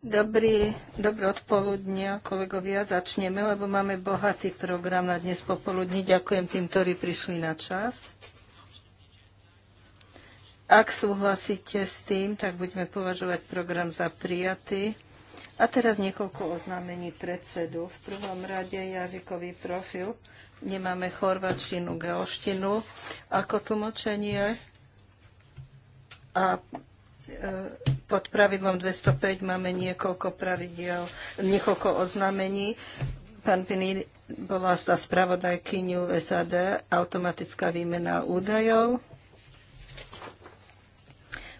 Dobrý, dobré odpoludnia, kolegovia. Začneme, lebo máme bohatý program na dnes popoludní. Ďakujem tým, ktorí prišli na čas. Ak súhlasíte s tým, tak budeme považovať program za prijatý. A teraz niekoľko oznámení predsedu. V prvom rade jazykový profil. Nemáme chorvačtinu, geoštinu ako tlmočenie a e, pod pravidlom 205 máme niekoľko pravidel niekoľko oznámení. Pán Pini bola sa spravodajkyňu SAD, automatická výmena údajov.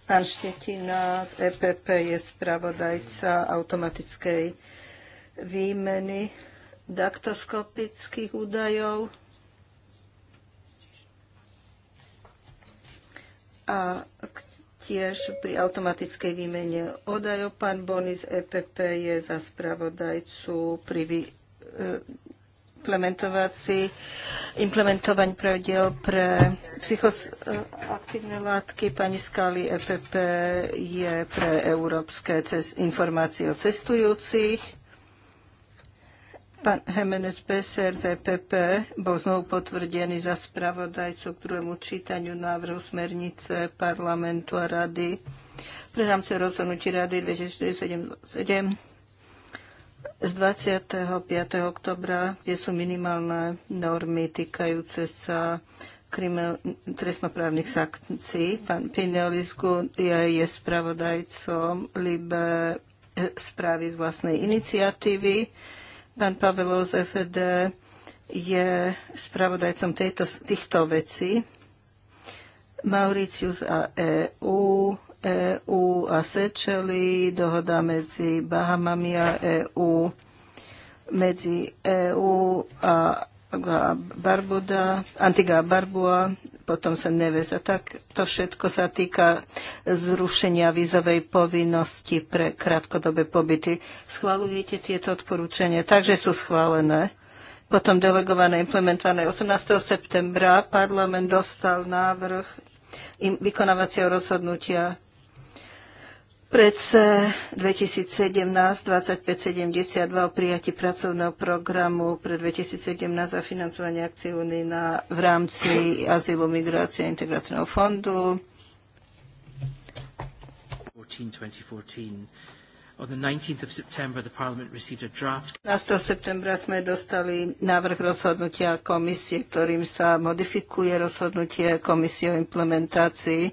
Pán Štetina z EPP je spravodajca automatickej výmeny daktoskopických údajov. A k tiež pri automatickej výmene údajov. Pán bonis, EPP je za spravodajcu pri vy, e, implementovací, implementovaní pravidel pre psychoaktívne látky. Pani Skali EPP je pre európske cez, informácie o cestujúcich. Pán Hemenec Peser z EPP bol znovu potvrdený za spravodajcu k druhému čítaniu návrhu smernice parlamentu a rady pre rámce rozhodnutí rady 2477 z 25. oktobra, kde sú minimálne normy týkajúce sa krimel, trestnoprávnych sankcií. Pán Pinelisku je, je spravodajcom LIBE e, správy z vlastnej iniciatívy Pán Pavel z FED je spravodajcom tejto, týchto vecí. Mauricius a EU, EU a Sečeli, dohoda medzi Bahamami a EU, medzi EU a Barbuda, Antigua a Barbua, potom sa neveza. Tak to všetko sa týka zrušenia vízovej povinnosti pre krátkodobé pobyty. Schvalujete tieto odporúčania, takže sú schválené. Potom delegované implementované 18. septembra parlament dostal návrh vykonávacieho rozhodnutia Predsa 2017-2572 o prijati pracovného programu pre 2017 a financovanie akcií Unii na, v rámci azylu, migrácie a integračného fondu. 14, 2014. On 19 septembra sme dostali návrh rozhodnutia komisie, ktorým sa modifikuje rozhodnutie komisie o implementácii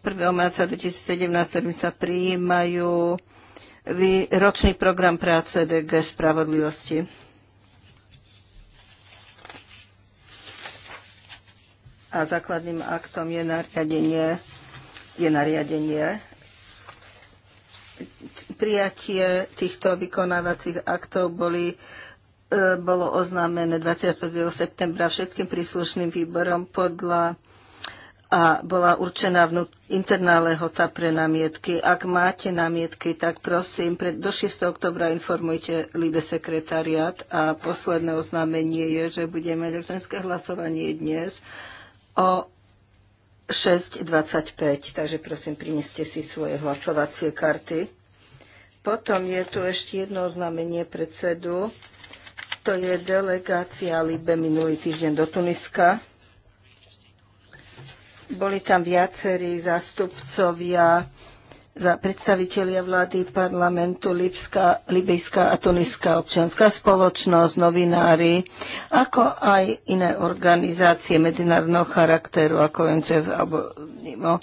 1. marca 2017, ktorým sa prijímajú ročný program práce DG Spravodlivosti. A základným aktom je nariadenie, je nariadenie prijatie týchto vykonávacích aktov boli, e, bolo oznámené 29. septembra všetkým príslušným výborom podľa a bola určená vnú, interná lehota pre námietky. Ak máte námietky, tak prosím, pred, do 6. oktobra informujte Líbe sekretariat a posledné oznámenie je, že budeme elektronické hlasovanie dnes o 6.25, takže prosím, prineste si svoje hlasovacie karty. Potom je tu ešte jedno oznámenie predsedu. To je delegácia Libe minulý týždeň do Tuniska boli tam viacerí zástupcovia za predstavitelia vlády parlamentu Lipska, Libyjská a Tuniská občianská spoločnosť, novinári, ako aj iné organizácie medzinárodného charakteru, ako UNCEF alebo NIMO.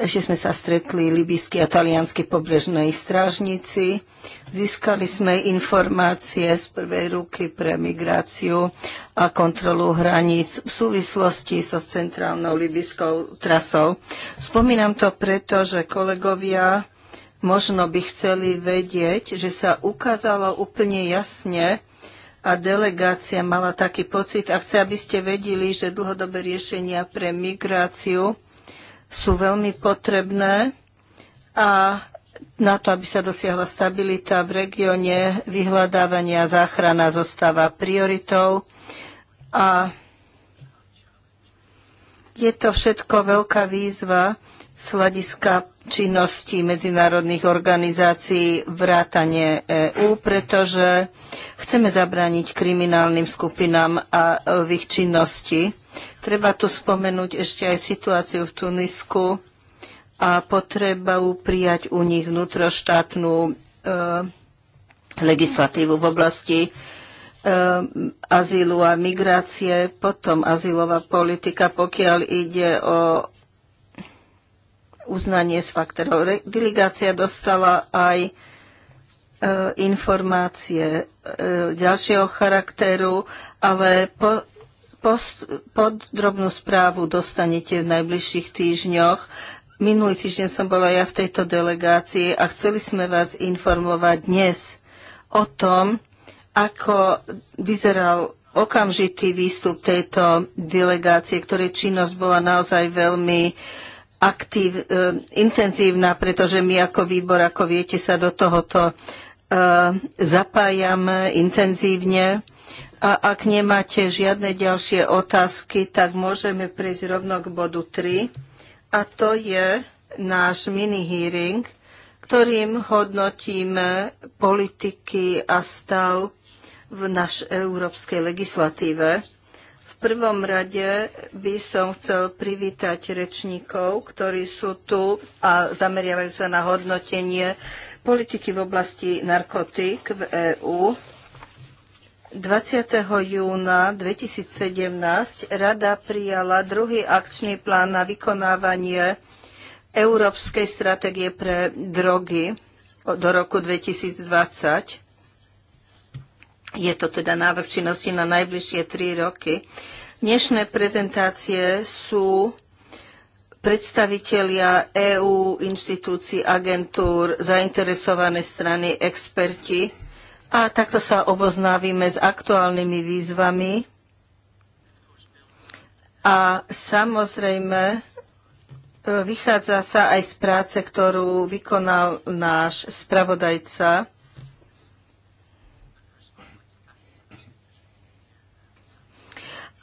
Ešte sme sa stretli libýsky a talianskí pobrežnej strážnici. Získali sme informácie z prvej ruky pre migráciu a kontrolu hraníc v súvislosti so centrálnou libyskou trasou. Spomínam to preto, že kolegovia možno by chceli vedieť, že sa ukázalo úplne jasne, a delegácia mala taký pocit a chce, aby ste vedeli, že dlhodobé riešenia pre migráciu sú veľmi potrebné a na to, aby sa dosiahla stabilita v regióne, vyhľadávanie a záchrana zostáva prioritou a je to všetko veľká výzva z hľadiska činnosti medzinárodných organizácií vrátane EÚ, pretože chceme zabrániť kriminálnym skupinám a v ich činnosti. Treba tu spomenúť ešte aj situáciu v Tunisku a potrebu prijať u nich vnútroštátnu e, legislatívu v oblasti eh, azylu a migrácie, potom azylová politika, pokiaľ ide o uznanie z faktorov. Delegácia dostala aj eh, informácie ďalšieho charakteru, ale po, podrobnú správu dostanete v najbližších týždňoch. Minulý týždeň som bola ja v tejto delegácii a chceli sme vás informovať dnes o tom, ako vyzeral okamžitý výstup tejto delegácie, ktorej činnosť bola naozaj veľmi aktív, e, intenzívna, pretože my ako výbor, ako viete, sa do tohoto e, zapájame intenzívne. A ak nemáte žiadne ďalšie otázky, tak môžeme prejsť rovno k bodu 3. A to je náš mini-hearing, ktorým hodnotíme politiky a stav v našej európskej legislatíve. V prvom rade by som chcel privítať rečníkov, ktorí sú tu a zameriavajú sa na hodnotenie politiky v oblasti narkotík v EÚ 20. júna 2017 Rada prijala druhý akčný plán na vykonávanie Európskej stratégie pre drogy do roku 2020. Je to teda návrh činnosti na najbližšie tri roky. Dnešné prezentácie sú predstavitelia EÚ, inštitúcií, agentúr, zainteresované strany, experti a takto sa oboznávime s aktuálnymi výzvami. A samozrejme, e, vychádza sa aj z práce, ktorú vykonal náš spravodajca.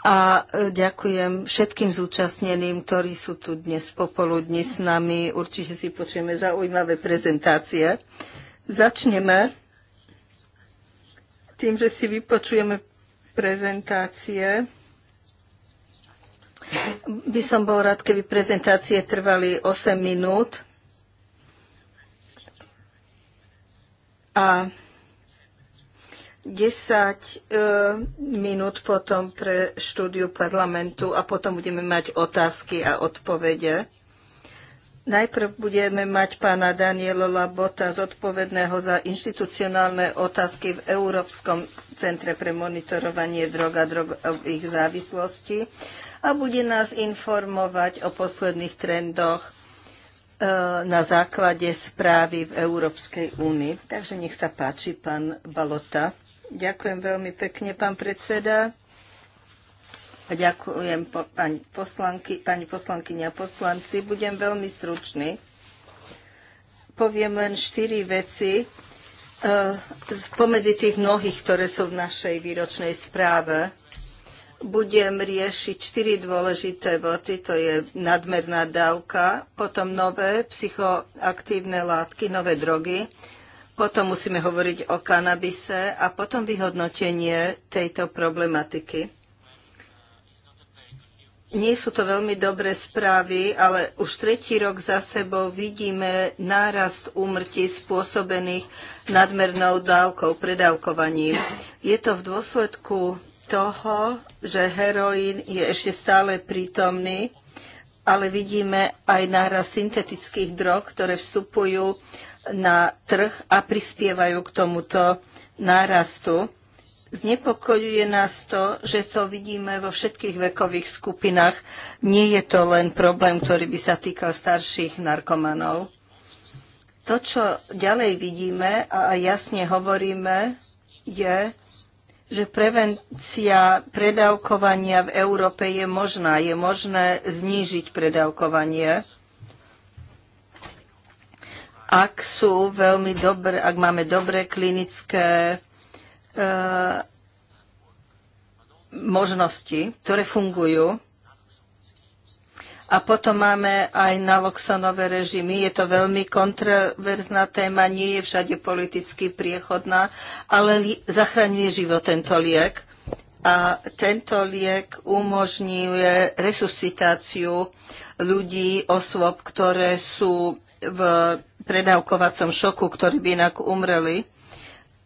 A e, ďakujem všetkým zúčastneným, ktorí sú tu dnes popoludní s nami. Určite si počujeme zaujímavé prezentácie. Začneme tým, že si vypočujeme prezentácie, by som bol rád, keby prezentácie trvali 8 minút. A 10 e, minút potom pre štúdiu parlamentu a potom budeme mať otázky a odpovede. Najprv budeme mať pána Daniela Labota, zodpovedného za inštitucionálne otázky v Európskom centre pre monitorovanie drog a drogových závislostí a bude nás informovať o posledných trendoch e, na základe správy v Európskej únii. Takže nech sa páči, pán Balota. Ďakujem veľmi pekne, pán predseda. Ďakujem po, pani, poslanky, pani poslankyňa poslanci. Budem veľmi stručný. Poviem len štyri veci e, pomedzi tých mnohých, ktoré sú v našej výročnej správe. Budem riešiť štyri dôležité vody, to je nadmerná dávka, potom nové psychoaktívne látky, nové drogy, potom musíme hovoriť o kanabise a potom vyhodnotenie tejto problematiky. Nie sú to veľmi dobré správy, ale už tretí rok za sebou vidíme nárast úmrtí spôsobených nadmernou dávkou, predávkovaním. Je to v dôsledku toho, že heroín je ešte stále prítomný, ale vidíme aj nárast syntetických drog, ktoré vstupujú na trh a prispievajú k tomuto nárastu. Znepokojuje nás to, že to vidíme vo všetkých vekových skupinách. Nie je to len problém, ktorý by sa týkal starších narkomanov. To, čo ďalej vidíme a jasne hovoríme, je, že prevencia predávkovania v Európe je možná. Je možné znížiť predávkovanie, ak sú veľmi dobré, ak máme dobré klinické E, možnosti, ktoré fungujú. A potom máme aj naloxonové režimy. Je to veľmi kontroverzná téma, nie je všade politicky priechodná, ale zachraňuje život tento liek. A tento liek umožňuje resuscitáciu ľudí, osôb, ktoré sú v predávkovacom šoku, ktorí by inak umreli.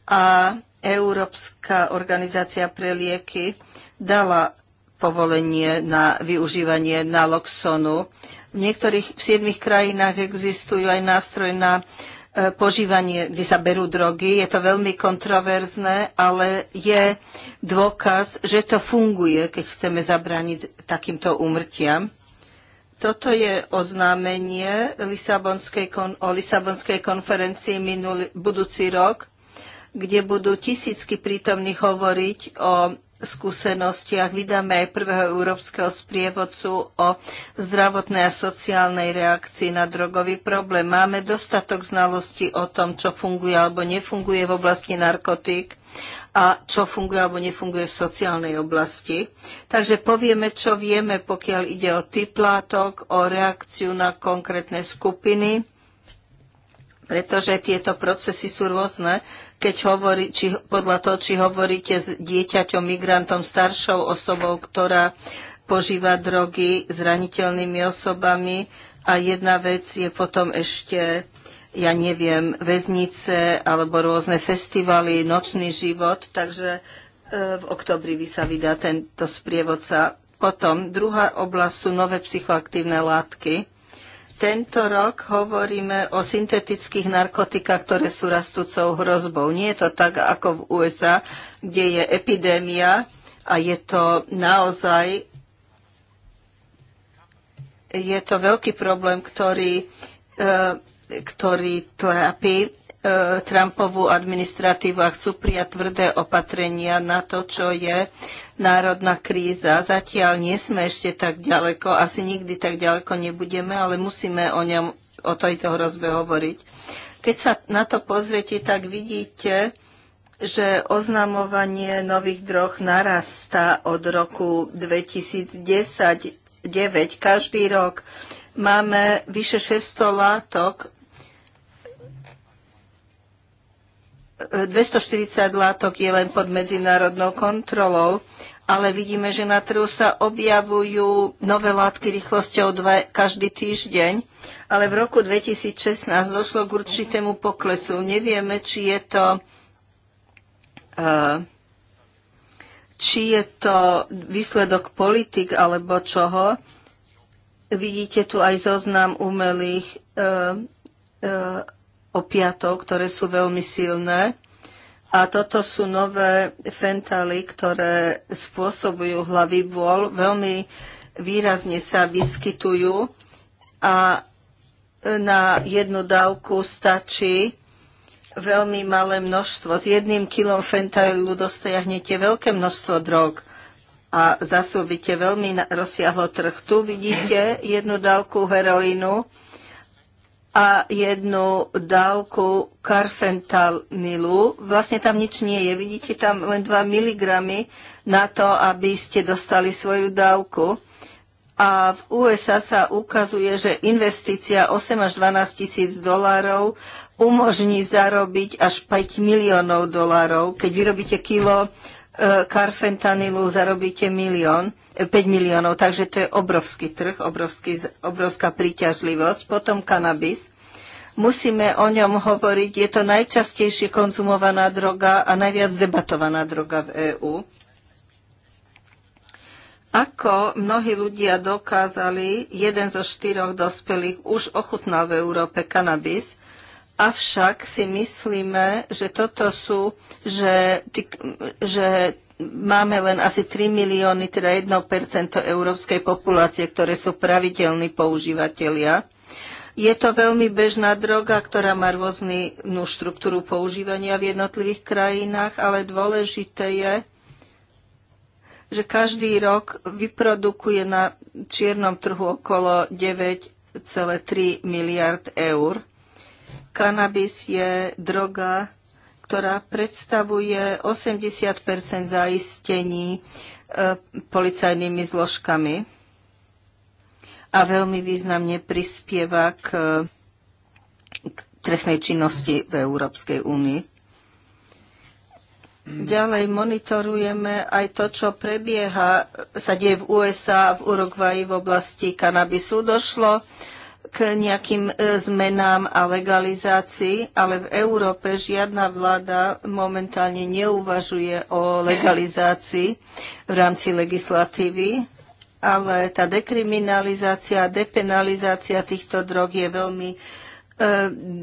A Európska organizácia pre lieky dala povolenie na využívanie naloxonu. V niektorých v siedmých krajinách existujú aj nástroj na e, požívanie, kde sa berú drogy. Je to veľmi kontroverzné, ale je dôkaz, že to funguje, keď chceme zabrániť takýmto úmrtiam. Toto je oznámenie Lisabonskej kon- o Lisabonskej konferencii minulý, budúci rok kde budú tisícky prítomných hovoriť o skúsenostiach. Vydáme aj prvého európskeho sprievodcu o zdravotnej a sociálnej reakcii na drogový problém. Máme dostatok znalostí o tom, čo funguje alebo nefunguje v oblasti narkotík a čo funguje alebo nefunguje v sociálnej oblasti. Takže povieme, čo vieme, pokiaľ ide o typ látok, o reakciu na konkrétne skupiny, pretože tieto procesy sú rôzne keď hovorí, či, podľa toho, či hovoríte s dieťaťom, migrantom, staršou osobou, ktorá požíva drogy, zraniteľnými osobami. A jedna vec je potom ešte, ja neviem, väznice alebo rôzne festivaly, nočný život. Takže e, v oktobri by sa vydá tento sprievodca. Potom druhá oblasť sú nové psychoaktívne látky tento rok hovoríme o syntetických narkotikách, ktoré sú rastúcou hrozbou. Nie je to tak ako v USA, kde je epidémia a je to naozaj je to veľký problém, ktorý, e, ktorý trápi e, Trumpovú administratívu a chcú prijať tvrdé opatrenia na to, čo je národná kríza. Zatiaľ nie sme ešte tak ďaleko, asi nikdy tak ďaleko nebudeme, ale musíme o ňom, o tejto hrozbe hovoriť. Keď sa na to pozriete, tak vidíte, že oznamovanie nových droh narastá od roku 2010 Každý rok máme vyše 600 látok, 240 látok je len pod medzinárodnou kontrolou ale vidíme, že na trhu sa objavujú nové látky rýchlosťou 2 každý týždeň, ale v roku 2016 došlo k určitému poklesu. Nevieme, či je to e, či je to výsledok politik alebo čoho. Vidíte tu aj zoznam umelých e, e, opiatov, ktoré sú veľmi silné. A toto sú nové fentaly, ktoré spôsobujú hlavy bol, Veľmi výrazne sa vyskytujú a na jednu dávku stačí veľmi malé množstvo. S jedným kilom fentanylu dosiahnete veľké množstvo drog a zasúbite veľmi rozsiahlo trh. Tu vidíte jednu dávku heroínu, a jednu dávku karfentanilu. Vlastne tam nič nie je. Vidíte tam len 2 mg na to, aby ste dostali svoju dávku. A v USA sa ukazuje, že investícia 8 až 12 tisíc dolárov umožní zarobiť až 5 miliónov dolárov, keď vyrobíte kilo E, karfentanilu zarobíte milión, 5 e, miliónov, takže to je obrovský trh, obrovský, obrovská príťažlivosť. Potom kanabis. Musíme o ňom hovoriť. Je to najčastejšie konzumovaná droga a najviac debatovaná droga v EÚ. Ako mnohí ľudia dokázali, jeden zo štyroch dospelých už ochutnal v Európe kanabis Avšak si myslíme, že toto sú, že, že máme len asi 3 milióny, teda 1% európskej populácie, ktoré sú pravidelní používateľia. Je to veľmi bežná droga, ktorá má rôznu štruktúru používania v jednotlivých krajinách, ale dôležité je, že každý rok vyprodukuje na čiernom trhu okolo 9,3 miliard eur Kanabis je droga, ktorá predstavuje 80 zaistení e, policajnými zložkami a veľmi významne prispieva k, k trestnej činnosti v Európskej únii. Ďalej monitorujeme aj to, čo prebieha, sa deje v USA, v Uruguayi v oblasti kanabisu. Došlo k nejakým e, zmenám a legalizácii, ale v Európe žiadna vláda momentálne neuvažuje o legalizácii v rámci legislatívy, ale tá dekriminalizácia a depenalizácia týchto drog je veľmi e,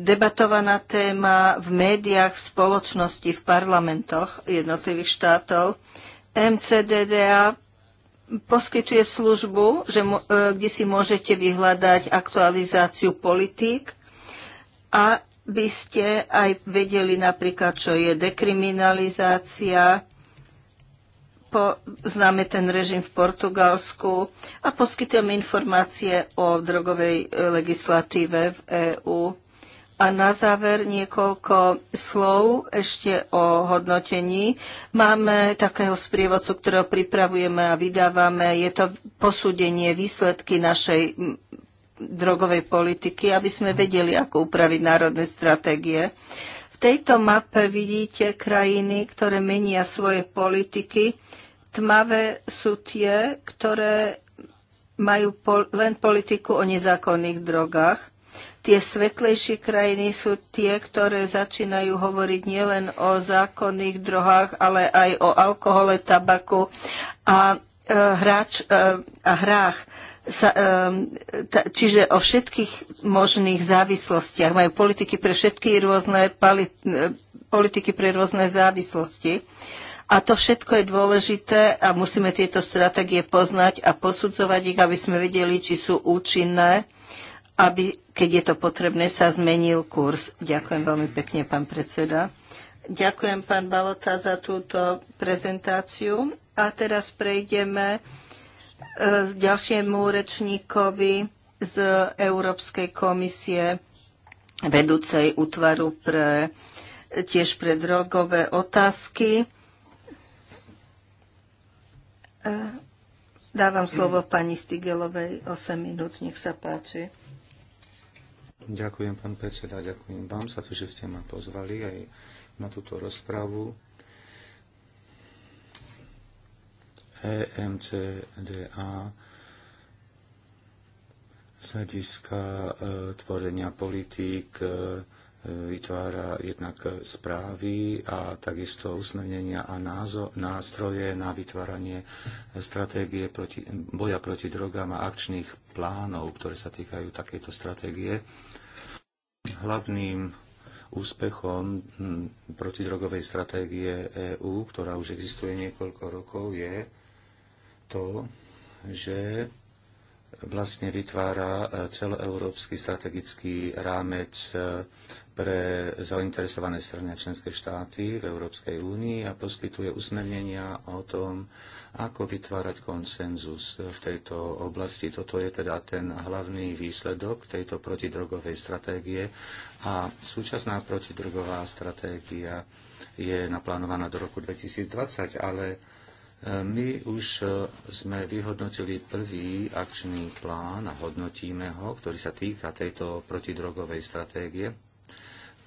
debatovaná téma v médiách, v spoločnosti, v parlamentoch jednotlivých štátov. MCDDA poskytuje službu, že, e, kde si môžete vyhľadať aktualizáciu politík a by ste aj vedeli napríklad, čo je dekriminalizácia, známe ten režim v Portugalsku a poskytujem informácie o drogovej legislatíve v EÚ. A na záver niekoľko slov ešte o hodnotení. Máme takého sprievodcu, ktorého pripravujeme a vydávame. Je to posúdenie výsledky našej drogovej politiky, aby sme vedeli, ako upraviť národné stratégie. V tejto mape vidíte krajiny, ktoré menia svoje politiky. Tmavé sú tie, ktoré majú pol- len politiku o nezákonných drogách Tie svetlejšie krajiny sú tie, ktoré začínajú hovoriť nielen o zákonných drohách, ale aj o alkohole, tabaku a, e, hráč, e, a hrách. Sa, e, ta, čiže o všetkých možných závislostiach. Majú politiky pre všetky rôzne pali, e, politiky pre rôzne závislosti. A to všetko je dôležité a musíme tieto stratégie poznať a posudzovať ich, aby sme vedeli, či sú účinné, aby keď je to potrebné, sa zmenil kurz. Ďakujem veľmi pekne, pán predseda. Ďakujem, pán Balota, za túto prezentáciu. A teraz prejdeme k e, ďalšiemu rečníkovi z Európskej komisie vedúcej útvaru pre, tiež pre drogové otázky. E, dávam slovo pani Stigelovej, 8 minút, nech sa páči. Ďakujem, pán predseda, ďakujem vám za to, že ste ma pozvali aj na túto rozpravu. EMCDA z hľadiska e, tvorenia politík e, vytvára jednak správy a takisto usmernenia a názo, nástroje na vytváranie stratégie proti, boja proti drogám a akčných plánov, ktoré sa týkajú takejto stratégie. Hlavným úspechom hm, protidrogovej stratégie EÚ, ktorá už existuje niekoľko rokov, je to, že vlastne vytvára e, celoeurópsky strategický rámec e, pre zainteresované strany a členské štáty v Európskej únii a poskytuje usmernenia o tom, ako vytvárať konsenzus v tejto oblasti. Toto je teda ten hlavný výsledok tejto protidrogovej stratégie a súčasná protidrogová stratégia je naplánovaná do roku 2020, ale E, my už e, sme vyhodnotili prvý akčný plán a hodnotíme ho, ktorý sa týka tejto protidrogovej stratégie.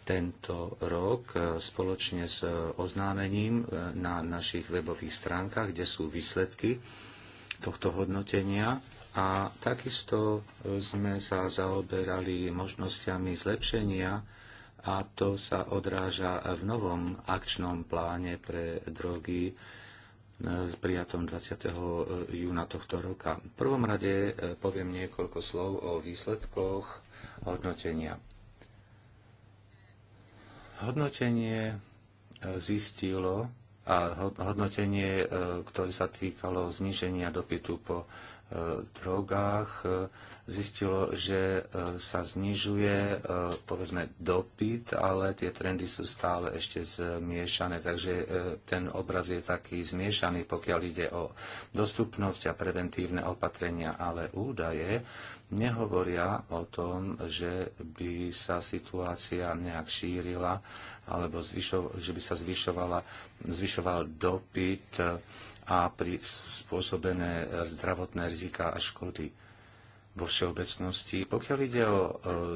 Tento rok e, spoločne s oznámením na našich webových stránkach, kde sú výsledky tohto hodnotenia. A takisto sme sa zaoberali možnosťami zlepšenia a to sa odráža v novom akčnom pláne pre drogy s prijatom 20. E, júna tohto roka. V prvom rade e, poviem niekoľko slov o výsledkoch hodnotenia. Hodnotenie e, zistilo, a hodnotenie, ktoré sa týkalo zníženia dopytu po Eh, drogách eh, zistilo, že eh, sa znižuje povedzme dopyt, ale tie trendy sú stále ešte zmiešané, takže ten obraz je taký zmiešaný, pokiaľ ide o dostupnosť a preventívne opatrenia, ale údaje nehovoria o tom, že by sa situácia nejak šírila alebo zvyšo, že by sa zvyšovala, zvyšoval dopyt a pri spôsobené zdravotné rizika a škody vo všeobecnosti. Pokiaľ ide o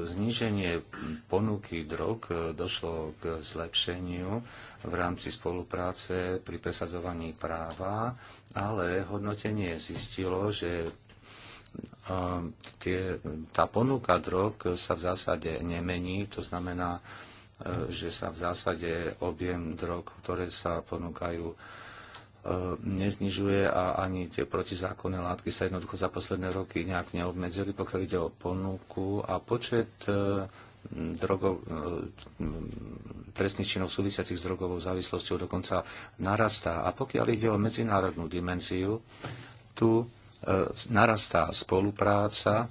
zníženie ponuky drog, e, došlo k zlepšeniu v rámci spolupráce pri presadzovaní práva, ale hodnotenie zistilo, že e, tie, tá ponuka drog sa v zásade nemení, to znamená, e, že sa v zásade objem drog, ktoré sa ponúkajú, neznižuje a ani tie protizákonné látky sa jednoducho za posledné roky nejak neobmedzili, pokiaľ ide o ponuku a počet e, drogov, e, trestných činov súvisiacich s drogovou závislosťou dokonca narastá. A pokiaľ ide o medzinárodnú dimenziu, tu e, narastá spolupráca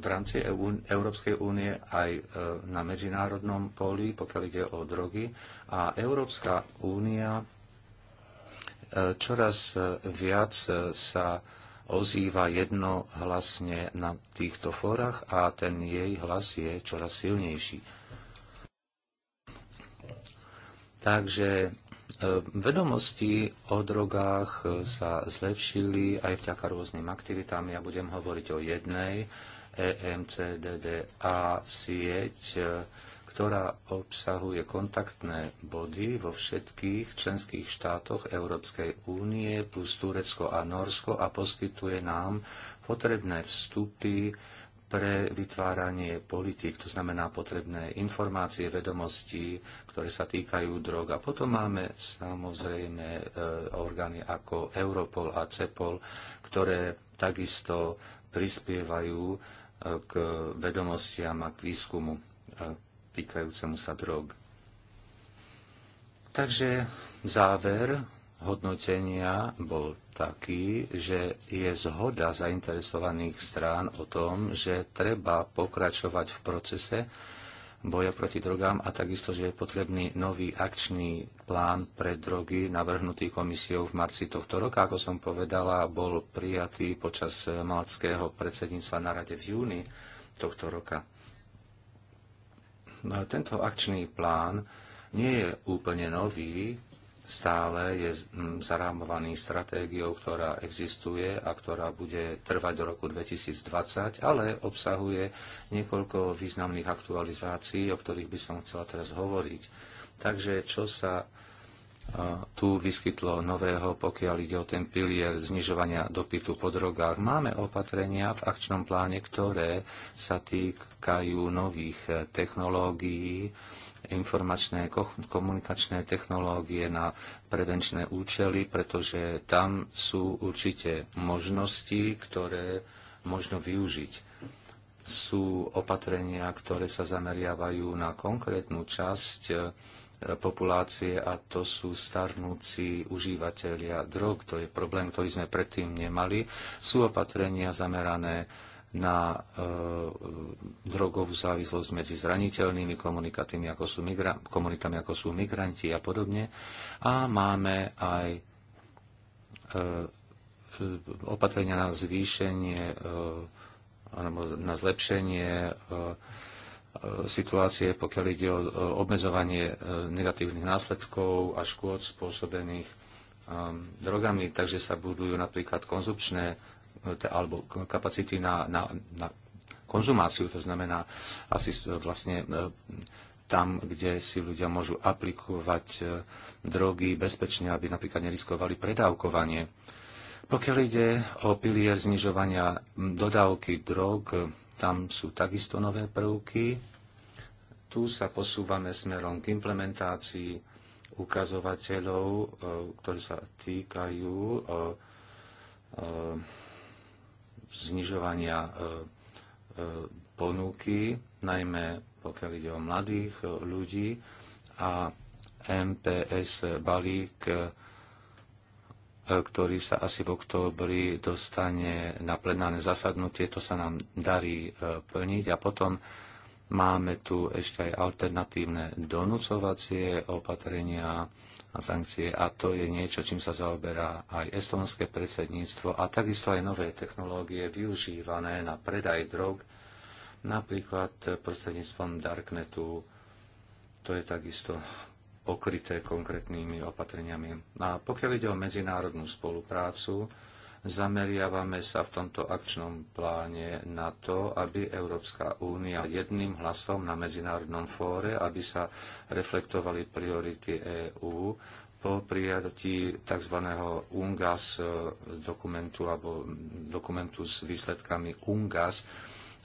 v rámci Európskej únie aj na medzinárodnom poli, pokiaľ ide o drogy. A Európska únia čoraz e, viac e, sa ozýva jednohlasne na týchto fórach a ten jej hlas je čoraz silnejší. Takže e, vedomosti o drogách sa zlepšili aj vďaka rôznym aktivitám. Ja budem hovoriť o jednej EMCDDA sieť ktorá obsahuje kontaktné body vo všetkých členských štátoch Európskej únie plus Turecko a Norsko a poskytuje nám potrebné vstupy pre vytváranie politik, to znamená potrebné informácie, vedomosti, ktoré sa týkajú drog. A potom máme samozrejme e, orgány ako Europol a CEPOL, ktoré takisto prispievajú e, k vedomostiam a k výskumu e, týkajúcemu sa drog. Takže záver hodnotenia bol taký, že je zhoda zainteresovaných strán o tom, že treba pokračovať v procese boja proti drogám a takisto, že je potrebný nový akčný plán pre drogy navrhnutý komisiou v marci tohto roka. Ako som povedala, bol prijatý počas malckého predsedníctva na rade v júni tohto roka. No tento akčný plán nie je úplne nový, stále je zarámovaný stratégiou, ktorá existuje a ktorá bude trvať do roku 2020, ale obsahuje niekoľko významných aktualizácií, o ktorých by som chcela teraz hovoriť. Takže čo sa tu vyskytlo nového, pokiaľ ide o ten pilier znižovania dopytu po drogách. Máme opatrenia v akčnom pláne, ktoré sa týkajú nových eh, technológií, informačné, komunikačné technológie na prevenčné účely, pretože tam sú určite možnosti, ktoré možno využiť. Sú opatrenia, ktoré sa zameriavajú na konkrétnu časť eh, populácie a to sú starnúci užívateľia drog. To je problém, ktorý sme predtým nemali. Sú opatrenia zamerané na e, drogovú závislosť medzi zraniteľnými komunikatami, ako sú migra- komunitami, ako sú migranti a podobne. A máme aj e, e opatrenia na zvýšenie e, alebo na zlepšenie e, situácie, pokiaľ ide o obmedzovanie e, negatívnych následkov a škôd spôsobených um, drogami, takže sa budujú napríklad konzumčné e, alebo kapacity na, na, na konzumáciu, to znamená asi e, vlastne tam, kde si ľudia môžu aplikovať drogy bezpečne, aby napríklad neriskovali predávkovanie. Pokiaľ ide o pilier znižovania dodávky drog, tam sú takisto nové prvky. Tu sa posúvame smerom k implementácii ukazovateľov, e, ktorí sa týkajú e, e, znižovania ponuky, najmä pokiaľ ide o mladých ľudí a MPS balík ktorý sa asi v októbri dostane na plenárne zasadnutie. To sa nám darí e, plniť a potom máme tu ešte aj alternatívne donúcovacie opatrenia a sankcie a to je niečo, čím sa zaoberá aj estonské predsedníctvo a takisto aj nové technológie využívané na predaj drog, napríklad prostredníctvom Darknetu. To je takisto pokryté konkrétnymi opatreniami. A pokiaľ ide o medzinárodnú spoluprácu, zameriavame sa v tomto akčnom pláne na to, aby Európska únia jedným hlasom na medzinárodnom fóre, aby sa reflektovali priority EÚ po prijatí tzv. UNGAS eh, dokumentu alebo dokumentu s výsledkami UNGAS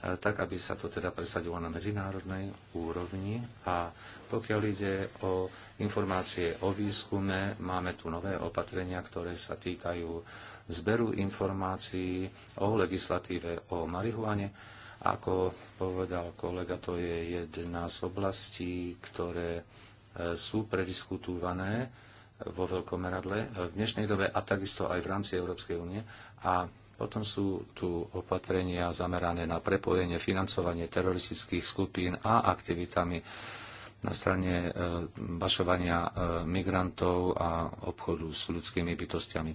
E, tak aby sa to teda presadilo na medzinárodnej úrovni. A pokiaľ ide o informácie o výskume, máme tu nové opatrenia, ktoré sa týkajú zberu informácií o legislatíve o marihuane. Ako povedal kolega, to je jedna z oblastí, ktoré e, sú prediskutované vo veľkom radle v dnešnej dobe a takisto aj v rámci Európskej únie. A potom sú tu opatrenia zamerané na prepojenie financovanie teroristických skupín a aktivitami na strane bašovania e, e, migrantov a obchodu s ľudskými bytostiami.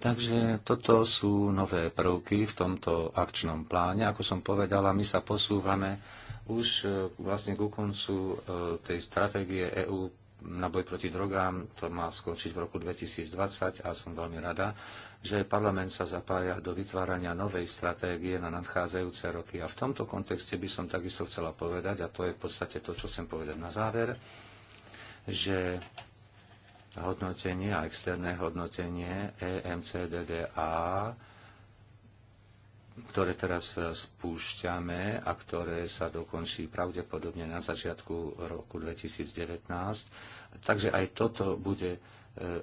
Takže toto sú nové prvky v tomto akčnom pláne. Ako som povedala, my sa posúvame už e, vlastne ku koncu tej stratégie EÚ na boj proti drogám. To má skončiť v roku 2020 a som veľmi rada, že parlament sa zapája do vytvárania novej stratégie na nadchádzajúce roky. A v tomto kontexte by som takisto chcela povedať, a to je v podstate to, čo chcem povedať na záver, že hodnotenie a externé hodnotenie EMCDDA, ktoré teraz spúšťame a ktoré sa dokončí pravdepodobne na začiatku roku 2019. Takže aj toto bude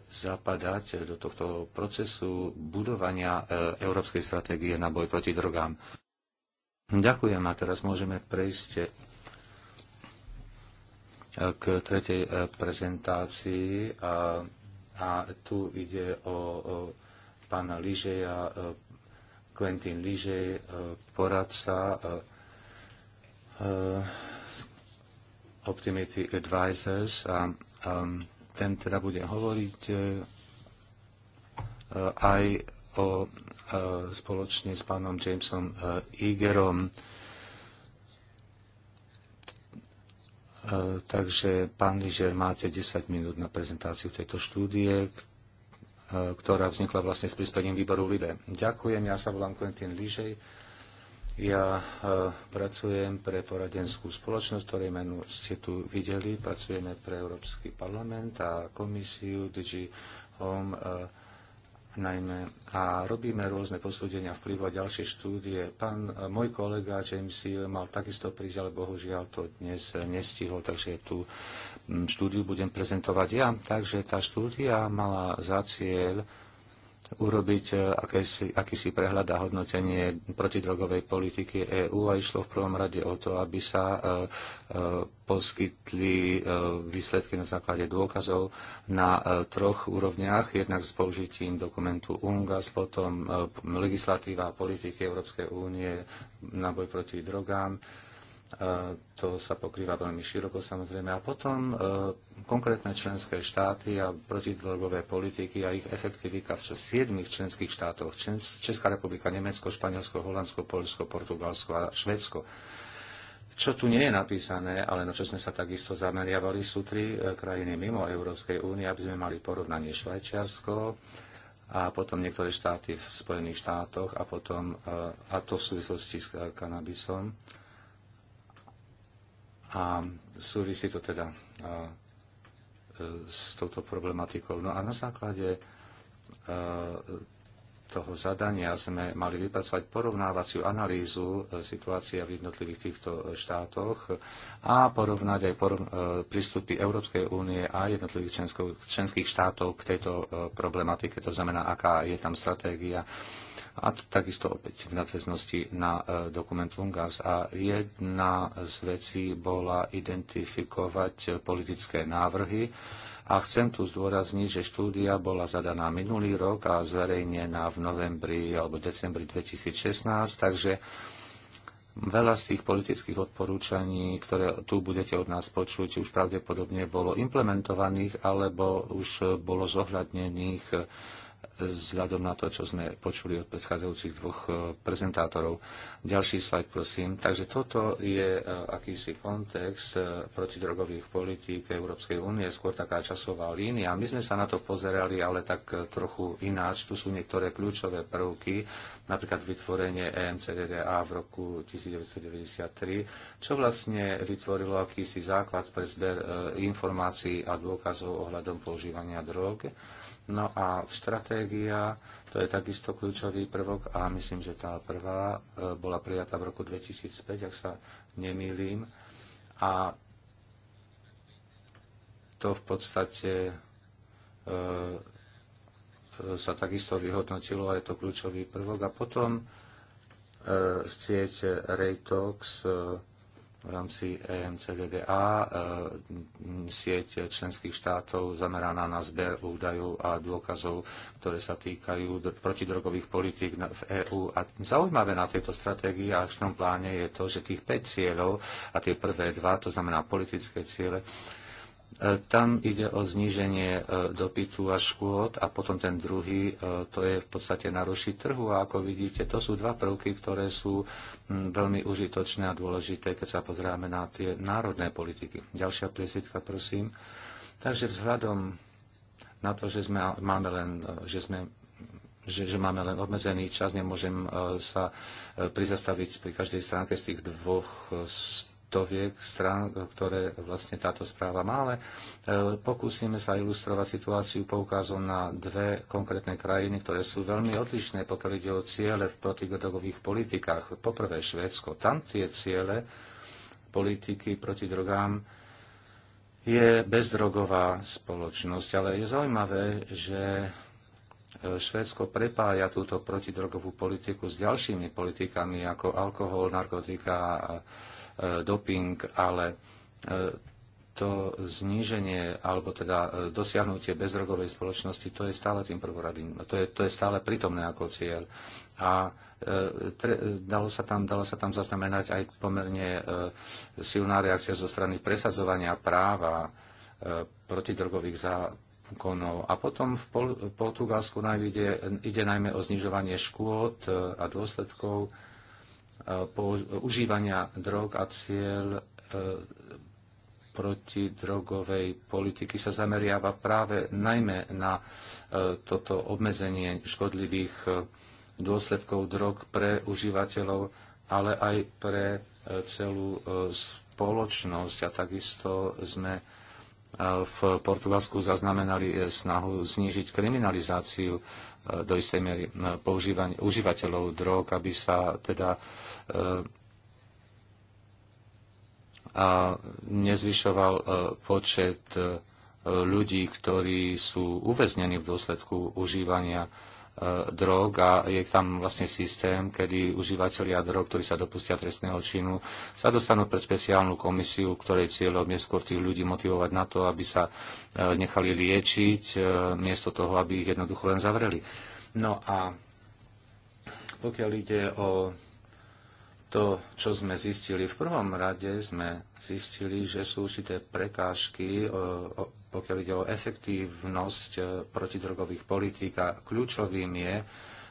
zapadať do tohto procesu budovania e, európskej stratégie na boj proti drogám. Ďakujem a teraz môžeme prejsť e, k tretej e, prezentácii a, a tu ide o, o pána Lížeja, Quentin Ližej, poradca Optimity Advisors a a ten teda bude hovoriť e, e, aj o, e, spoločne s pánom Jamesom Igerom. Takže, pán Ližer, máte 10 minút na prezentáciu tejto štúdie, ktorá vznikla vlastne s prispením výboru LIDE. Ďakujem, ja sa volám Quentin Ližej ja e, pracujem pre poradenskú spoločnosť, ktorej menu ste tu videli. Pracujeme pre Európsky parlament a komisiu DG Home e, najmä a robíme rôzne posúdenia vplyvu a ďalšie štúdie. Pán, e, môj kolega James Hill mal takisto prísť, ale bohužiaľ to dnes nestihol, takže tú štúdiu budem prezentovať ja. Takže tá štúdia mala za cieľ urobiť eh, akýsi, akýsi prehľad a hodnotenie protidrogovej politiky EÚ a išlo v prvom rade o to, aby sa eh, eh, poskytli výsledky na základe dôkazov na troch úrovniach, jednak s použitím dokumentu UNGAS, potom legislatíva a politiky Európskej únie na boj proti drogám, to sa pokrýva veľmi široko samozrejme. A potom e, konkrétne členské štáty a protidrogové politiky a ich efektivita v siedmých členských štátoch. Česká republika, Nemecko, Španielsko, Holandsko, Polsko, Portugalsko a Švedsko. Čo tu nie je napísané, ale na čo sme sa takisto zameriavali, sú tri e, krajiny mimo Európskej únie, aby sme mali porovnanie Švajčiarsko, a potom niektoré štáty v Spojených štátoch a potom, e, a to v súvislosti s kanabisom a súvisí to teda e, s touto problematikou. No a na základe e, toho zadania sme mali vypracovať porovnávaciu analýzu e, situácia v jednotlivých týchto štátoch a porovnať aj porov- prístupy Európskej únie a jednotlivých členských štátov k tejto problematike, to znamená, aká je tam stratégia a to takisto opäť v nadväznosti na e, dokument Vungas. A jedna z vecí bola identifikovať politické návrhy, a chcem tu zdôrazniť, že štúdia bola zadaná minulý rok a zverejnená v novembri alebo decembri 2016, takže veľa z tých politických odporúčaní, ktoré tu budete od nás počuť, už pravdepodobne bolo implementovaných alebo už bolo zohľadnených vzhľadom na to, čo sme počuli od predchádzajúcich dvoch e, prezentátorov. Ďalší slajd, prosím. Takže toto je e, akýsi kontext e, protidrogových politík Európskej únie, skôr taká časová línia. My sme sa na to pozerali, ale tak trochu ináč. Tu sú niektoré kľúčové prvky, napríklad vytvorenie EMCDDA v roku 1993, čo vlastne vytvorilo akýsi základ pre zber informácií a dôkazov ohľadom používania drog No a stratégia, to je takisto kľúčový prvok a myslím, že tá prvá e, bola prijatá v roku 2005, ak sa nemýlim. A to v podstate e, e, sa takisto vyhodnotilo a je to kľúčový prvok. A potom sieť Raytox, v rámci EMCDDA, e, sieť členských štátov zameraná na zber údajov a dôkazov, ktoré sa týkajú protidrogových politík v EÚ. A zaujímavé na tejto stratégii a akčnom pláne je to, že tých 5 cieľov a tie prvé dva, to znamená politické ciele, E, tam ide o zníženie e, dopytu a škôd a potom ten druhý, e, to je v podstate narušiť trhu a ako vidíte, to sú dva prvky, ktoré sú veľmi užitočné a dôležité, keď sa pozráme na tie národné politiky. Ďalšia priesvitka, prosím. Takže vzhľadom na to, že, sme, máme len, že, sme, že, že máme len obmedzený čas, nemôžem sa prizastaviť pri každej stránke z tých dvoch stoviek strán, ktoré vlastne táto správa má, ale e, pokúsime sa ilustrovať situáciu poukázom na dve konkrétne krajiny, ktoré sú veľmi odlišné, pokiaľ ide o ciele v protidrogových politikách. Poprvé Švédsko. Tam tie ciele politiky proti drogám je bezdrogová spoločnosť, ale je zaujímavé, že e, Švédsko prepája túto protidrogovú politiku s ďalšími politikami ako alkohol, narkotika, a. E, doping, ale e, to zníženie alebo teda e, dosiahnutie bezdrogovej spoločnosti, to je stále tým prvoradým, to je, to je stále prítomné ako cieľ. A tre, dalo, sa tam, dalo sa tam zaznamenať aj pomerne silná reakcia zo strany presadzovania práva protidrogových zákonov. A potom v Portugalsku ide najmä o znižovanie škôd a dôsledkov užívania drog a cieľ e, protidrogovej politiky sa zameriava práve najmä na e, toto obmedzenie škodlivých e, dôsledkov drog pre užívateľov, ale aj pre celú spoločnosť a takisto sme v Portugalsku zaznamenali eh, snahu znížiť kriminalizáciu eh, do istej miery eh, užívateľov drog, aby sa teda a nezvyšoval počet ľudí, ktorí sú uväznení v dôsledku užívania drog a je tam vlastne systém, kedy užívateľia drog, ktorí sa dopustia trestného činu, sa dostanú pred špeciálnu komisiu, ktorej cieľom je skôr tých ľudí motivovať na to, aby sa e, nechali liečiť, e, miesto toho, aby ich jednoducho len zavreli. No a pokiaľ ide o to, čo sme zistili. V prvom rade sme zistili, že sú určité prekážky pokiaľ ide o efektívnosť e, protidrogových politík a kľúčovým je,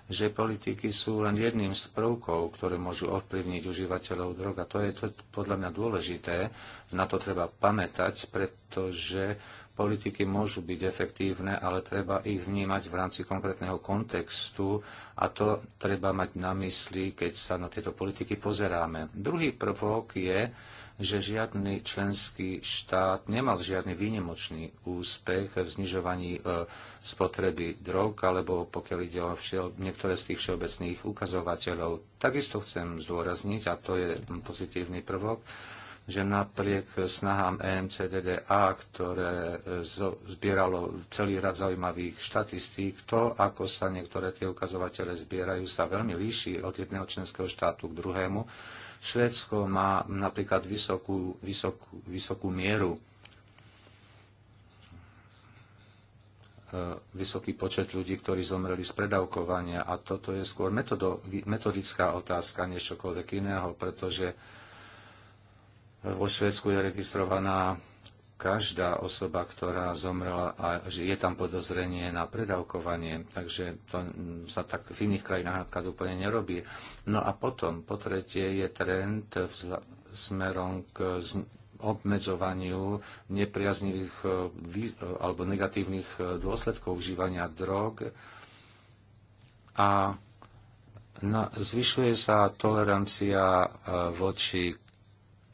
že politiky sú len jedným z prvkov, ktoré môžu ovplyvniť užívateľov drog. A to je to podľa mňa dôležité. Na to treba pamätať, pretože politiky môžu byť efektívne, ale treba ich vnímať v rámci konkrétneho kontextu a to treba mať na mysli, keď sa na tieto politiky pozeráme. Druhý prvok je, že žiadny členský štát nemal žiadny výnimočný úspech v znižovaní e, spotreby drog, alebo pokiaľ ide o všel, niektoré z tých všeobecných ukazovateľov. Takisto chcem zdôrazniť, a to je pozitívny prvok, že napriek snahám EMCDDA, ktoré e, zbieralo celý rad zaujímavých štatistík, to, ako sa niektoré tie ukazovatele zbierajú, sa veľmi líši od jedného členského štátu k druhému Švédsko má napríklad vysokú, vysokú, vysokú mieru, e, vysoký počet ľudí, ktorí zomreli z predávkovania. A toto je skôr metodo, metodická otázka, než čokoľvek iného, pretože vo Švedsku je registrovaná každá osoba, ktorá zomrela a že je tam podozrenie na predávkovanie, takže to sa tak v iných krajinách napríklad úplne nerobí. No a potom, po tretie, je trend smerom k obmedzovaniu nepriaznivých e, e, alebo negatívnych e, dôsledkov užívania drog a zvyšuje sa tolerancia voči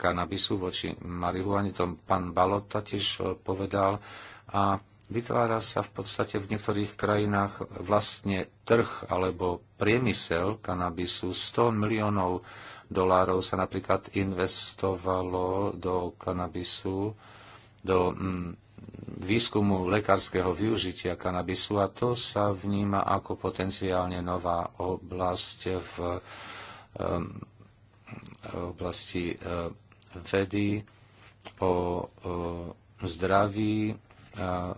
kanabisu voči marihuane, to pán Balota tiež e, povedal. A vytvára sa v podstate v niektorých krajinách vlastne trh alebo priemysel kanabisu. 100 miliónov dolárov sa napríklad investovalo do kanabisu, do mm, výskumu lekárskeho využitia kanabisu a to sa vníma ako potenciálne nová oblasť v e, oblasti e, vedy, o zdraví a,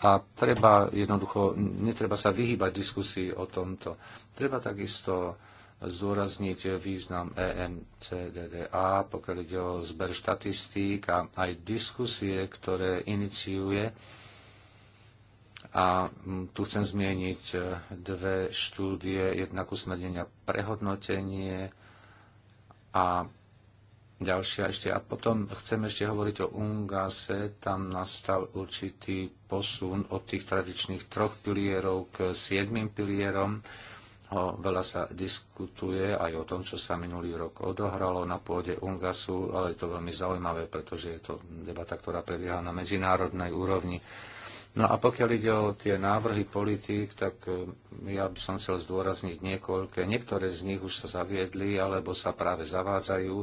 a treba jednoducho, netreba sa vyhýbať diskusii o tomto. Treba takisto zdôrazniť význam EMCDDA, pokiaľ ide o zber štatistík a aj diskusie, ktoré iniciuje. A tu chcem zmieniť e, dve štúdie, jednak usmernenia prehodnotenie a ďalšia ešte. A potom chcem ešte hovoriť o Ungase. Tam nastal určitý posun od tých tradičných troch pilierov k siedmým pilierom. O, veľa sa diskutuje aj o tom, čo sa minulý rok odohralo na pôde Ungasu, ale je to veľmi zaujímavé, pretože je to debata, ktorá prebieha na medzinárodnej úrovni. No a pokiaľ ide o tie návrhy politík, tak eh, ja by som chcel zdôrazniť niekoľké. Niektoré z nich už sa zaviedli alebo sa práve zavádzajú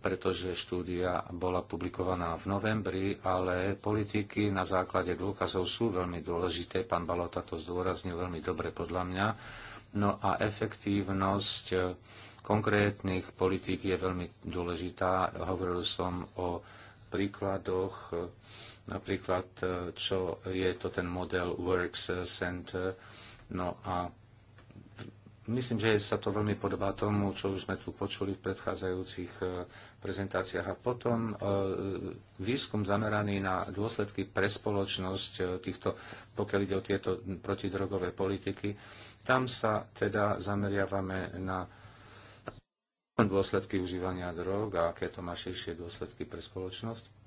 pretože štúdia bola publikovaná v novembri, ale politiky na základe dôkazov sú veľmi dôležité. Pán Balota to zdôraznil veľmi dobre podľa mňa. No a efektívnosť konkrétnych politík je veľmi dôležitá. Hovoril som o príkladoch, napríklad, čo je to ten model Works Center. No a Myslím, že sa to veľmi podobá tomu, čo už sme tu počuli v predchádzajúcich prezentáciách. A potom e, výskum zameraný na dôsledky pre spoločnosť e, týchto, pokiaľ ide o tieto protidrogové politiky. Tam sa teda zameriavame na dôsledky užívania drog a aké to má širšie dôsledky pre spoločnosť.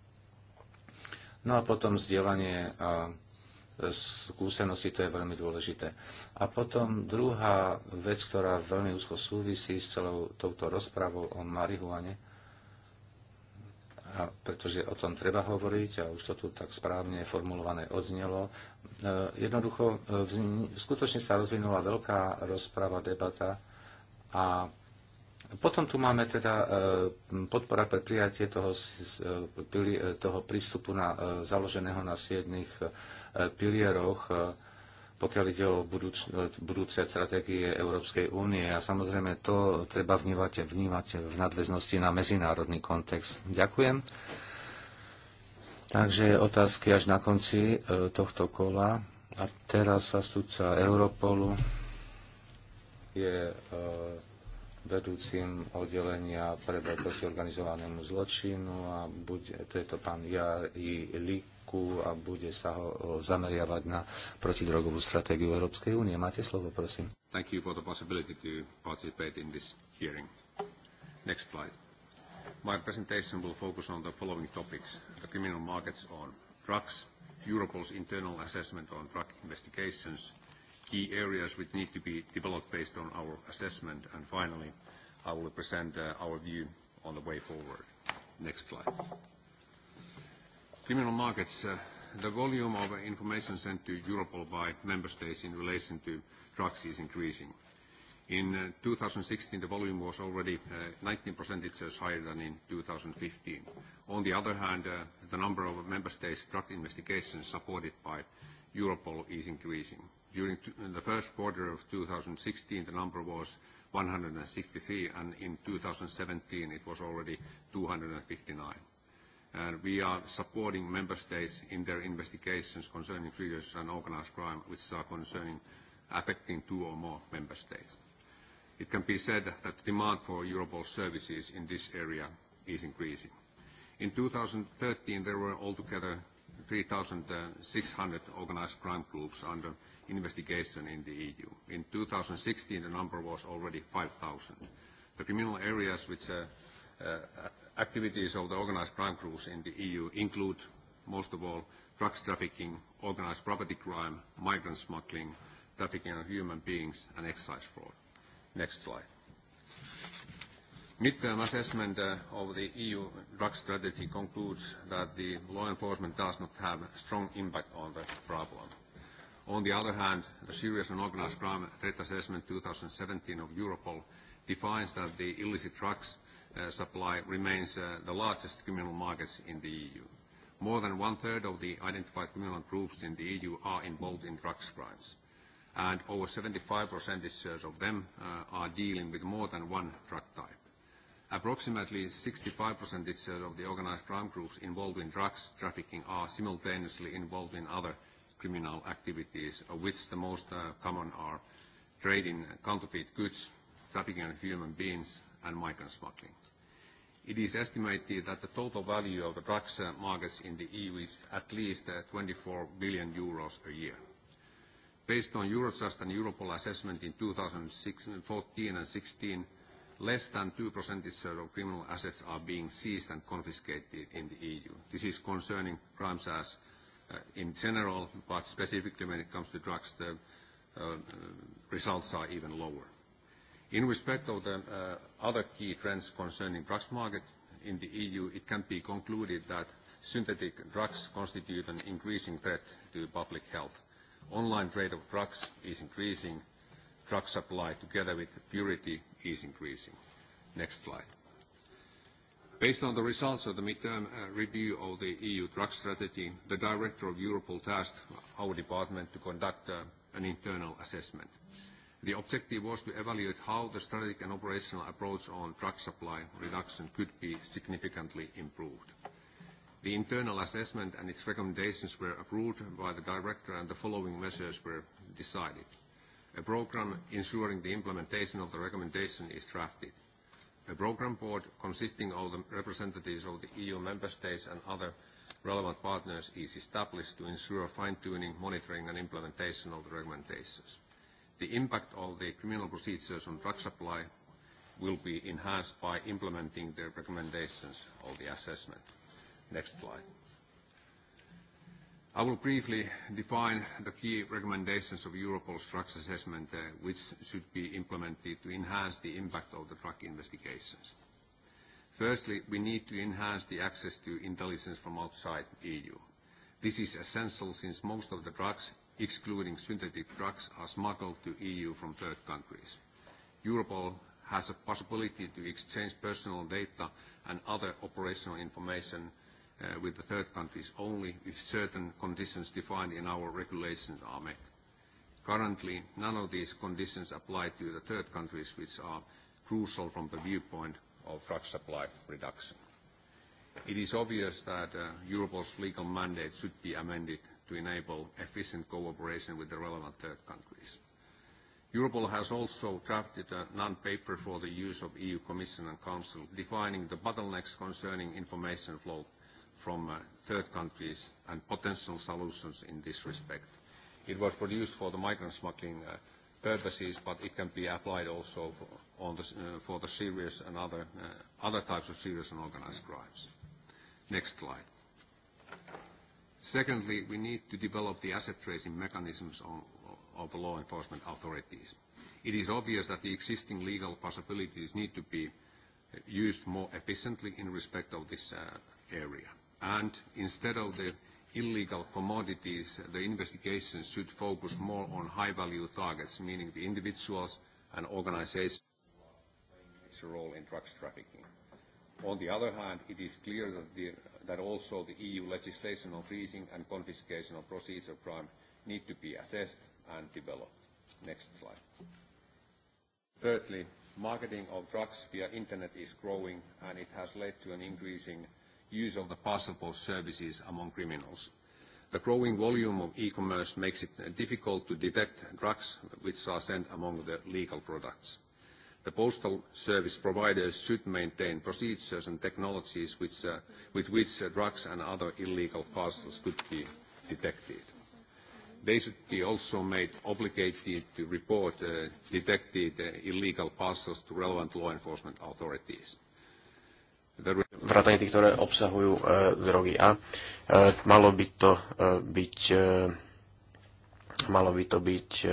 No a potom zdieľanie e, skúsenosti, to je veľmi dôležité. A potom druhá vec, ktorá veľmi úzko súvisí s celou touto rozpravou o marihuane, a pretože o tom treba hovoriť a už to tu tak správne formulované odznelo. E, jednoducho e, skutočne sa rozvinula veľká rozprava, debata a potom tu máme teda e, podpora pre prijatie toho, toho prístupu na, založeného na siedmých pilieroch pokiaľ ide o budúč, budúce stratégie Európskej únie. A samozrejme to treba vnívať, vnívať v nadväznosti na medzinárodný kontext. Ďakujem. Takže otázky až na konci e, tohto kola. A teraz stúca Europolu je e, vedúcim oddelenia pre proti organizovanému zločinu a bude, to je to pán Jari Lik, roku a bude sa ho zameriavať na protidrogovú stratégiu Európskej únie. Máte slovo, prosím. Thank you for the possibility to participate in this hearing. Next slide. My presentation will focus on the following topics: the criminal markets on drugs, Europol's internal assessment on drug investigations, key areas which need to be developed based on our assessment, and finally, I will present uh, our view on the way forward. Next slide criminal markets, uh, the volume of information sent to Europol by member states in relation to drugs is increasing. In uh, 2016, the volume was already uh, 19 percentages higher than in 2015. On the other hand, uh, the number of member states' drug investigations supported by Europol is increasing. During in the first quarter of 2016, the number was 163, and in 2017, it was already 259 and we are supporting member states in their investigations concerning serious and organized crime which are concerning affecting two or more member states. It can be said that demand for Europol services in this area is increasing. In 2013, there were altogether 3,600 organized crime groups under investigation in the EU. In 2016, the number was already 5,000. The criminal areas which uh, uh, activities of the organized crime groups in the EU include, most of all, drugs trafficking, organized property crime, migrant smuggling, trafficking of human beings, and excise fraud. Next slide. Midterm assessment uh, of the EU drug strategy concludes that the law enforcement does not have a strong impact on the problem. On the other hand, the Serious and Organized Crime Threat Assessment 2017 of Europol defines that the illicit drugs Uh, supply remains uh, the largest criminal markets in the EU. More than one-third of the identified criminal groups in the EU are involved in drugs crimes, and over 75% of them uh, are dealing with more than one drug type. Approximately 65% of the organized crime groups involved in drugs trafficking are simultaneously involved in other criminal activities, of which the most uh, common are trading counterfeit goods, trafficking in human beings, and migrant smuggling. It is estimated that the total value of the drugs markets in the EU is at least 24 uh, billion euros a year. Based on Eurojust and Europol assessment in 2014 and 2016, less than 2% of criminal assets are being seized and confiscated in the EU. This is concerning crimes as uh, in general, but specifically when it comes to drugs, the uh, results are even lower. In respect of the uh, other key trends concerning drugs market in the EU, it can be concluded that synthetic drugs constitute an increasing threat to public health. Online trade of drugs is increasing. Drug supply, together with purity, is increasing. Next slide. Based on the results of the midterm uh, review of the EU drug strategy, the Director of Europol tasked our department to conduct uh, an internal assessment. The objective was to evaluate how the strategic and operational approach on drug supply reduction could be significantly improved. The internal assessment and its recommendations were approved by the director, and the following measures were decided. A program ensuring the implementation of the recommendation is drafted. A program board consisting of the representatives of the EU member states and other relevant partners is established to ensure fine-tuning, monitoring, and implementation of the recommendations. The impact of the criminal procedures on drug supply will be enhanced by implementing the recommendations of the assessment. Next slide. I will briefly define the key recommendations of Europol's drug assessment, uh, which should be implemented to enhance the impact of the drug investigations. Firstly, we need to enhance the access to intelligence from outside EU. This is essential since most of the drugs excluding synthetic drugs, are smuggled to EU from third countries. Europol has a possibility to exchange personal data and other operational information uh, with the third countries only if certain conditions defined in our regulations are met. Currently, none of these conditions apply to the third countries, which are crucial from the viewpoint of drug supply reduction. It is obvious that uh, Europol's legal mandate should be amended to enable efficient cooperation with the relevant third countries. Europol has also drafted a non-paper for the use of EU Commission and Council defining the bottlenecks concerning information flow from uh, third countries and potential solutions in this respect. It was produced for the migrant smuggling uh, purposes, but it can be applied also for, on the, uh, for the serious and other, uh, other types of serious and organized crimes. Next slide. Secondly, we need to develop the asset tracing mechanisms on, of law enforcement authorities. It is obvious that the existing legal possibilities need to be used more efficiently in respect of this uh, area. And instead of the illegal commodities, the investigations should focus more on high-value targets, meaning the individuals and organizations who are playing a major role in drugs trafficking. On the other hand, it is clear that the that also the EU legislation on freezing and confiscation of proceeds of crime need to be assessed and developed. Next slide. Thirdly, marketing of drugs via internet is growing, and it has led to an increasing use of the possible services among criminals. The growing volume of e-commerce makes it difficult to detect drugs which are sent among the legal products the postal service providers should maintain procedures and technologies uh, with which uh, drugs and other illegal parcels could be detected. They should be also made obligated to report uh, detected uh, illegal parcels to relevant law enforcement authorities. Vrátane tých, ktoré obsahujú uh, drogy A. Uh, malo by to uh, byť... Uh, malo by to byť uh,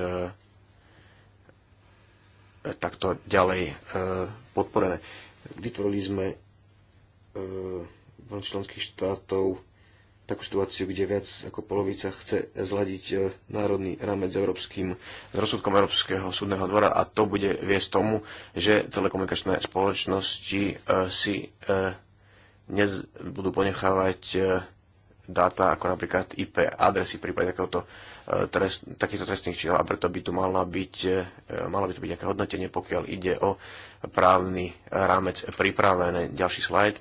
E, takto ďalej e, podporené. Vytvorili sme e, v členských štátov takú situáciu, kde viac ako polovica chce zladiť národný rámec s európskym rozsudkom Európskeho súdneho dvora a to bude viesť tomu, že telekomunikačné spoločnosti si nez, budú ponechávať dáta, ako napríklad IP adresy v prípade takéhoto, e, trest, takýchto trestných činov a preto by tu mala byť, e, malo by tu byť nejaké hodnotenie, pokiaľ ide o právny rámec pripravené. Ďalší slajd.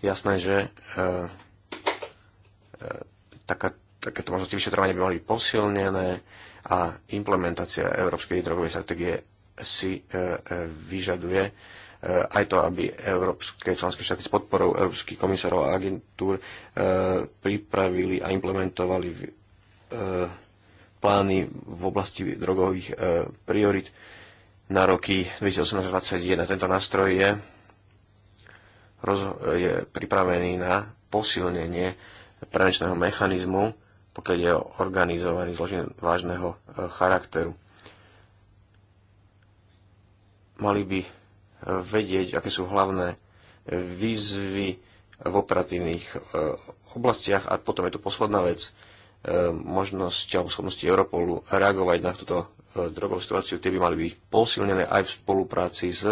Jasné, že e, taká, takéto možnosti vyšetrovania by mali byť posilnené a implementácia Európskej drogovej strategie si vyžaduje Eh, aj to, aby európske členské štáty s podporou európskych komisárov a agentúr eh, pripravili a implementovali eh, plány v oblasti drogových priorit na roky 2018-2021. Tento nástroj je, je pripravený na posilnenie prevenčného mechanizmu, pokiaľ je organizovaný zložený vážneho charakteru. Mali by vedieť, aké sú hlavné výzvy v operatívnych e, oblastiach. A potom je tu posledná vec, e, možnosť alebo schopnosti Europolu reagovať na túto e, drogovú situáciu, tie by mali byť posilnené aj v spolupráci s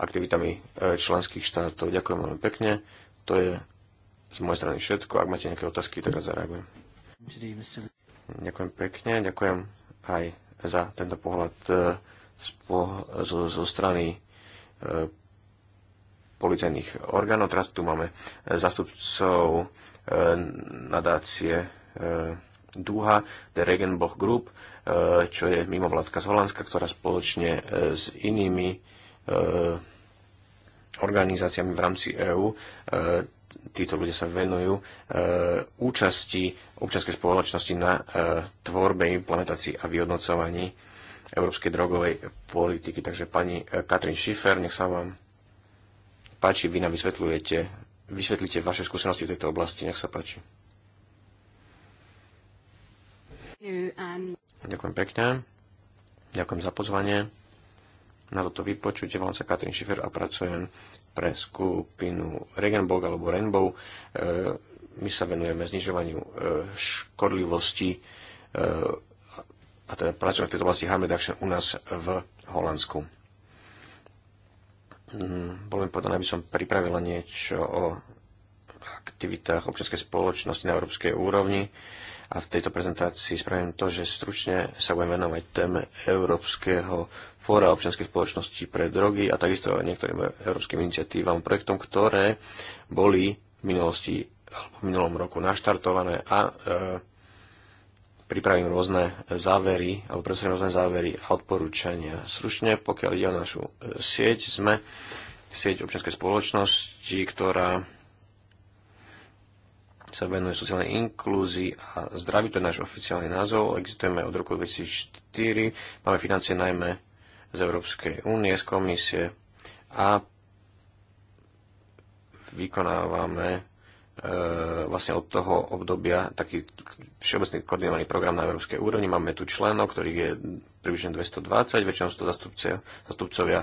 aktivitami členských štátov. Ďakujem veľmi pekne. To je z mojej strany všetko. Ak máte nejaké otázky, tak zareagujem. Ďakujem pekne, ďakujem aj za tento pohľad zo, zo strany E, policajných orgánov. Teraz tu máme e, zastupcov e, nadácie Duha, The Regenboch Group, čo je mimovládka z Holandska, ktorá spoločne s inými organizáciami v rámci EÚ títo ľudia sa venujú e, účasti občianskej spoločnosti na e, tvorbe, implementácii a vyhodnocovaní európskej drogovej politiky. Takže pani e, Katrin Schiffer, nech sa vám páči, vy nám vysvetľujete, vysvetlíte vaše skúsenosti v tejto oblasti, nech sa páči. Ďakujem pekne. Ďakujem za pozvanie. Na toto vypočutie volám sa Katrin Šifer a pracujem pre skupinu Regenbog alebo Rainbow. E, my sa venujeme znižovaniu e, škodlivosti a teda pracovať v tejto oblasti harm reduction u nás v Holandsku. Mm, bolo mi povedané, aby som pripravila niečo o aktivitách občianskej spoločnosti na európskej úrovni a v tejto prezentácii spravím to, že stručne sa budem venovať téme Európskeho fóra občianskej spoločnosti pre drogy a takisto niektorým európskym iniciatívam, projektom, ktoré boli v minulosti alebo v minulom roku naštartované a e, pripravím rôzne závery, alebo predstavím rôzne závery a odporúčania. Sručne, pokiaľ ide o našu e, sieť, sme sieť občianskej spoločnosti, ktorá sa venuje sociálnej inklúzii a zdraví, to je náš oficiálny názov. Existujeme od roku 2004, máme financie najmä z Európskej únie, z komisie a vykonávame E, vlastne od toho obdobia taký všeobecný koordinovaný program na európskej úrovni. Máme tu členov, ktorých je približne 220, väčšinou sú to zastupcia, zastupcovia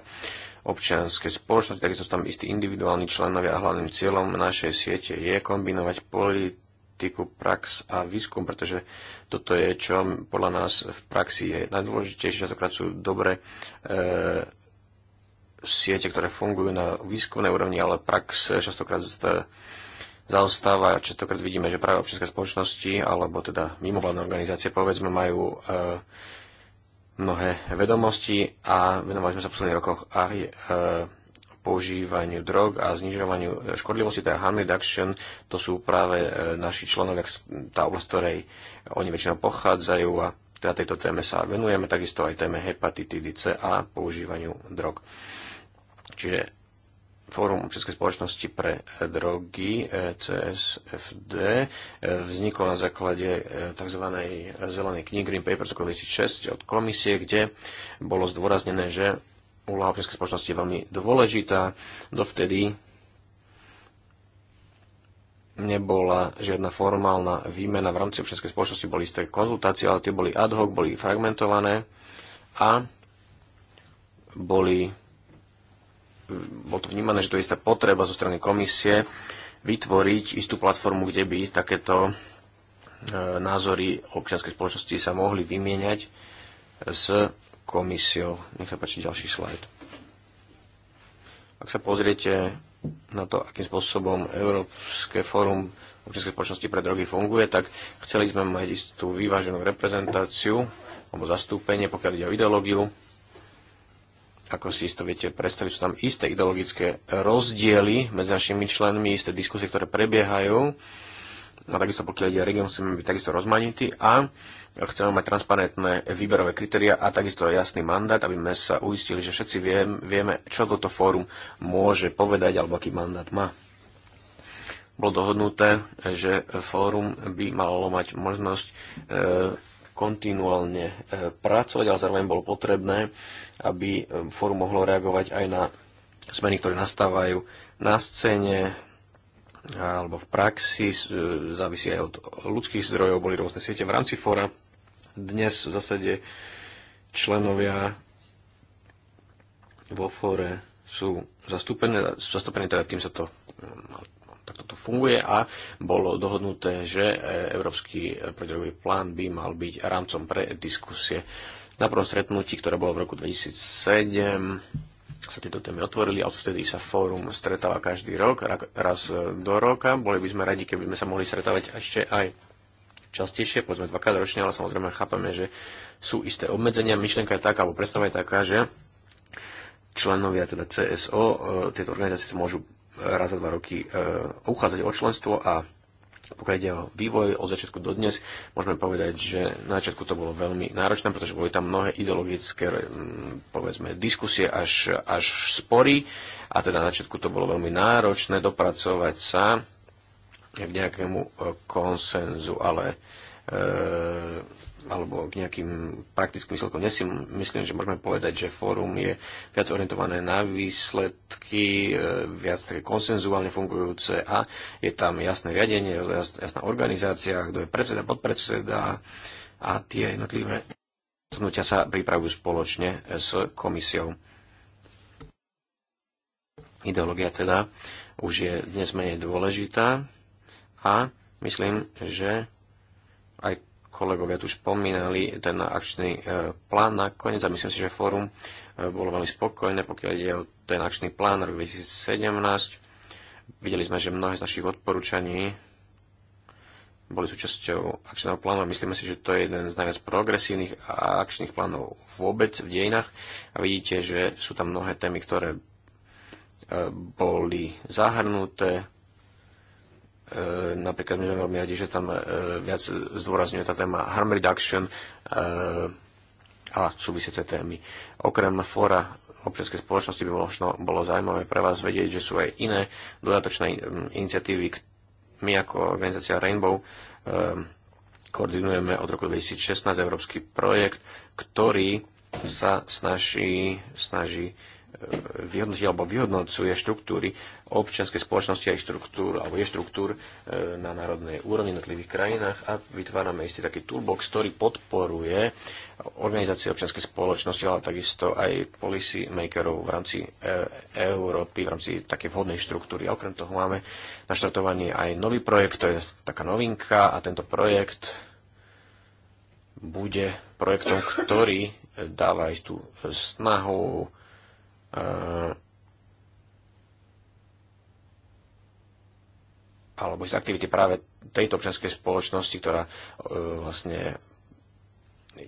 občianskej spoločnosti, takisto sú tam istí individuálni členovia a hlavným cieľom našej siete je kombinovať politiku, prax a výskum, pretože toto je, čo podľa nás v praxi je najdôležitejšie, častokrát sú dobre e, siete, ktoré fungujú na výskumnej úrovni, ale prax častokrát zaostáva. Častokrát vidíme, že práve občianske spoločnosti alebo teda mimovládne organizácie povedzme majú e, mnohé vedomosti a venovali sme sa v posledných rokoch aj e, používaniu drog a znižovaniu škodlivosti, teda harm reduction, to sú práve eh, naši členovia, tá oblasť, ktorej oni väčšinou pochádzajú a teda tejto téme sa venujeme, takisto aj téme hepatitidy C a používaniu drog. Čiže Fórum Českej spoločnosti pre drogy e, CSFD e, vzniklo na základe e, tzv. zelenej knihy Green Paper 2006 od komisie, kde bolo zdôraznené, že úloha občianskej spoločnosti je veľmi dôležitá. Dovtedy nebola žiadna formálna výmena v rámci občianskej spoločnosti, boli isté konzultácie, ale tie boli ad hoc, boli fragmentované a boli bol to vnímané, že to je istá potreba zo strany komisie vytvoriť istú platformu, kde by takéto e, názory občianskej spoločnosti sa mohli vymieňať s komisiou. Nech sa páči ďalší slajd. Ak sa pozriete na to, akým spôsobom Európske fórum občianskej spoločnosti pre drogy funguje, tak chceli sme mať istú vyváženú reprezentáciu alebo zastúpenie, pokiaľ ide o ideológiu, ako si isto viete predstaviť, sú tam isté ideologické rozdiely medzi našimi členmi, isté diskusie, ktoré prebiehajú. A takisto pokiaľ ide región, chceme byť takisto rozmanití a chceme mať transparentné výberové kritéria a takisto jasný mandát, aby sme sa uistili, že všetci vieme, čo toto fórum môže povedať alebo aký mandát má. Bolo dohodnuté, že fórum by malo mať možnosť e, kontinuálne e, pracovať, ale zároveň bolo potrebné, aby e, fórum mohlo reagovať aj na zmeny, ktoré nastávajú na scéne alebo v praxi, e, závisí aj od ľudských zdrojov, boli rôzne siete v rámci fóra. Dnes v zásade členovia vo fóre sú zastúpené, zastúpené teda tým sa to tak toto funguje a bolo dohodnuté, že e, Európsky protidrogový plán by mal byť rámcom pre diskusie. Na prvom stretnutí, ktoré bolo v roku 2007, sa tieto témy otvorili a odvtedy sa fórum stretáva každý rok, raz do roka. Boli by sme radi, keby sme sa mohli stretávať ešte aj častejšie, povedzme dvakrát ročne, ale samozrejme chápame, že sú isté obmedzenia. Myšlienka je taká, alebo predstava je taká, že členovia teda CSO, e, tieto organizácie sa môžu raz za dva roky e, uchádzať o členstvo a pokiaľ ide o vývoj od začiatku do dnes, môžeme povedať, že na začiatku to bolo veľmi náročné, pretože boli tam mnohé ideologické, mm, povedzme, diskusie až, až spory a teda na začiatku to bolo veľmi náročné dopracovať sa k nejakému e, konsenzu, ale e, alebo k nejakým praktickým výsledkom. Dnes si myslím, že môžeme povedať, že fórum je viac orientované na výsledky, e, viac také konsenzuálne fungujúce a je tam jasné riadenie, jasná organizácia, kto je predseda, podpredseda a tie jednotlivé rozhodnutia sa pripravujú spoločne s komisiou. Ideológia teda už je dnes menej dôležitá a myslím, že aj kolegovia tu spomínali ten akčný e, plán nakoniec a myslím si, že fórum e, bolo veľmi spokojné, pokiaľ ide o ten akčný plán rok 2017. Videli sme, že mnohé z našich odporúčaní boli súčasťou akčného plánu a myslíme si, že to je jeden z najviac progresívnych a akčných plánov vôbec v dejinách a vidíte, že sú tam mnohé témy, ktoré e, boli zahrnuté, E, napríklad my sme veľmi radi, že tam e, viac zdôrazňuje tá téma harm reduction e, a súvisiace témy. Okrem fóra občianskej spoločnosti by bolo, bolo zaujímavé pre vás vedieť, že sú aj iné dodatočné iniciatívy. My ako organizácia Rainbow koordinujeme od roku 2016 európsky projekt, ktorý sa snaží, snaží vyhodnotí alebo vyhodnocuje štruktúry občianskej spoločnosti aj štruktúr, alebo je štruktúr e, na národnej úrovni v jednotlivých krajinách a vytvárame istý taký toolbox, ktorý podporuje organizácie občianskej spoločnosti, ale takisto aj policy makerov v rámci e, Európy, v rámci také vhodnej štruktúry. A okrem toho máme naštartovaný aj nový projekt, to je taká novinka a tento projekt bude projektom, ktorý dáva aj tú snahu alebo z aktivity práve tejto občianskej spoločnosti, ktorá e, vlastne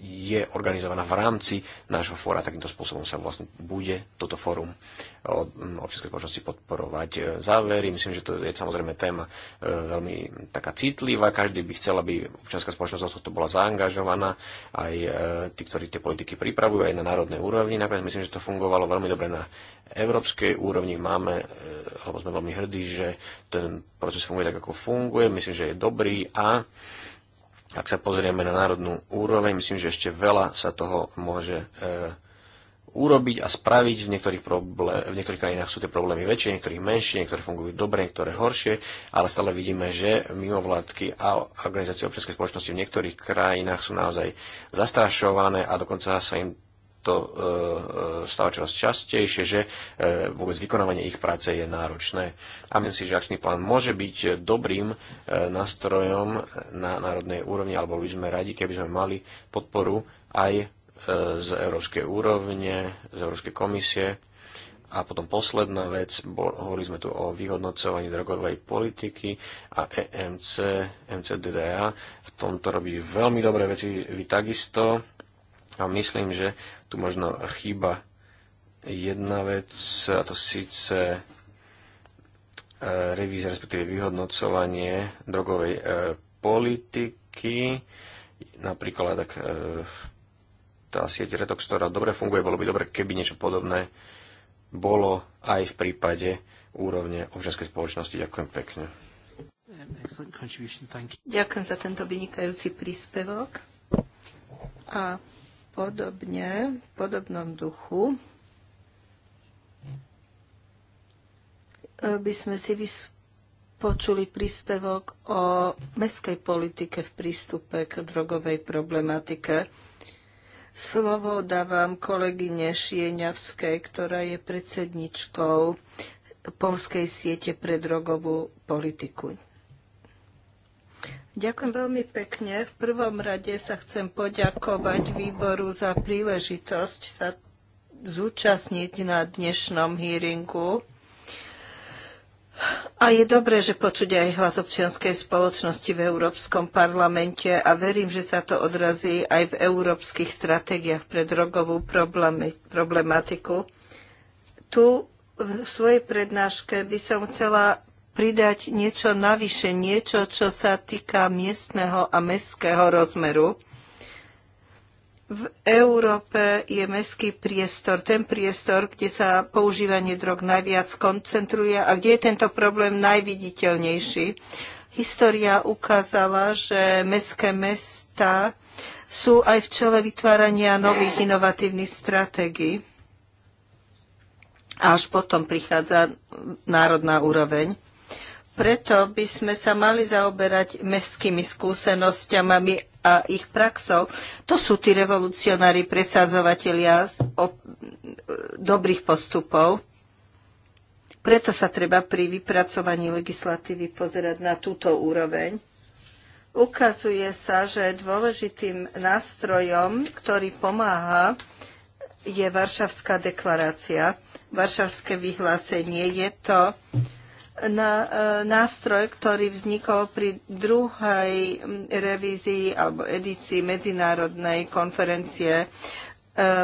je organizovaná v rámci nášho fóra. Takýmto spôsobom sa vlastne bude toto fórum občianskej spoločnosti podporovať e, závery. Myslím, že to je samozrejme téma e, veľmi taká citlivá. Každý by chcel, aby občianská spoločnosť o toto bola zaangažovaná. Aj e, tí, ktorí tie politiky pripravujú, aj na národnej úrovni. Nakoniec myslím, že to fungovalo veľmi dobre na európskej úrovni. Máme, alebo sme veľmi hrdí, že ten proces funguje tak, ako funguje. Myslím, že je dobrý a ak sa pozrieme na národnú úroveň, myslím, že ešte veľa sa toho môže e, urobiť a spraviť. V niektorých, problé- v niektorých krajinách sú tie problémy väčšie, niektorých menšie, niektoré fungujú dobre, niektoré horšie, ale stále vidíme, že mimovládky a organizácie občianskej spoločnosti v niektorých krajinách sú naozaj zastrašované a dokonca sa im to e, e, stáva čoraz častejšie, že e, vôbec vykonávanie ich práce je náročné. A myslím si, že akčný plán môže byť dobrým nástrojom na národnej úrovni, alebo by sme radi, keby sme mali podporu aj z európskej úrovne, z Európskej komisie. A potom posledná vec, bo, hovorili sme tu o vyhodnocovaní drogovej politiky a EMC, MCDDA v tomto robí veľmi dobré veci, vy takisto a myslím, že tu možno chýba jedna vec, a to síce e, revízia, respektíve vyhodnocovanie drogovej e, politiky, napríklad tak e, tá sieť Retox, ktorá dobre funguje, bolo by dobre, keby niečo podobné bolo aj v prípade úrovne občianskej spoločnosti. Ďakujem pekne. Ďakujem za tento vynikajúci príspevok. A Podobne, v podobnom duchu eh, by sme si počuli príspevok o mestskej politike v prístupe k drogovej problematike. Slovo dávam kolegyne Šieňavskej, ktorá je predsedničkou Polskej siete pre drogovú politiku. Ďakujem veľmi pekne. V prvom rade sa chcem poďakovať výboru za príležitosť sa zúčastniť na dnešnom hearingu. A je dobré, že počuť aj hlas občianskej spoločnosti v Európskom parlamente a verím, že sa to odrazí aj v európskych stratégiách pre drogovú problematiku. Tu v svojej prednáške by som chcela pridať niečo navyše, niečo, čo sa týka miestneho a mestského rozmeru. V Európe je mestský priestor, ten priestor, kde sa používanie drog najviac koncentruje a kde je tento problém najviditeľnejší. História ukázala, že mestské mesta sú aj v čele vytvárania nových inovatívnych stratégií. A až potom prichádza národná úroveň. Preto by sme sa mali zaoberať mestskými skúsenostiami a ich praxou. To sú tí revolucionári presadzovatelia dobrých postupov. Preto sa treba pri vypracovaní legislatívy pozerať na túto úroveň. Ukazuje sa, že dôležitým nástrojom, ktorý pomáha, je Varšavská deklarácia, Varšavské vyhlásenie. Je to na e, nástroj, ktorý vznikol pri druhej revízii alebo edícii medzinárodnej konferencie e,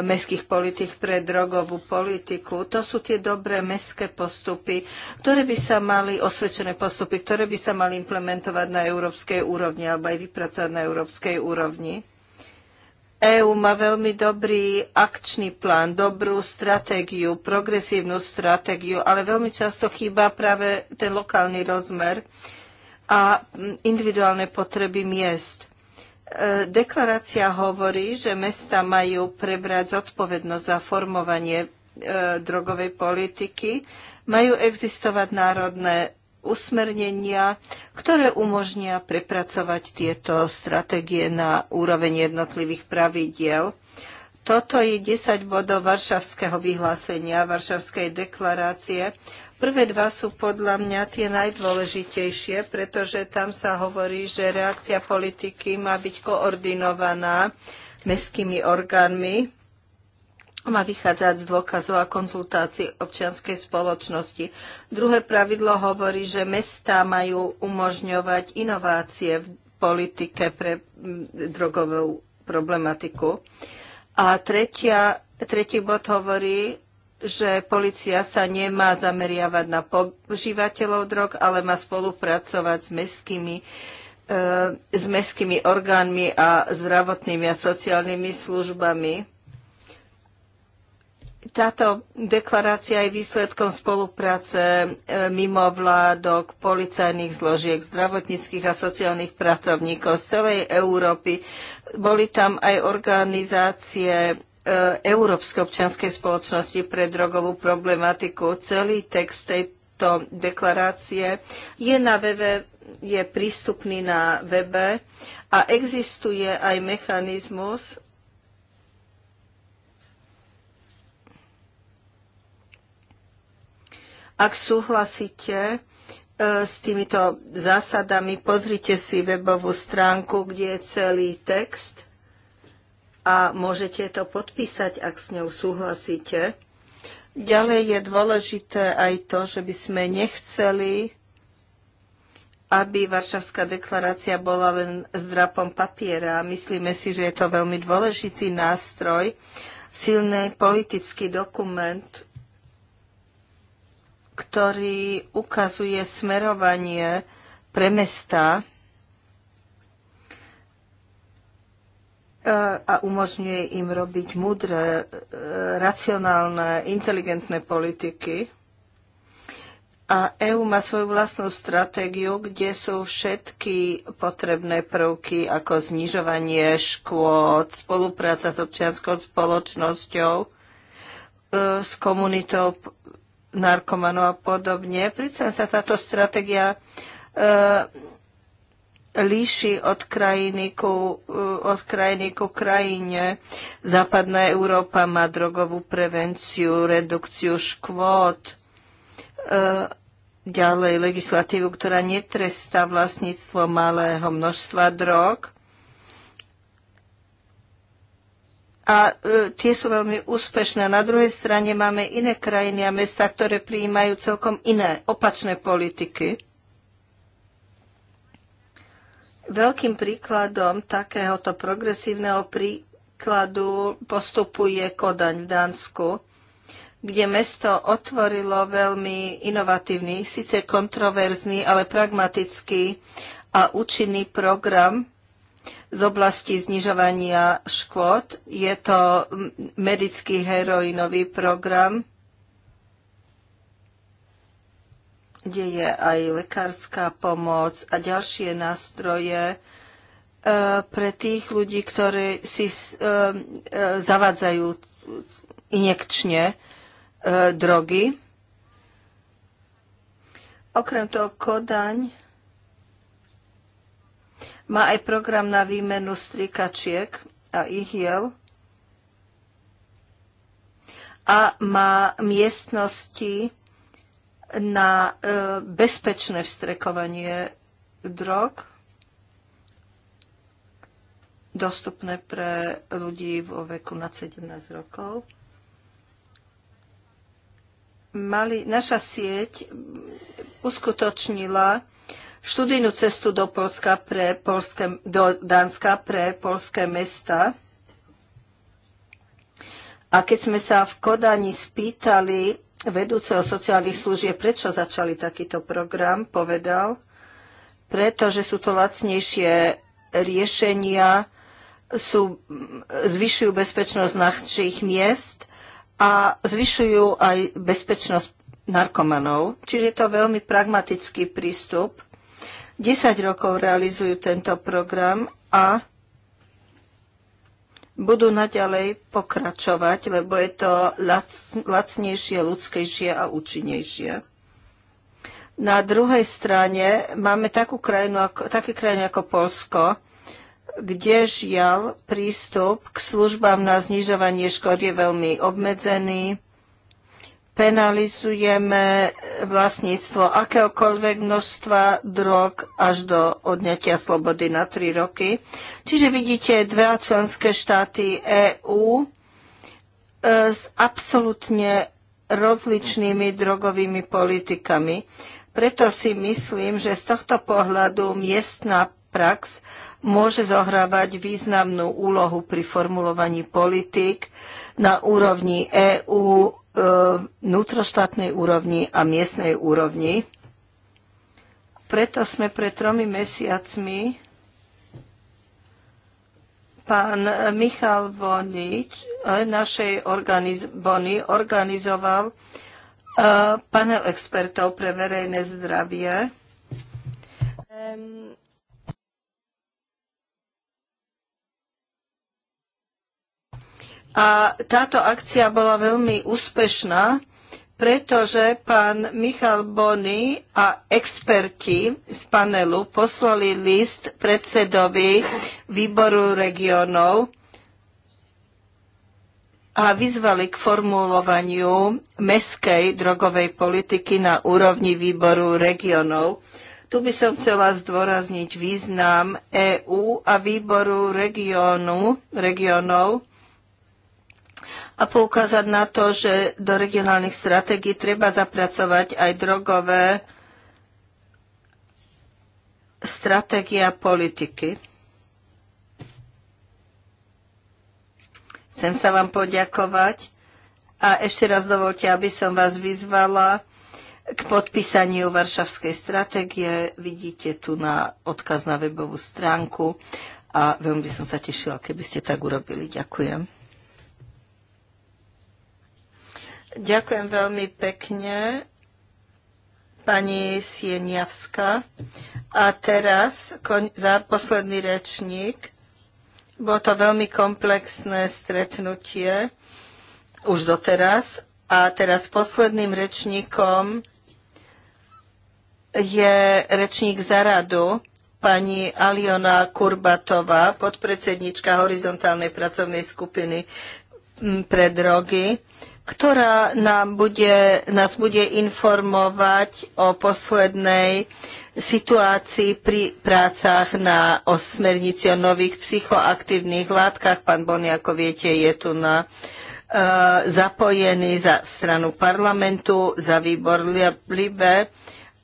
mestských politik pre drogovú politiku. To sú tie dobré mestské postupy, ktoré by sa mali, osvedčené postupy, ktoré by sa mali implementovať na európskej úrovni alebo aj vypracovať na európskej úrovni. EÚ má veľmi dobrý akčný plán, dobrú stratégiu, progresívnu stratégiu, ale veľmi často chýba práve ten lokálny rozmer a individuálne potreby miest. E, deklarácia hovorí, že mesta majú prebrať zodpovednosť za formovanie e, drogovej politiky, majú existovať národné usmernenia, ktoré umožnia prepracovať tieto stratégie na úroveň jednotlivých pravidiel. Toto je 10 bodov Varšavského vyhlásenia, Varšavskej deklarácie. Prvé dva sú podľa mňa tie najdôležitejšie, pretože tam sa hovorí, že reakcia politiky má byť koordinovaná mestskými orgánmi má vychádzať z dôkazov a konzultácií občianskej spoločnosti. Druhé pravidlo hovorí, že mestá majú umožňovať inovácie v politike pre drogovú problematiku. A tretia, tretí bod hovorí, že policia sa nemá zameriavať na požívateľov drog, ale má spolupracovať s mestskými e, s mestskými orgánmi a zdravotnými a sociálnymi službami táto deklarácia je výsledkom spolupráce e, mimo vládok, policajných zložiek, zdravotníckých a sociálnych pracovníkov z celej Európy. Boli tam aj organizácie e, Európskej občianskej spoločnosti pre drogovú problematiku. Celý text tejto deklarácie je na webe je prístupný na webe a existuje aj mechanizmus, Ak súhlasíte e, s týmito zásadami, pozrite si webovú stránku, kde je celý text a môžete to podpísať, ak s ňou súhlasíte. Ďalej je dôležité aj to, že by sme nechceli, aby Varšavská deklarácia bola len zdrapom papiera. Myslíme si, že je to veľmi dôležitý nástroj, silný politický dokument, ktorý ukazuje smerovanie pre mesta e, a umožňuje im robiť múdre, e, racionálne, inteligentné politiky. A EÚ má svoju vlastnú stratégiu, kde sú všetky potrebné prvky ako znižovanie škôd, spolupráca s občianskou spoločnosťou, e, s komunitou narkomanov a podobne. Pričom sa táto stratégia e, líši od krajiny ku, e, od krajiny ku krajine. Západná Európa má drogovú prevenciu, redukciu škôd, e, ďalej legislatívu, ktorá netrestá vlastníctvo malého množstva drog. a e, tie sú veľmi úspešné. Na druhej strane máme iné krajiny a mesta, ktoré prijímajú celkom iné, opačné politiky. Veľkým príkladom takéhoto progresívneho príkladu postupuje Kodaň v Dánsku, kde mesto otvorilo veľmi inovatívny, síce kontroverzný, ale pragmatický a účinný program z oblasti znižovania škôd. Je to medický heroinový program, kde je aj lekárska pomoc a ďalšie nástroje e, pre tých ľudí, ktorí si e, e, zavádzajú injekčne drogy. Okrem toho Kodaň má aj program na výmenu strikačiek a ihiel a má miestnosti na e, bezpečné vstrekovanie drog dostupné pre ľudí vo veku nad 17 rokov. Mali, naša sieť uskutočnila študijnú cestu do, Polska pre Polske, do Dánska pre polské mesta. A keď sme sa v Kodani spýtali vedúceho sociálnych služieb, prečo začali takýto program, povedal, pretože sú to lacnejšie riešenia, sú, zvyšujú bezpečnosť našich miest a zvyšujú aj bezpečnosť narkomanov. Čiže je to veľmi pragmatický prístup. 10 rokov realizujú tento program a budú naďalej pokračovať, lebo je to lac, lacnejšie, ľudskejšie a účinnejšie. Na druhej strane máme takú krajinu, také krajiny ako Polsko, kde žiaľ prístup k službám na znižovanie škod je veľmi obmedzený penalizujeme vlastníctvo akéhokoľvek množstva drog až do odňatia slobody na 3 roky. Čiže vidíte, dve členské štáty EÚ e, s absolútne rozličnými drogovými politikami. Preto si myslím, že z tohto pohľadu miestna prax môže zohrávať významnú úlohu pri formulovaní politik na úrovni EÚ, E, vnútroštátnej úrovni a miestnej úrovni. Preto sme pred tromi mesiacmi pán Michal Bonič e, našej organiz- Boni, organizoval e, panel expertov pre verejné zdravie. Um, A táto akcia bola veľmi úspešná, pretože pán Michal Bony a experti z panelu poslali list predsedovi výboru regionov a vyzvali k formulovaniu meskej drogovej politiky na úrovni výboru regionov. Tu by som chcela zdôrazniť význam EÚ a výboru regionu, regionov a poukázať na to, že do regionálnych stratégií treba zapracovať aj drogové a politiky. Chcem sa vám poďakovať a ešte raz dovolte, aby som vás vyzvala k podpísaniu Varšavskej stratégie. Vidíte tu na odkaz na webovú stránku a veľmi by som sa tešila, keby ste tak urobili. Ďakujem. Ďakujem veľmi pekne, pani Sieniavska. A teraz za posledný rečník. Bolo to veľmi komplexné stretnutie už doteraz. A teraz posledným rečníkom je rečník za radu pani Aliona Kurbatová, podpredsednička horizontálnej pracovnej skupiny pre drogy ktorá nám bude, nás bude informovať o poslednej situácii pri prácach na osmernici o nových psychoaktívnych látkach. Pán Boni, ako viete, je tu na e, zapojený za stranu parlamentu, za výbor LIBE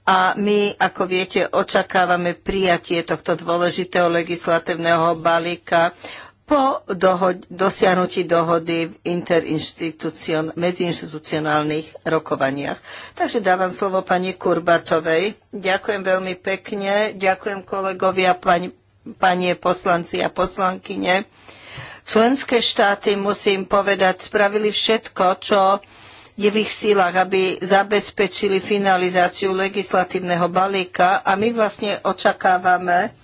a my, ako viete, očakávame prijatie tohto dôležitého legislatívneho balíka po doho- dosiahnutí dohody v interinstitucion medziinstitucionálnych rokovaniach. Takže dávam slovo pani Kurbatovej. Ďakujem veľmi pekne, ďakujem kolegovia, pani, panie poslanci a poslankyne. Členské štáty, musím povedať, spravili všetko, čo je v ich sílach, aby zabezpečili finalizáciu legislatívneho balíka a my vlastne očakávame,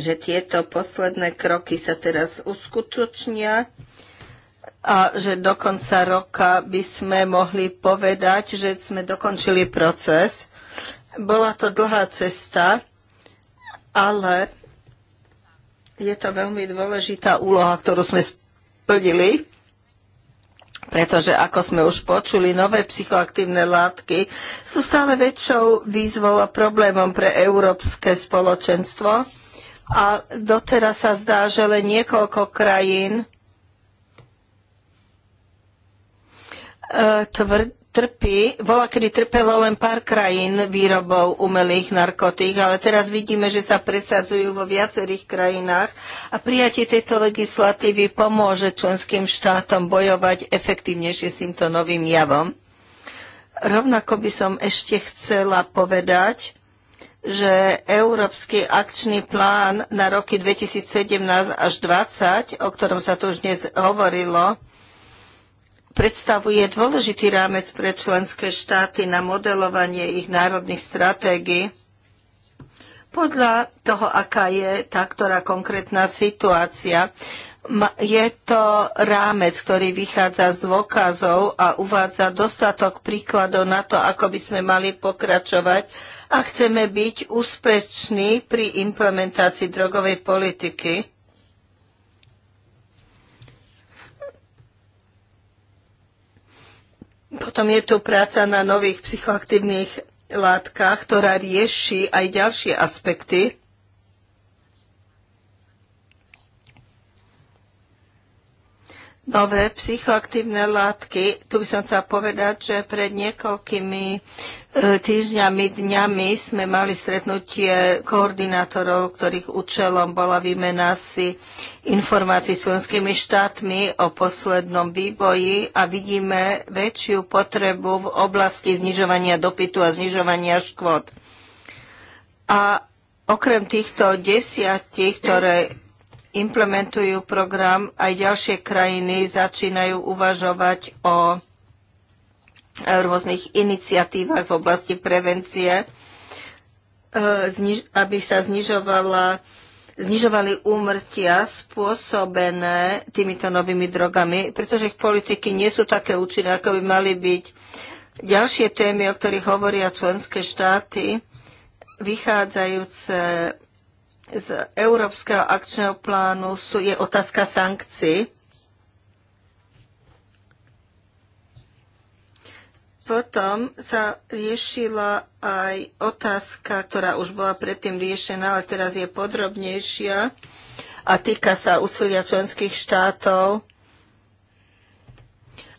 že tieto posledné kroky sa teraz uskutočnia a že do konca roka by sme mohli povedať, že sme dokončili proces. Bola to dlhá cesta, ale je to veľmi dôležitá úloha, ktorú sme splnili, pretože ako sme už počuli, nové psychoaktívne látky sú stále väčšou výzvou a problémom pre európske spoločenstvo a doteraz sa zdá, že len niekoľko krajín e, tvr, trpí, bola kedy trpelo len pár krajín výrobou umelých narkotík, ale teraz vidíme, že sa presadzujú vo viacerých krajinách a prijatie tejto legislatívy pomôže členským štátom bojovať efektívnejšie s týmto novým javom. Rovnako by som ešte chcela povedať, že Európsky akčný plán na roky 2017 až 2020, o ktorom sa tu už dnes hovorilo, predstavuje dôležitý rámec pre členské štáty na modelovanie ich národných stratégií podľa toho, aká je tá ktorá konkrétna situácia. Je to rámec, ktorý vychádza z dôkazov a uvádza dostatok príkladov na to, ako by sme mali pokračovať a chceme byť úspešní pri implementácii drogovej politiky. Potom je tu práca na nových psychoaktívnych látkach, ktorá rieši aj ďalšie aspekty nové psychoaktívne látky. Tu by som chcela povedať, že pred niekoľkými e, týždňami, dňami sme mali stretnutie koordinátorov, ktorých účelom bola výmena si informácií s členskými štátmi o poslednom výboji a vidíme väčšiu potrebu v oblasti znižovania dopytu a znižovania škôd. A okrem týchto desiatich, ktoré implementujú program, aj ďalšie krajiny začínajú uvažovať o e, rôznych iniciatívach v oblasti prevencie, e, aby sa znižovala znižovali úmrtia spôsobené týmito novými drogami, pretože ich politiky nie sú také účinné, ako by mali byť. Ďalšie témy, o ktorých hovoria členské štáty, vychádzajúce z Európskeho akčného plánu sú, je otázka sankcií. Potom sa riešila aj otázka, ktorá už bola predtým riešená, ale teraz je podrobnejšia a týka sa úsilia členských štátov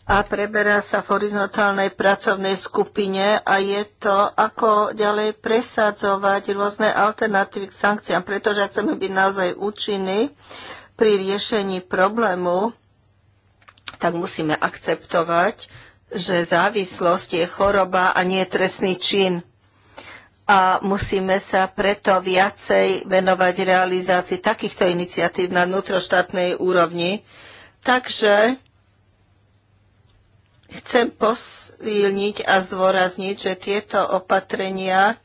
a preberá sa v horizontálnej pracovnej skupine a je to, ako ďalej presadzovať rôzne alternatívy k sankciám, pretože ak chceme byť naozaj účinní pri riešení problému, tak musíme akceptovať, že závislosť je choroba a nie trestný čin. A musíme sa preto viacej venovať realizácii takýchto iniciatív na vnútroštátnej úrovni. Takže Chcem posilniť a zdôrazniť, že tieto opatrenia,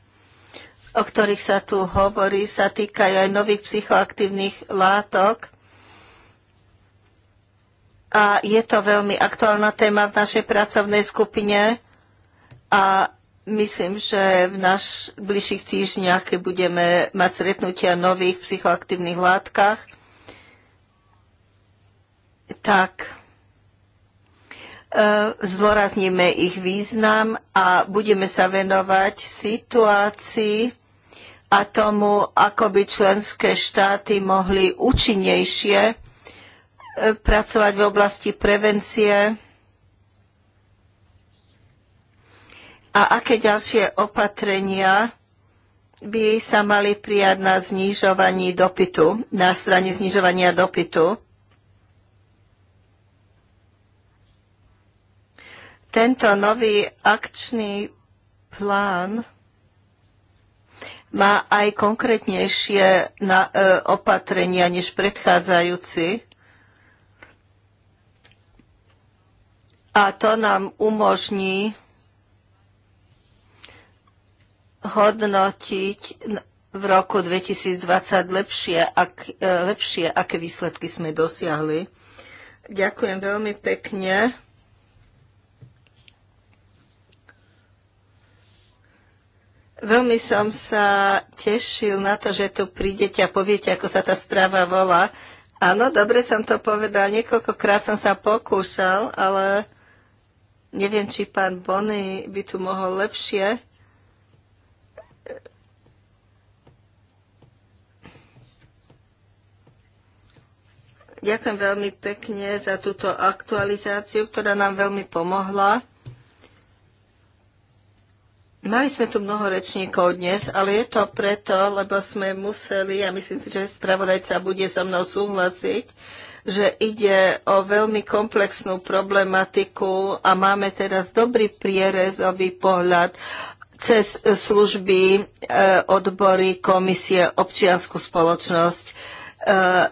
o ktorých sa tu hovorí, sa týkajú aj nových psychoaktívnych látok. A je to veľmi aktuálna téma v našej pracovnej skupine a Myslím, že v naš bližších týždňach, keď budeme mať stretnutia o nových psychoaktívnych látkach, tak E, zdôrazníme ich význam a budeme sa venovať situácii a tomu, ako by členské štáty mohli účinnejšie e, pracovať v oblasti prevencie a aké ďalšie opatrenia by sa mali prijať na znižovaní dopytu, na strane znižovania dopytu. Tento nový akčný plán má aj konkrétnejšie na, e, opatrenia než predchádzajúci. A to nám umožní hodnotiť v roku 2020 lepšie, ak, e, lepšie aké výsledky sme dosiahli. Ďakujem veľmi pekne. Veľmi som sa tešil na to, že tu prídete a poviete, ako sa tá správa volá. Áno, dobre som to povedal. Niekoľkokrát som sa pokúšal, ale neviem, či pán Bonny by tu mohol lepšie. Ďakujem veľmi pekne za túto aktualizáciu, ktorá nám veľmi pomohla. Mali sme tu mnoho rečníkov dnes, ale je to preto, lebo sme museli, a ja myslím si, že spravodajca bude so mnou súhlasiť, že ide o veľmi komplexnú problematiku a máme teraz dobrý prierezový pohľad cez služby, e, odbory, komisie, občianskú spoločnosť, e,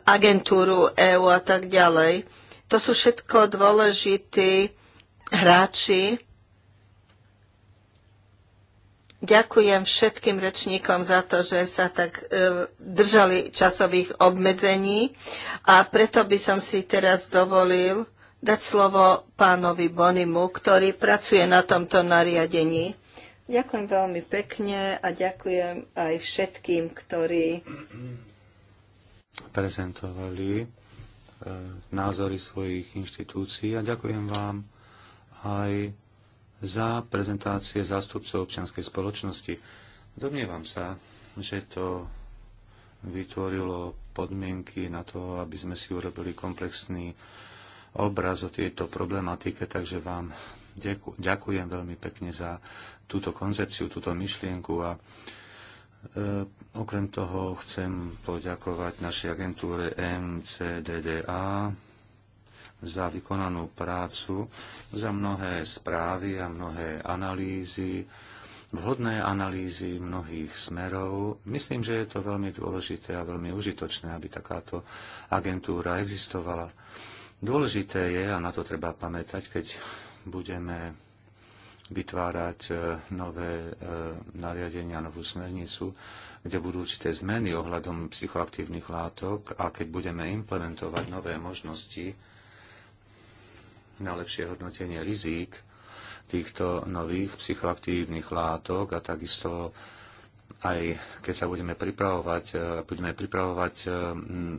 agentúru EÚ a tak ďalej. To sú všetko dôležití hráči, Ďakujem všetkým rečníkom za to, že sa tak e, držali časových obmedzení a preto by som si teraz dovolil dať slovo pánovi Bonimu, ktorý pracuje na tomto nariadení. Ďakujem veľmi pekne a ďakujem aj všetkým, ktorí prezentovali e, názory svojich inštitúcií a ďakujem vám aj za prezentácie zástupcov občianskej spoločnosti. Domnievam sa, že to vytvorilo podmienky na to, aby sme si urobili komplexný obraz o tejto problematike, takže vám ďakujem veľmi pekne za túto koncepciu, túto myšlienku a e, Okrem toho chcem poďakovať našej agentúre MCDDA za vykonanú prácu, za mnohé správy a mnohé analýzy, vhodné analýzy mnohých smerov. Myslím, že je to veľmi dôležité a veľmi užitočné, aby takáto agentúra existovala. Dôležité je, a na to treba pamätať, keď budeme vytvárať e, nové e, nariadenia, novú smernicu, kde budú určité zmeny ohľadom psychoaktívnych látok a keď budeme implementovať nové možnosti, na lepšie hodnotenie rizík týchto nových psychoaktívnych látok a takisto aj keď sa budeme pripravovať, e, budeme pripravovať e,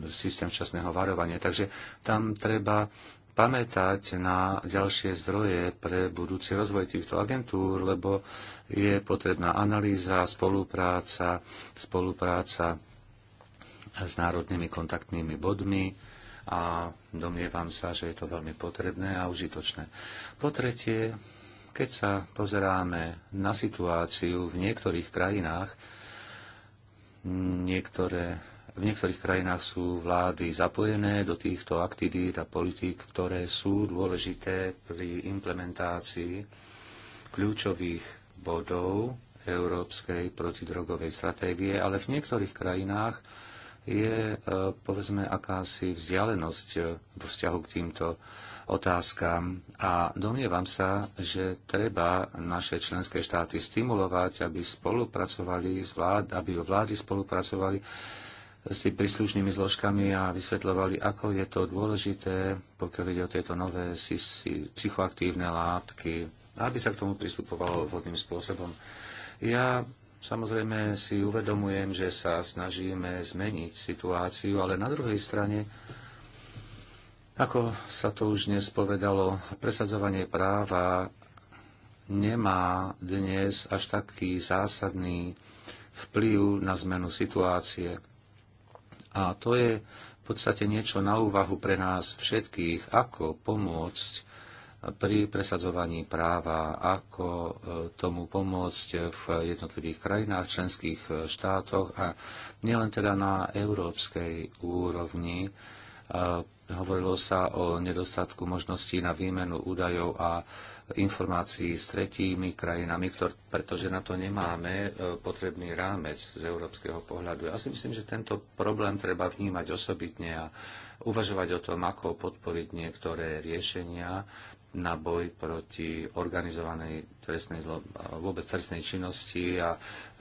systém včasného varovania. Takže tam treba pamätať na ďalšie zdroje pre budúci rozvoj týchto agentúr, lebo je potrebná analýza, spolupráca, spolupráca s národnými kontaktnými bodmi, a domnievam sa, že je to veľmi potrebné a užitočné. Po tretie, keď sa pozeráme na situáciu v niektorých krajinách, niektoré, v niektorých krajinách sú vlády zapojené do týchto aktivít a politík, ktoré sú dôležité pri implementácii kľúčových bodov európskej protidrogovej stratégie, ale v niektorých krajinách je, e, povedzme, akási vzdialenosť e, vo vzťahu k týmto otázkam a domnievam sa, že treba naše členské štáty stimulovať, aby spolupracovali, vlád, aby vlády spolupracovali s tými príslušnými zložkami a vysvetľovali, ako je to dôležité, pokiaľ ide o tieto nové psychoaktívne látky, aby sa k tomu pristupovalo vhodným spôsobom. Ja Samozrejme si uvedomujem, že sa snažíme zmeniť situáciu, ale na druhej strane, ako sa to už dnes povedalo, presadzovanie práva nemá dnes až taký zásadný vplyv na zmenu situácie. A to je v podstate niečo na úvahu pre nás všetkých, ako pomôcť pri presadzovaní práva, ako e, tomu pomôcť v jednotlivých krajinách, členských e, štátoch a nielen teda na európskej úrovni. E, hovorilo sa o nedostatku možností na výmenu údajov a informácií s tretími krajinami, ktor, pretože na to nemáme potrebný rámec z európskeho pohľadu. Ja si myslím, že tento problém treba vnímať osobitne a uvažovať o tom, ako podporiť niektoré riešenia na boj proti organizovanej trestnej, vôbec trestnej činnosti a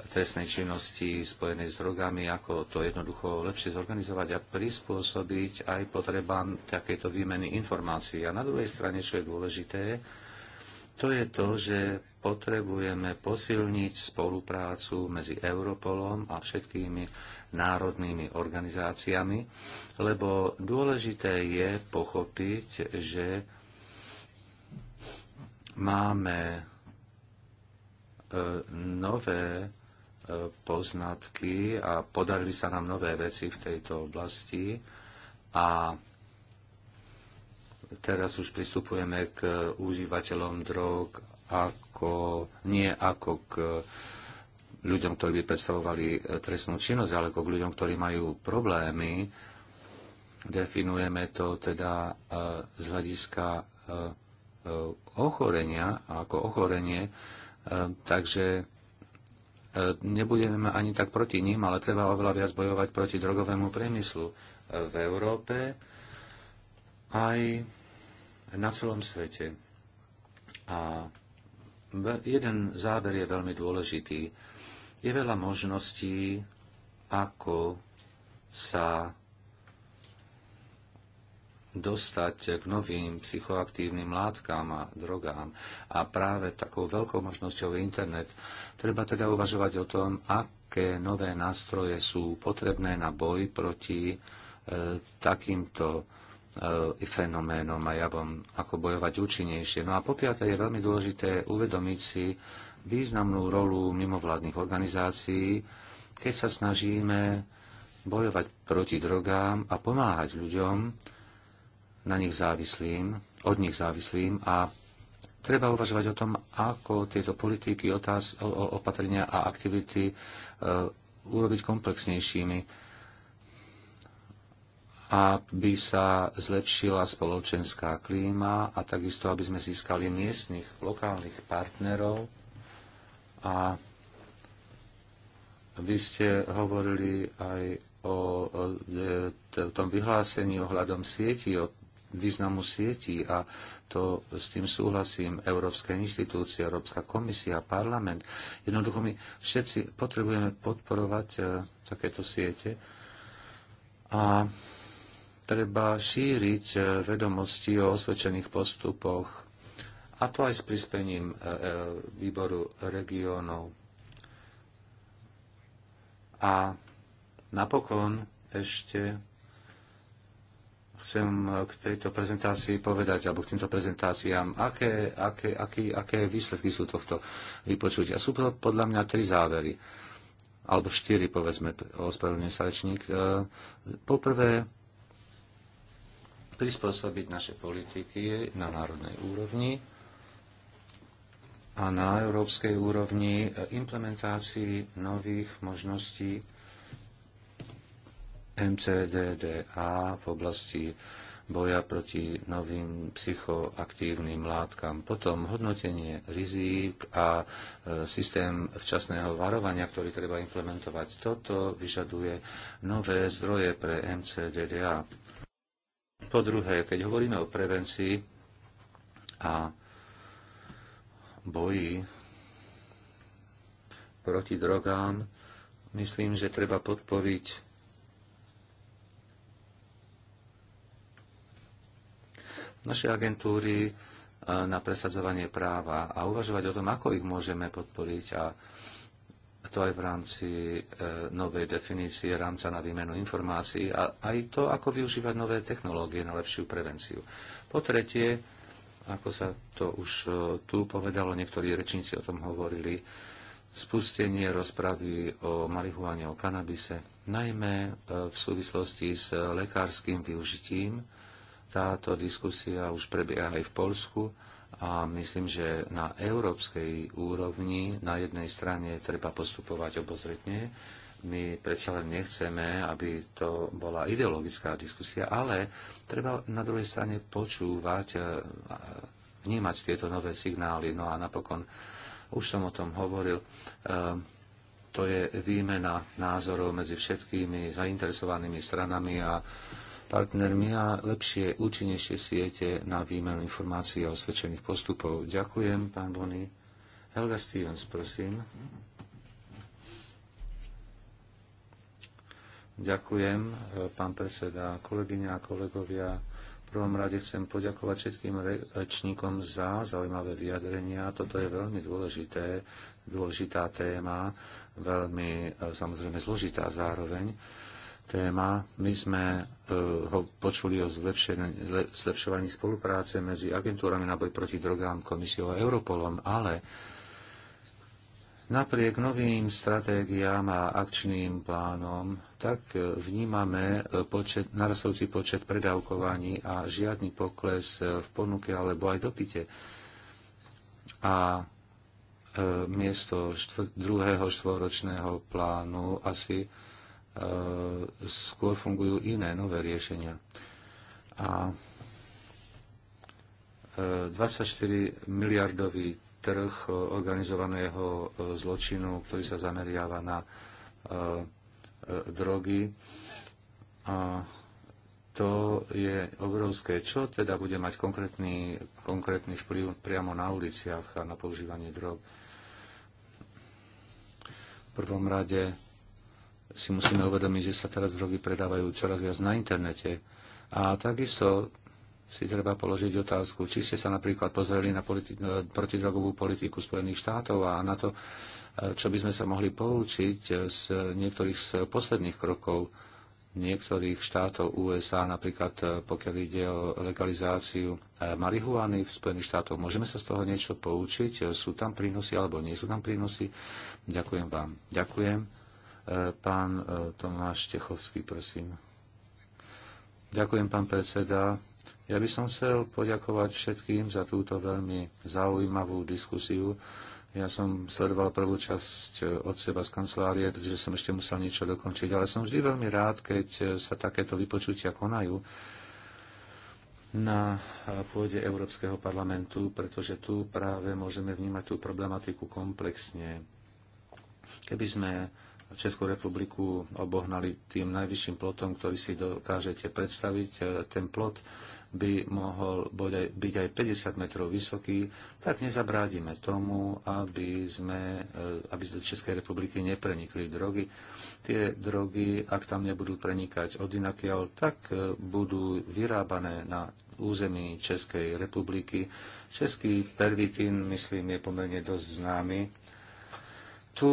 trestnej činnosti spojenej s drogami, ako to jednoducho lepšie zorganizovať a prispôsobiť aj potrebám takéto výmeny informácií. A na druhej strane, čo je dôležité, to je to, že potrebujeme posilniť spoluprácu medzi Europolom a všetkými národnými organizáciami, lebo dôležité je pochopiť, že máme e, nové e, poznatky a podarili sa nám nové veci v tejto oblasti a teraz už pristupujeme k užívateľom drog ako, nie ako k ľuďom, ktorí by predstavovali e, trestnú činnosť, ale ako k ľuďom, ktorí majú problémy. Definujeme to teda z hľadiska E, ochorenia ako ochorenie, e, takže e, nebudeme ani tak proti ním, ale treba oveľa viac bojovať proti drogovému priemyslu v Európe aj na celom svete. A jeden záver je veľmi dôležitý. Je veľa možností, ako sa dostať k novým psychoaktívnym látkám a drogám. A práve takou veľkou možnosťou je internet. Treba teda uvažovať o tom, aké nové nástroje sú potrebné na boj proti e, takýmto e, fenoménom a javom, ako bojovať účinnejšie. No a piaté je veľmi dôležité uvedomiť si významnú rolu mimovládnych organizácií, keď sa snažíme bojovať proti drogám a pomáhať ľuďom, na nich závislým, od nich závislým a treba uvažovať o tom, ako tieto politiky, otáz, opatrenia a aktivity e, urobiť komplexnejšími, aby sa zlepšila spoločenská klíma a takisto, aby sme získali miestnych, lokálnych partnerov. A vy ste hovorili aj o e, tom vyhlásení ohľadom sieti, o významu sietí a to s tým súhlasím Európske inštitúcie, Európska komisia, parlament. Jednoducho my všetci potrebujeme podporovať e, takéto siete a treba šíriť e, vedomosti o osvedčených postupoch a to aj s prispením e, e výboru regiónov. A napokon ešte chcem eh, k tejto prezentácii povedať, alebo k týmto prezentáciám, aké, aké, aké, aké výsledky sú tohto vypočutia. Sú podľa mňa tri závery, alebo štyri, povedzme, ospravedlňujem sa rečník. Eh, poprvé, prispôsobiť naše politiky na národnej úrovni a na európskej úrovni implementácii nových možností MCDDA v oblasti boja proti novým psychoaktívnym látkam. Potom hodnotenie rizík a e, systém včasného varovania, ktorý treba implementovať. Toto vyžaduje nové zdroje pre MCDDA. Po druhé, keď hovoríme o prevencii a boji proti drogám, myslím, že treba podporiť našej agentúry e, na presadzovanie práva a uvažovať o tom, ako ich môžeme podporiť a to aj v rámci e, novej definície rámca na výmenu informácií a aj to, ako využívať nové technológie na lepšiu prevenciu. Po tretie, ako sa to už e, tu povedalo, niektorí rečníci o tom hovorili, spustenie rozpravy o marihuane, o kanabise, najmä v súvislosti s lekárským využitím táto diskusia už prebieha aj v Polsku a myslím, že na európskej úrovni na jednej strane treba postupovať obozretne. My predsa len nechceme, aby to bola ideologická diskusia, ale treba na druhej strane počúvať, e, vnímať tieto nové signály. No a napokon, už som o tom hovoril, e, to je výmena názorov medzi všetkými zainteresovanými stranami a partnermi a lepšie, účinnejšie siete na výmenu informácií a osvedčených postupov. Ďakujem, pán Bony. Helga Stevens, prosím. Ďakujem, eh, pán predseda, kolegyňa a kolegovia. V prvom rade chcem poďakovať všetkým rečníkom za zaujímavé vyjadrenia. Toto je veľmi dôležité, dôležitá téma, veľmi eh, samozrejme zložitá zároveň téma. My sme eh, ho počuli o zlepšovaní spolupráce medzi agentúrami na boj proti drogám, komisiou a Europolom, ale napriek novým stratégiám a akčným plánom, tak eh, vnímame eh, počet, narastajúci počet predávkovaní a žiadny pokles v ponuke alebo aj dopite. A miesto druhého štvoročného plánu asi E, skôr fungujú iné, nové riešenia. A 24 e, miliardový trh organizovaného e, zločinu, ktorý sa zameriava na drogy. A to je obrovské. Čo teda bude mať konkrétny, konkrétny vplyv priamo na uliciach a na používanie drog? V prvom rade si musíme uvedomiť, že sa teraz drogy predávajú čoraz viac na internete. A takisto si treba položiť otázku, či ste sa napríklad pozreli na politi- protidrogovú politiku Spojených štátov a na to, čo by sme sa mohli poučiť z niektorých z posledných krokov niektorých štátov USA, napríklad pokiaľ ide o legalizáciu eh, marihuany v Spojených štátoch. Môžeme sa z toho niečo poučiť? Sú tam prínosy alebo nie sú tam prínosy? Ďakujem vám. Ďakujem. Pán e, Tomáš Techovský, prosím. Ďakujem, pán predseda. Ja by som chcel poďakovať všetkým za túto veľmi zaujímavú diskusiu. Ja som sledoval prvú časť e, od seba z kancelárie, pretože som ešte musel niečo dokončiť, ale som vždy veľmi rád, keď e, sa takéto vypočutia konajú na pôde Európskeho parlamentu, pretože tu práve môžeme vnímať tú problematiku komplexne. Keby sme Českú republiku obohnali tým najvyšším plotom, ktorý si dokážete predstaviť. E, ten plot by mohol byť aj 50 metrov vysoký, tak nezabrádime tomu, aby, sme, e, aby do Českej republiky neprenikli drogy. Tie drogy, ak tam nebudú prenikať od inakia, tak e, budú vyrábané na území Českej republiky. Český pervitín, myslím, je pomerne dosť známy. Tu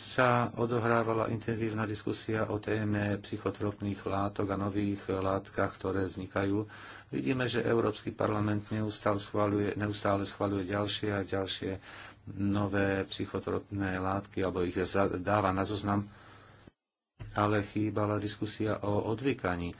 sa odohrávala intenzívna diskusia o téme psychotropných látok a nových látkach, ktoré vznikajú. Vidíme, že Európsky parlament neustále schváľuje, neustále schváľuje ďalšie a ďalšie nové psychotropné látky, alebo ich dáva na zoznam, ale chýbala diskusia o odvykaní.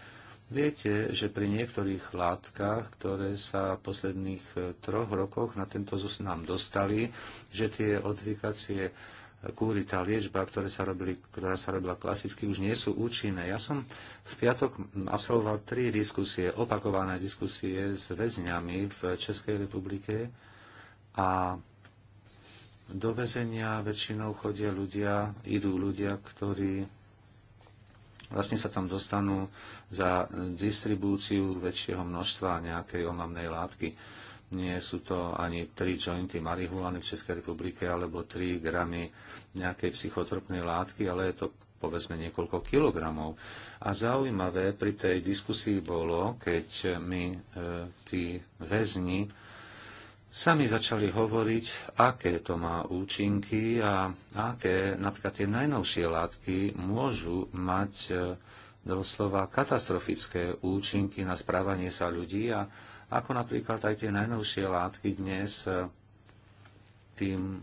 Viete, že pri niektorých látkach, ktoré sa v posledných troch rokoch na tento zoznam dostali, že tie odvykacie kúry, tá liečba, ktoré sa robili, ktorá sa robila klasicky, už nie sú účinné. Ja som v piatok absolvoval tri diskusie, opakované diskusie s väzňami v Českej republike a do väzenia väčšinou chodia ľudia, idú ľudia, ktorí vlastne sa tam dostanú za distribúciu väčšieho množstva nejakej omamnej látky nie sú to ani 3 jointy marihuany v Českej republike alebo 3 gramy nejakej psychotropnej látky, ale je to povedzme niekoľko kilogramov. A zaujímavé pri tej diskusii bolo, keď mi e, tí väzni sami začali hovoriť, aké to má účinky a aké napríklad tie najnovšie látky môžu mať e, doslova katastrofické účinky na správanie sa ľudí a ako napríklad aj tie najnovšie látky dnes, e, tým,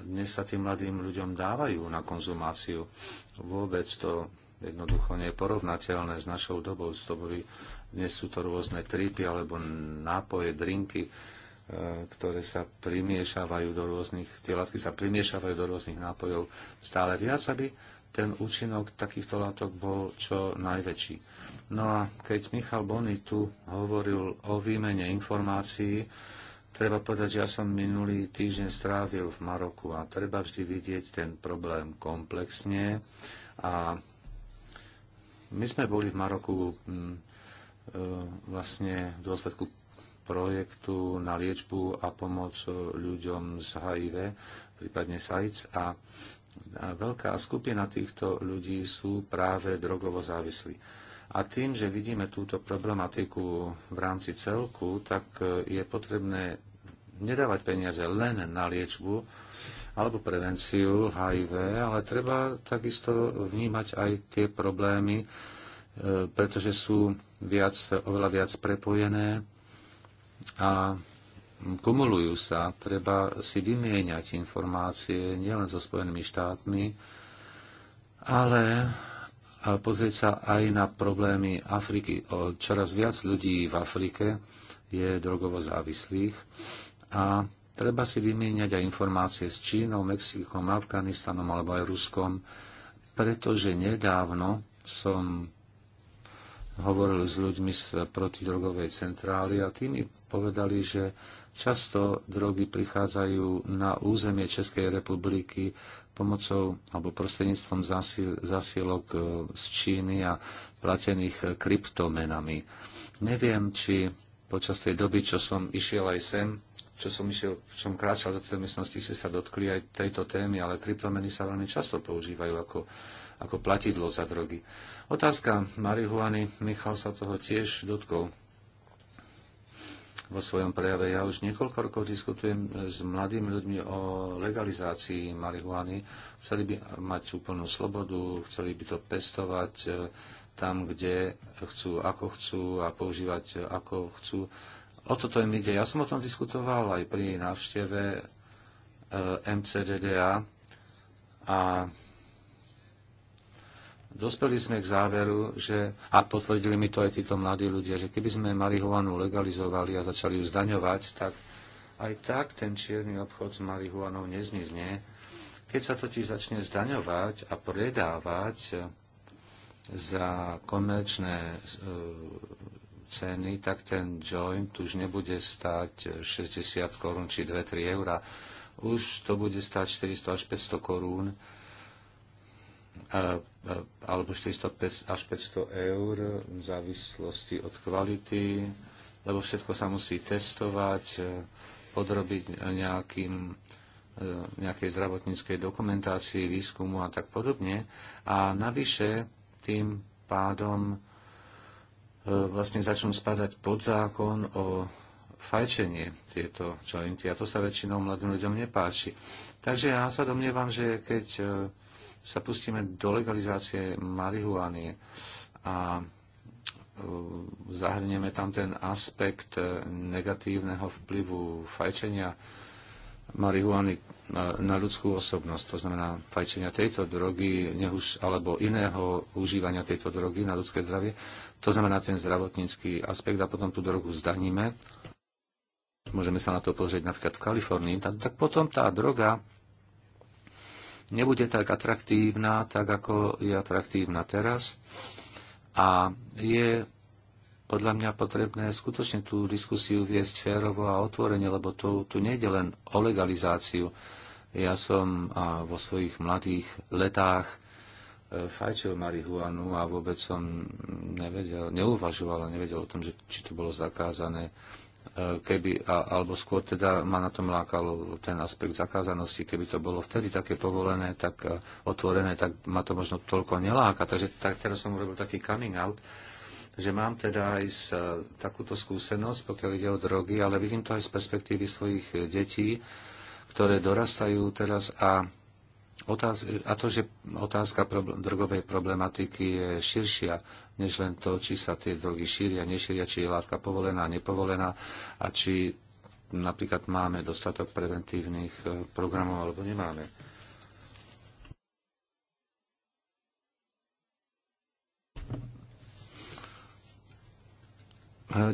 dnes sa tým mladým ľuďom dávajú na konzumáciu. Vôbec to jednoducho nie je porovnateľné s našou dobou. S dobovi. Dnes sú to rôzne tripy alebo nápoje, drinky, e, ktoré sa primiešavajú do rôznych, tie látky sa primiešavajú do rôznych nápojov stále viac, aby ten účinok takýchto látok bol čo najväčší. No a keď Michal Bony tu hovoril o výmene informácií, treba povedať, že ja som minulý týždeň strávil v Maroku a treba vždy vidieť ten problém komplexne. A my sme boli v Maroku mm, e, vlastne v dôsledku projektu na liečbu a pomoc ľuďom z HIV, prípadne SAIC. A veľká skupina týchto ľudí sú práve drogovo závislí. A tým, že vidíme túto problematiku v rámci celku, tak e, je potrebné nedávať peniaze len na liečbu alebo prevenciu HIV, ale treba takisto vnímať aj tie problémy, e, pretože sú viac, oveľa viac prepojené a kumulujú sa. Treba si vymieňať informácie nielen so Spojenými štátmi, ale a pozrieť sa aj na problémy Afriky. čoraz viac ľudí v Afrike je drogovo závislých a treba si vymieňať aj informácie s Čínou, Mexikom, Afganistanom alebo aj Ruskom, pretože nedávno som hovoril s ľuďmi z protidrogovej centrály a tí mi povedali, že často drogy prichádzajú na územie Českej republiky pomocou alebo prostredníctvom zasielok e, z Číny a platených kryptomenami. Neviem, či počas tej doby, čo som išiel aj sem, čo som, išiel, som kráčal do tej miestnosti, ste sa dotkli aj tejto témy, ale kryptomeny sa veľmi často používajú ako, ako platidlo za drogy. Otázka marihuany, Michal sa toho tiež dotkol vo svojom prejave. Ja už niekoľko rokov diskutujem s mladými ľuďmi o legalizácii marihuany. Chceli by mať úplnú slobodu, chceli by to pestovať e, tam, kde chcú, ako chcú a používať, e, ako chcú. O toto im ide. Ja som o tom diskutoval aj pri návšteve e, MCDDA a dospeli sme k záveru, že, a potvrdili mi to aj títo mladí ľudia, že keby sme marihuanu legalizovali a začali ju zdaňovať, tak aj tak ten čierny obchod s marihuanou nezmizne. Keď sa totiž začne zdaňovať a predávať e, za komerčné e, ceny, tak ten joint už nebude stať 60 korún či 2-3 eurá. Už to bude stať 400 až 500 korún alebo 400 až 500 eur v závislosti od kvality, lebo všetko sa musí testovať, e, podrobiť nejakým, e, nejakej zdravotníckej dokumentácii, výskumu a tak podobne. A navyše tým pádom e, vlastne začnú spadať pod zákon o fajčenie tieto jointy a to sa väčšinou mladým ľuďom nepáči. Takže ja sa domnievam, že keď sa pustíme do legalizácie marihuany a e, zahrnieme tam ten aspekt e, negatívneho vplyvu fajčenia marihuany e, na ľudskú osobnosť, to znamená fajčenia tejto drogy nehuž, alebo iného užívania tejto drogy na ľudské zdravie, to znamená ten zdravotnícky aspekt a potom tú drogu zdaníme, môžeme sa na to pozrieť napríklad v Kalifornii, tak, tak potom tá droga nebude tak atraktívna, tak ako je atraktívna teraz. A je podľa mňa potrebné skutočne tú diskusiu viesť férovo a otvorene, lebo tu, tu nejde len o legalizáciu. Ja som a vo svojich mladých letách e, fajčil marihuanu a vôbec som nevedel, neuvažoval a nevedel o tom, že, či to bolo zakázané. E, keby, alebo skôr teda ma na tom lákalo ten aspekt zakázanosti, keby to bolo vtedy také povolené, tak e, otvorené, tak ma to možno toľko neláka. Takže tak, teraz som urobil taký coming out, že mám teda aj z, e, takúto skúsenosť, pokiaľ ide o drogy, ale vidím to aj z perspektívy svojich detí, ktoré dorastajú teraz a, otáz- a to, že otázka problém, drogovej problematiky je širšia než len to, či sa tie drogy šíria, nešíria, či je látka povolená, nepovolená a či napríklad máme dostatok preventívnych e, programov alebo nemáme. E,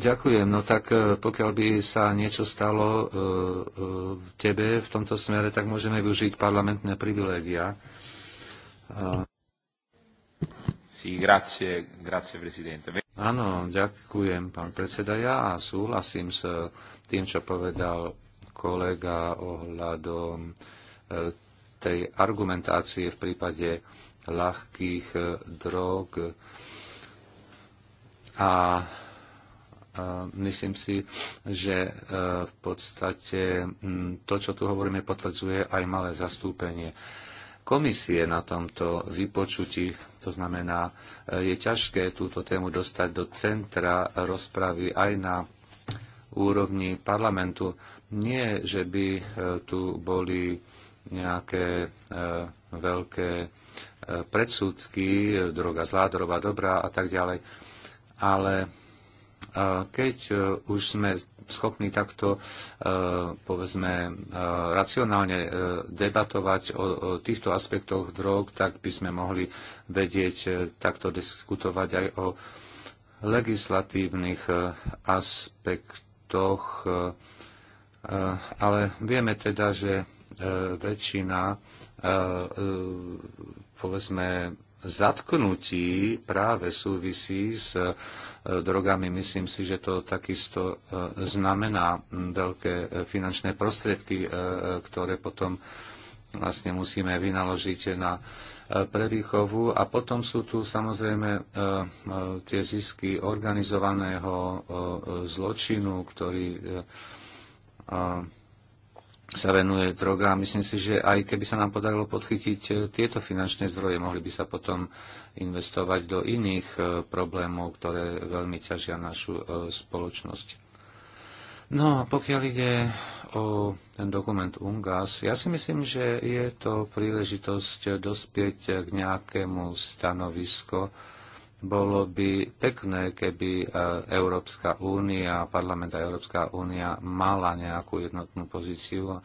ďakujem. No tak e, pokiaľ by sa niečo stalo v tebe v tomto smere, tak môžeme využiť parlamentné privilégia. Sí, grazie, grazie, presidente. Áno, ďakujem, pán predseda. Ja súhlasím s tým, čo povedal kolega ohľadom e, tej argumentácie v prípade ľahkých e, drog. A e, myslím si, že v podstate to, čo tu hovoríme, potvrdzuje aj malé zastúpenie komisie na tomto vypočutí. To znamená, e, je ťažké túto tému dostať do centra rozpravy aj na úrovni parlamentu. Nie, že by e, tu boli nejaké e, veľké predsudky, droga zlá, droga dobrá a tak ďalej. Ale keď už sme schopní takto, e, povedzme, e, racionálne e, debatovať o, týchto aspektoch drog, tak by sme mohli vedieť takto diskutovať aj o legislatívnych aspektoch, ale vieme teda, že väčšina povedzme zatknutí práve súvisí s e, drogami. Myslím si, že to takisto e, znamená veľké e, finančné prostriedky, ktoré potom vlastne musíme vynaložiť na prevýchovu. A potom sú tu samozrejme tie zisky organizovaného zločinu, ktorý sa venuje droga. Myslím si, že aj keby sa nám podarilo podchytiť e, tieto finančné zdroje, mohli by sa potom investovať do iných e, problémov, ktoré veľmi ťažia našu e, spoločnosť. No a pokiaľ ide o ten dokument UNGAS, ja si myslím, že je to príležitosť dospieť k nejakému stanovisko, bolo by pekné, keby e, Európska únia, parlament a Európska únia mala nejakú jednotnú pozíciu.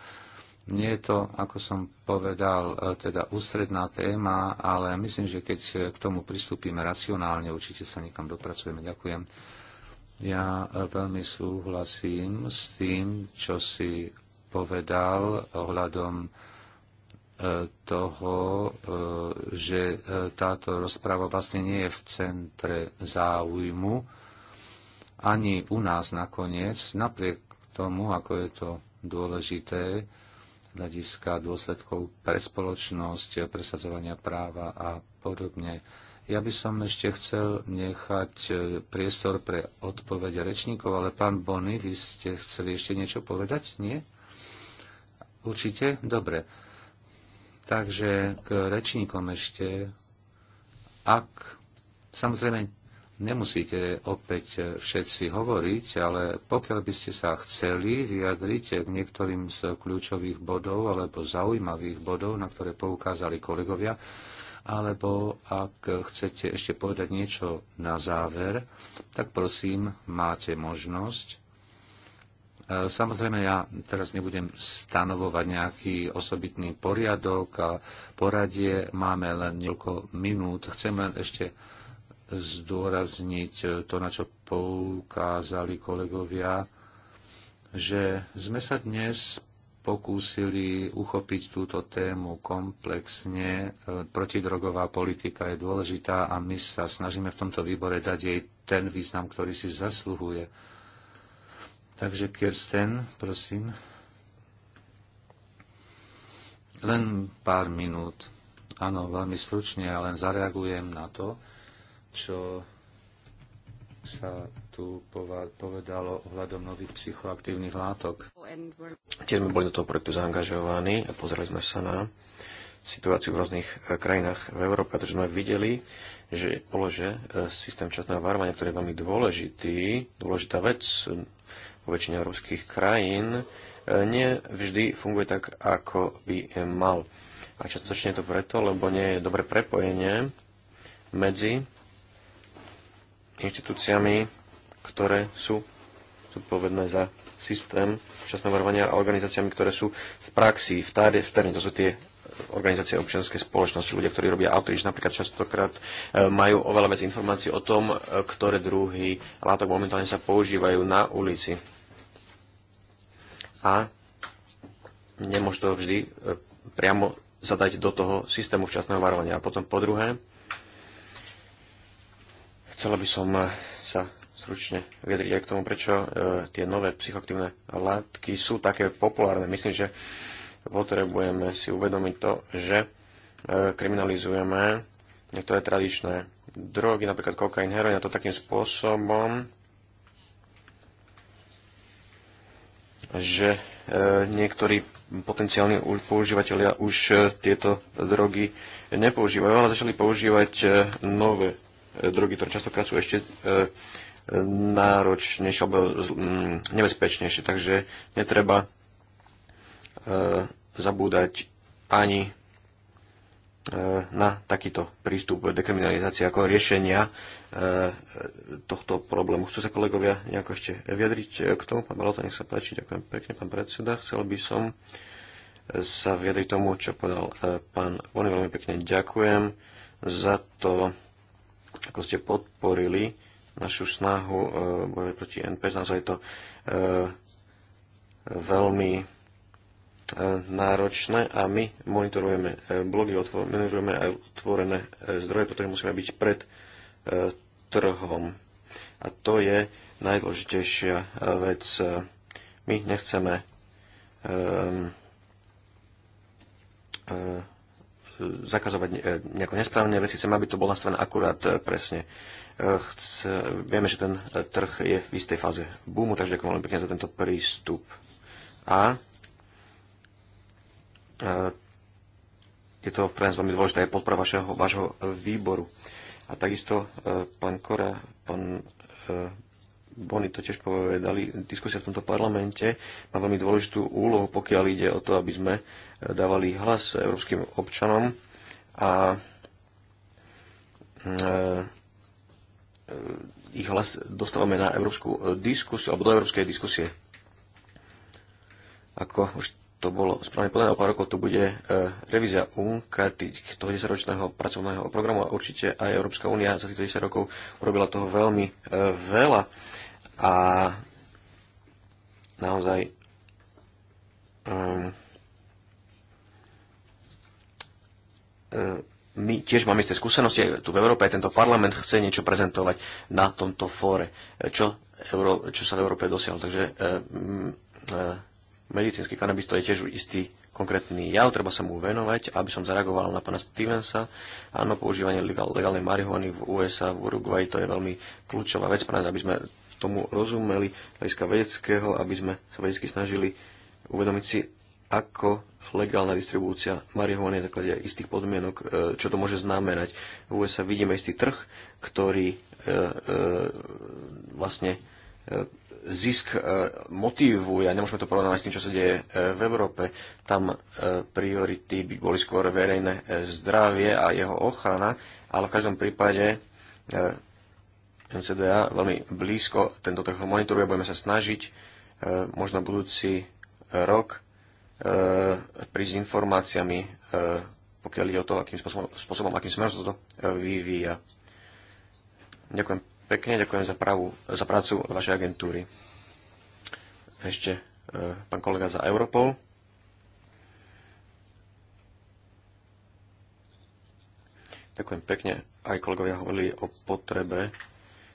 Nie je to, ako som povedal, e, teda ústredná téma, ale myslím, že keď k tomu pristúpime racionálne, určite sa nikam dopracujeme. Ďakujem. Ja e, veľmi súhlasím s tým, čo si povedal ohľadom toho, e, že e, táto rozpráva vlastne nie je v centre záujmu ani u nás nakoniec, napriek tomu, ako je to dôležité hľadiska dôsledkov pre spoločnosť, presadzovania práva a podobne. Ja by som ešte chcel nechať e, priestor pre odpovede rečníkov, ale pán Bony, vy ste chceli ešte niečo povedať? Nie? Určite? Dobre. Takže k rečníkom ešte, ak samozrejme nemusíte opäť všetci hovoriť, ale pokiaľ by ste sa chceli vyjadriť k niektorým z kľúčových bodov alebo zaujímavých bodov, na ktoré poukázali kolegovia, alebo ak chcete ešte povedať niečo na záver, tak prosím, máte možnosť. E, samozrejme, ja teraz nebudem stanovovať nejaký osobitný poriadok a poradie. Máme len niekoľko minút. Chcem len ešte zdôrazniť e, to, na čo poukázali kolegovia, že sme sa dnes pokúsili uchopiť túto tému komplexne. E, protidrogová politika je dôležitá a my sa snažíme v tomto výbore dať jej ten význam, ktorý si zasluhuje Takže Kirsten, prosím. Len pár minút. Áno, veľmi slučne, ja len zareagujem na to, čo sa tu povedalo ohľadom nových psychoaktívnych látok. Tiež sme boli do toho projektu zaangažovaní a pozreli sme sa na situáciu v rôznych e, krajinách v Európe, pretože sme videli, že polože e, systém časného varovania, ktorý je veľmi dôležitý, dôležitá vec väčšine európskych krajín e, nevždy funguje tak, ako by mal. A častočne to preto, lebo nie je dobre prepojenie medzi inštitúciami, ktoré sú zodpovedné za systém včasného varovania a organizáciami, ktoré sú v praxi, v, táde, v To sú tie organizácie občianskej spoločnosti, ľudia, ktorí robia outreach, napríklad častokrát e, majú oveľa viac informácií o tom, e, ktoré druhy látok momentálne sa používajú na ulici a nemôže to vždy e, priamo zadať do toho systému včasného varovania. A potom po druhé, chcela by som e, sa stručne vyjadriť aj k tomu, prečo e, tie nové psychoaktívne látky sú také populárne. Myslím, že potrebujeme si uvedomiť to, že e, kriminalizujeme niektoré tradičné drogy, napríklad kokain, heroin, a to takým spôsobom, že e, niektorí potenciálni používateľia už e, tieto drogy nepoužívajú, ale začali používať e, nové drogy, ktoré častokrát sú ešte náročnejšie alebo nebezpečnejšie. Takže netreba zabúdať ani E, na takýto prístup dekriminalizácie ako riešenia e, tohto problému. Chcú sa kolegovia nejako ešte vyjadriť k tomu? Pán Balota, nech sa páči. Ďakujem pekne, pán predseda. Chcel by som sa vyjadriť tomu, čo povedal e, pán Bony. Veľmi pekne ďakujem za to, ako ste podporili našu snahu bojovať proti NPS. Naozaj je to veľmi E, náročné a my monitorujeme e, blogy, monitorujeme aj otvorené e, zdroje, pretože musíme byť pred trhom. A to je najdôležitejšia vec. My nechceme zakazovať nejako nesprávne veci, chceme, aby to bolo nastavené akurát presne. Chce, vieme, že ten trh je v istej fáze boomu, takže ďakujem veľmi pekne za tento prístup. A E, je to pre nás veľmi dôležité aj podpora vašeho, vašeho výboru. A takisto e, pán Kora, pán e, Bony to tiež povedali, diskusia v tomto parlamente má veľmi dôležitú úlohu, pokiaľ ide o to, aby sme dávali hlas európskym občanom a ich hlas dostávame na európsku diskusiu, alebo do európskej diskusie. Ako už to bolo správne povedané, o pár rokov to bude e, revízia UNCTAD, toho 10-ročného pracovného programu a určite aj Európska únia za tých 10 rokov urobila toho veľmi e, veľa a naozaj um, my tiež máme isté skúsenosti, tu v Európe aj tento parlament chce niečo prezentovať na tomto fóre, čo, Euró- čo sa v Európe dosiahlo. Takže um, medicínsky kanabis to je tiež istý konkrétny jav, treba sa mu venovať, aby som zareagoval na pána Stevensa. Áno, používanie legálnej marihuany v USA, v Uruguay, to je veľmi kľúčová vec pre nás, aby sme tomu rozumeli hľadiska vedeckého, aby sme sa vedecky snažili uvedomiť si, ako legálna distribúcia marihuany na základe istých podmienok, e, čo to môže znamenať. V USA vidíme istý trh, ktorý e, e, vlastne zisk e, motivuje a nemôžeme to porovnávať s tým, čo sa deje e, v Európe. Tam e, priority by boli skôr verejné zdravie a jeho ochrana, ale v každom prípade NCDA veľmi blízko tento trh monitoruje, budeme sa snažiť možno budúci rok prísť s informáciami, pokiaľ ide o to, akým spôsobom, spôsobom akým smerom sa to vyvíja. Ďakujem pekne, ďakujem za, pravú, za prácu vašej agentúry. Ešte e, pán kolega za Europol. Ďakujem pekne. Aj kolegovia hovorili o potrebe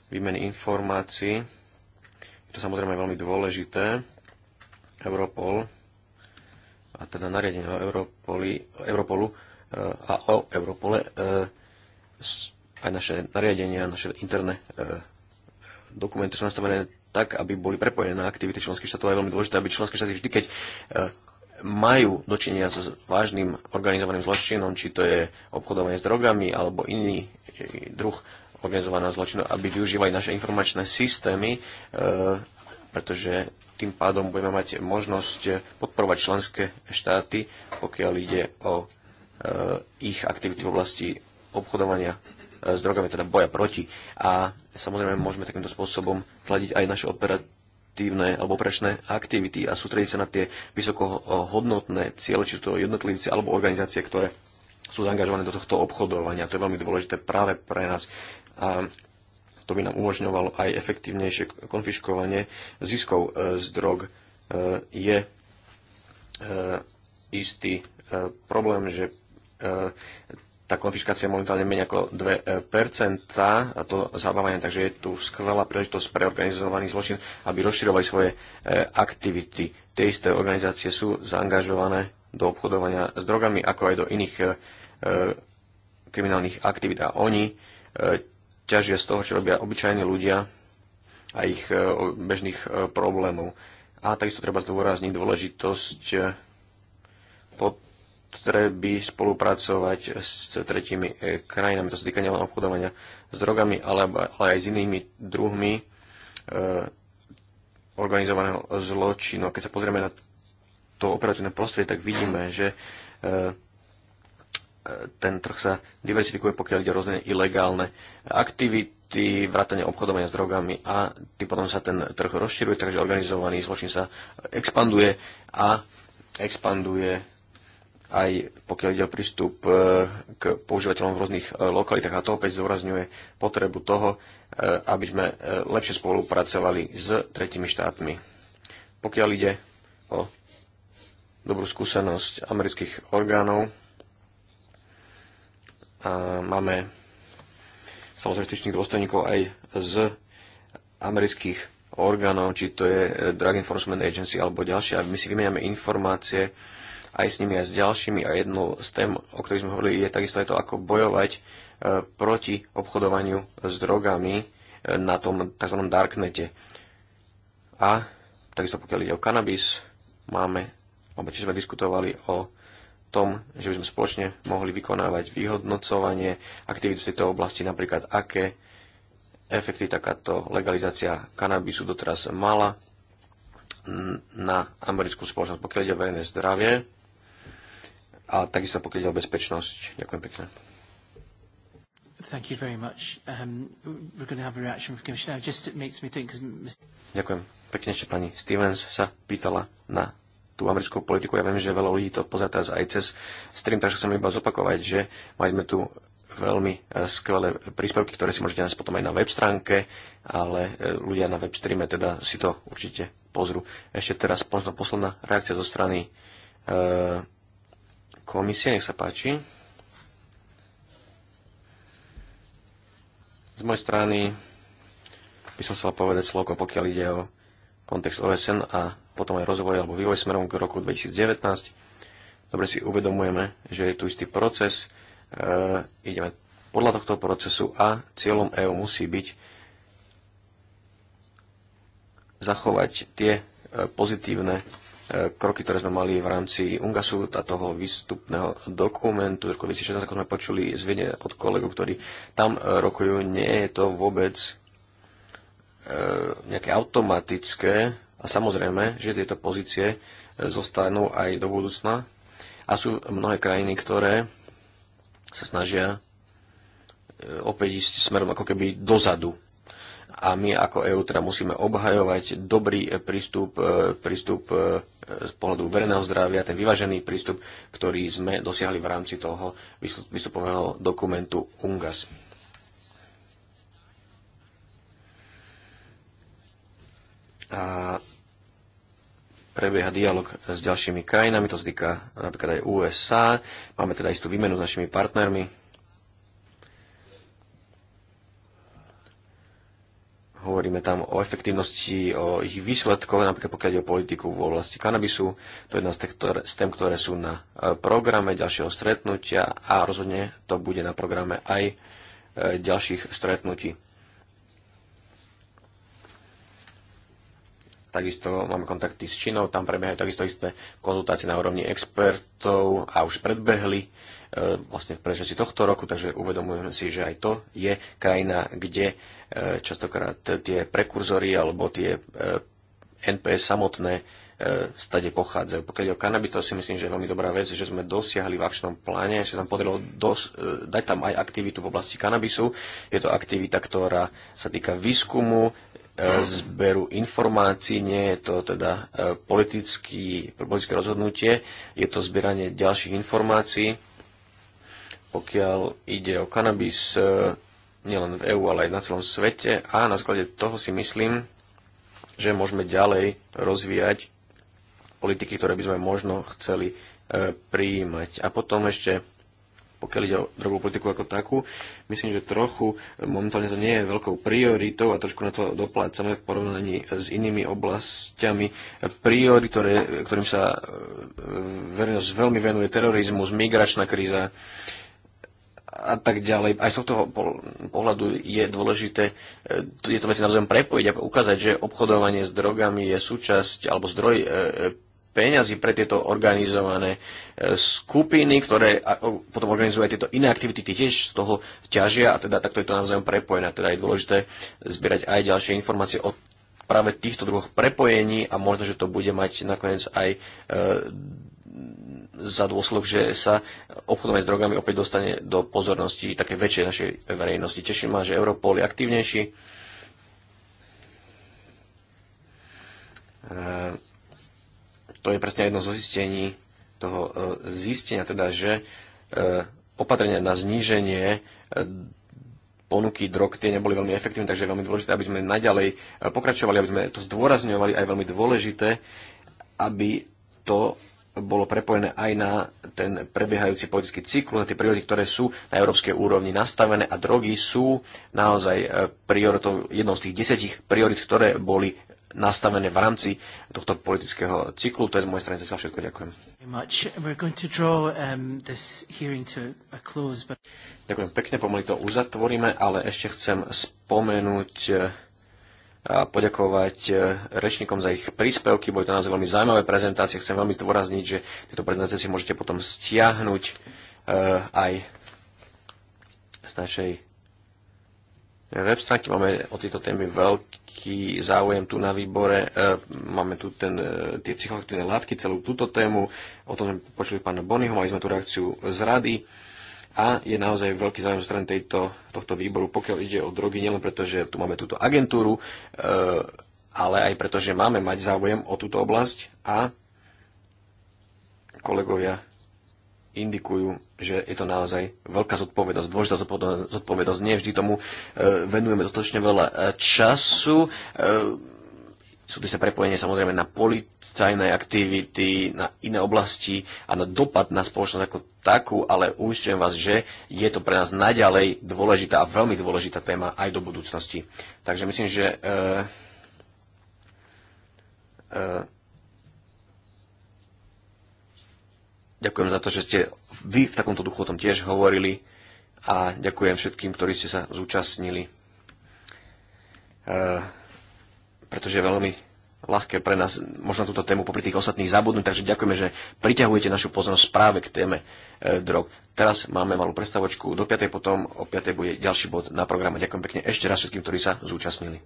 výmeny informácií. Je to samozrejme veľmi dôležité. Europol a teda nariadenie o Europoli, Europolu e, a o Europole e, aj naše nariadenia, naše interné e, dokumenty sú nastavené tak, aby boli prepojené na aktivity členských štátov. Je veľmi dôležité, aby členské štáty vždy, keď e, majú dočinenia s vážnym organizovaným zločinom, či to je obchodovanie s drogami alebo iný e, druh organizovaného zločinu, aby využívali naše informačné systémy, e, pretože tým pádom budeme mať možnosť podporovať členské štáty, pokiaľ ide o e, ich aktivity v oblasti obchodovania E, s drogami, teda boja proti. A samozrejme môžeme takýmto spôsobom tladiť aj naše operatívne alebo operačné aktivity a sústrediť sa na tie vysokohodnotné cieľe, či to jednotlivci alebo organizácie, ktoré sú zaangažované do tohto obchodovania. To je veľmi dôležité práve pre nás. A to by nám umožňovalo aj efektívnejšie konfiškovanie ziskov e, z drog. E, je istý problém, že tá konfiškácia momentálne menej ako 2% e, a to zabávanie, takže je tu skvelá príležitosť pre organizovaný zločin, aby rozširovali svoje e, aktivity. Tie isté organizácie sú zaangažované do obchodovania s drogami, ako aj do iných e, e, kriminálnych aktivít a oni e, ťažia z toho, čo robia obyčajní ľudia a ich e, bežných problémov. A takisto treba zdôrazniť dôležitosť pod potreby spolupracovať s tretimi e, krajinami. To sa týka nielen obchodovania s drogami, ale, ale aj s inými druhmi e, organizovaného zločinu. A keď sa pozrieme na to operatívne prostredie, tak vidíme, že e, ten trh sa diversifikuje, pokiaľ ide o rôzne ilegálne aktivity, vrátanie obchodovania s drogami a tým potom sa ten trh rozširuje, takže organizovaný zločin sa expanduje a expanduje aj pokiaľ ide o prístup e, k používateľom v rôznych e, lokalitách. A to opäť zdôrazňuje potrebu toho, e, aby sme lepšie spolupracovali s tretimi štátmi. Pokiaľ ide o dobrú skúsenosť amerických orgánov, a máme samozrejme styčných dôstojníkov aj z amerických orgánov, či to je Drug Enforcement Agency alebo ďalšie. A my si vymeniame informácie, aj s nimi, aj s ďalšími. A jednou z tém, o ktorých sme hovorili, je takisto aj to, ako bojovať e, proti obchodovaniu s drogami e, na tom tzv. darknete. A takisto pokiaľ ide o kanabis, máme, alebo či sme diskutovali o tom, že by sme spoločne mohli vykonávať vyhodnocovanie aktivít v tejto oblasti, napríklad aké efekty takáto legalizácia kanabisu doteraz mala na americkú spoločnosť, pokiaľ ide o verejné zdravie a takisto pokiaľ ide o bezpečnosť. Ďakujem pekne. Thank you very much. Um, we're going to have a reaction from Commissioner. Just it makes me think... Ďakujem. Pekne že pani Stevens sa pýtala na tú americkú politiku. Ja viem, že veľa ľudí to pozerá teraz aj cez stream, takže chcem iba zopakovať, že mali sme tu veľmi eh, skvelé príspevky, ktoré si môžete nájsť potom aj na web stránke, ale eh, ľudia na web streame teda si to určite pozrú. Ešte teraz možno posledná reakcia zo strany eh, Komisia, nech sa páči. Z mojej strany by som chcel povedať slovo, pokiaľ ide o kontext OSN a potom aj rozvoj alebo vývoj smerom k roku 2019. Dobre si uvedomujeme, že je tu istý proces, e, ideme podľa tohto procesu a cieľom EÚ musí byť zachovať tie e, pozitívne kroky, ktoré sme mali v rámci UNGASu a toho výstupného dokumentu roku 2016, ako sme počuli z Viedne od kolegov, ktorí tam e, rokujú, nie je to vôbec e, nejaké automatické a samozrejme, že tieto pozície e, zostanú aj do budúcna a sú mnohé krajiny, ktoré sa snažia opäť ísť smerom ako keby dozadu a my ako EU teda musíme obhajovať dobrý e, prístup, e, prístup e, z pohľadu verejného zdravia, ten vyvážený prístup, ktorý sme dosiahli v rámci toho vystupového dokumentu UNGAS. A prebieha dialog s ďalšími krajinami, to sa týka napríklad aj USA. Máme teda istú výmenu s našimi partnermi, Hovoríme tam o efektívnosti, o ich výsledkoch, napríklad pokiaľ ide o politiku v oblasti kanabisu. To je jedna z, tých, ktoré, z tém, ktoré sú na e, programe ďalšieho stretnutia a rozhodne to bude na programe aj e, ďalších stretnutí. Takisto máme kontakty s Čínou, tam prebiehajú takisto isté konzultácie na úrovni expertov a už predbehli e, vlastne v prečasí tohto roku, takže uvedomujeme si, že aj to je krajina, kde e, častokrát tie prekurzory alebo tie e, NPS samotné stade pochádzajú. Pokiaľ o kanabis, to si myslím, že je veľmi dobrá vec, že sme dosiahli v akčnom pláne, že nám podarilo dos- dať tam aj aktivitu v oblasti kanabisu. Je to aktivita, ktorá sa týka výskumu, zberu informácií, nie je to teda e, politický, politické rozhodnutie, je to zbieranie ďalších informácií, pokiaľ ide o kanabis e, nielen v EÚ, ale aj na celom svete a na základe toho si myslím, že môžeme ďalej rozvíjať politiky, ktoré by sme možno chceli e, prijímať. A potom ešte pokiaľ ide o drogovú politiku ako takú. Myslím, že trochu e, momentálne to nie je veľkou prioritou a trošku na to doplácame v porovnaní s inými oblastiami priory, ktoré, ktorým sa e, verejnosť veľmi venuje, terorizmus, migračná kríza a tak ďalej. Aj z tohto pohľadu je dôležité e, tieto veci navzájom prepojiť a ukázať, že obchodovanie s drogami je súčasť alebo zdroj peňazí pre tieto organizované skupiny, ktoré potom organizujú aj tieto iné aktivity, tie tiež z toho ťažia a teda takto je to navzájom prepojené. Teda je dôležité zbierať aj ďalšie informácie o práve týchto druhoch prepojení a možno, že to bude mať nakoniec aj e, za dôsledok, že sa obchodovanie s drogami opäť dostane do pozornosti také väčšej našej verejnosti. Teším ma, že Europol je aktívnejší. E, to je presne jedno zo zistení toho e, zistenia, teda, že e, opatrenia na zníženie e, ponuky drog tie neboli veľmi efektívne, takže je veľmi dôležité, aby sme naďalej pokračovali, aby sme to zdôrazňovali a je veľmi dôležité, aby to bolo prepojené aj na ten prebiehajúci politický cyklus, na tie priority, ktoré sú na európskej úrovni nastavené a drogy sú naozaj prioritou, jednou z tých desiatich priorit, ktoré boli nastavené v rámci tohto politického cyklu. To je z mojej strany sa všetko. Ďakujem. Um, Ďakujem pekne, pomaly to uzatvoríme, ale ešte chcem spomenúť eh, a poďakovať eh, rečníkom za ich príspevky. Boli to naozaj veľmi zaujímavé prezentácie. Chcem veľmi zdôrazniť, že tieto prezentácie si môžete potom stiahnuť eh, aj z našej web stránky. Máme o tieto témy veľký záujem tu na výbore. E, máme tu ten, e, tie psychoaktívne látky, celú túto tému. O tom sme počuli pána Bonyho, mali sme tu reakciu z rady. A je naozaj veľký záujem zo strany tejto, tohto výboru, pokiaľ ide o drogy, nielen preto, že tu máme túto agentúru, e, ale aj preto, že máme mať záujem o túto oblasť a kolegovia indikujú, že je to naozaj veľká zodpovednosť, dôležitá zodpovednosť. Nie vždy tomu e, venujeme dostatočne veľa e, času. E, sú tu sa prepojenie samozrejme na policajné aktivity, na iné oblasti a na dopad na spoločnosť ako takú, ale uistujem vás, že je to pre nás naďalej dôležitá a veľmi dôležitá téma aj do budúcnosti. Takže myslím, že e, e, Ďakujem za to, že ste vy v takomto duchu o tom tiež hovorili a ďakujem všetkým, ktorí ste sa zúčastnili. E, pretože je veľmi ľahké pre nás možno túto tému popri tých ostatných zabudnúť, takže ďakujeme, že priťahujete našu pozornosť práve k téme e, drog. Teraz máme malú prestavočku do 5. potom o 5. bude ďalší bod na programe. Ďakujem pekne ešte raz všetkým, ktorí sa zúčastnili.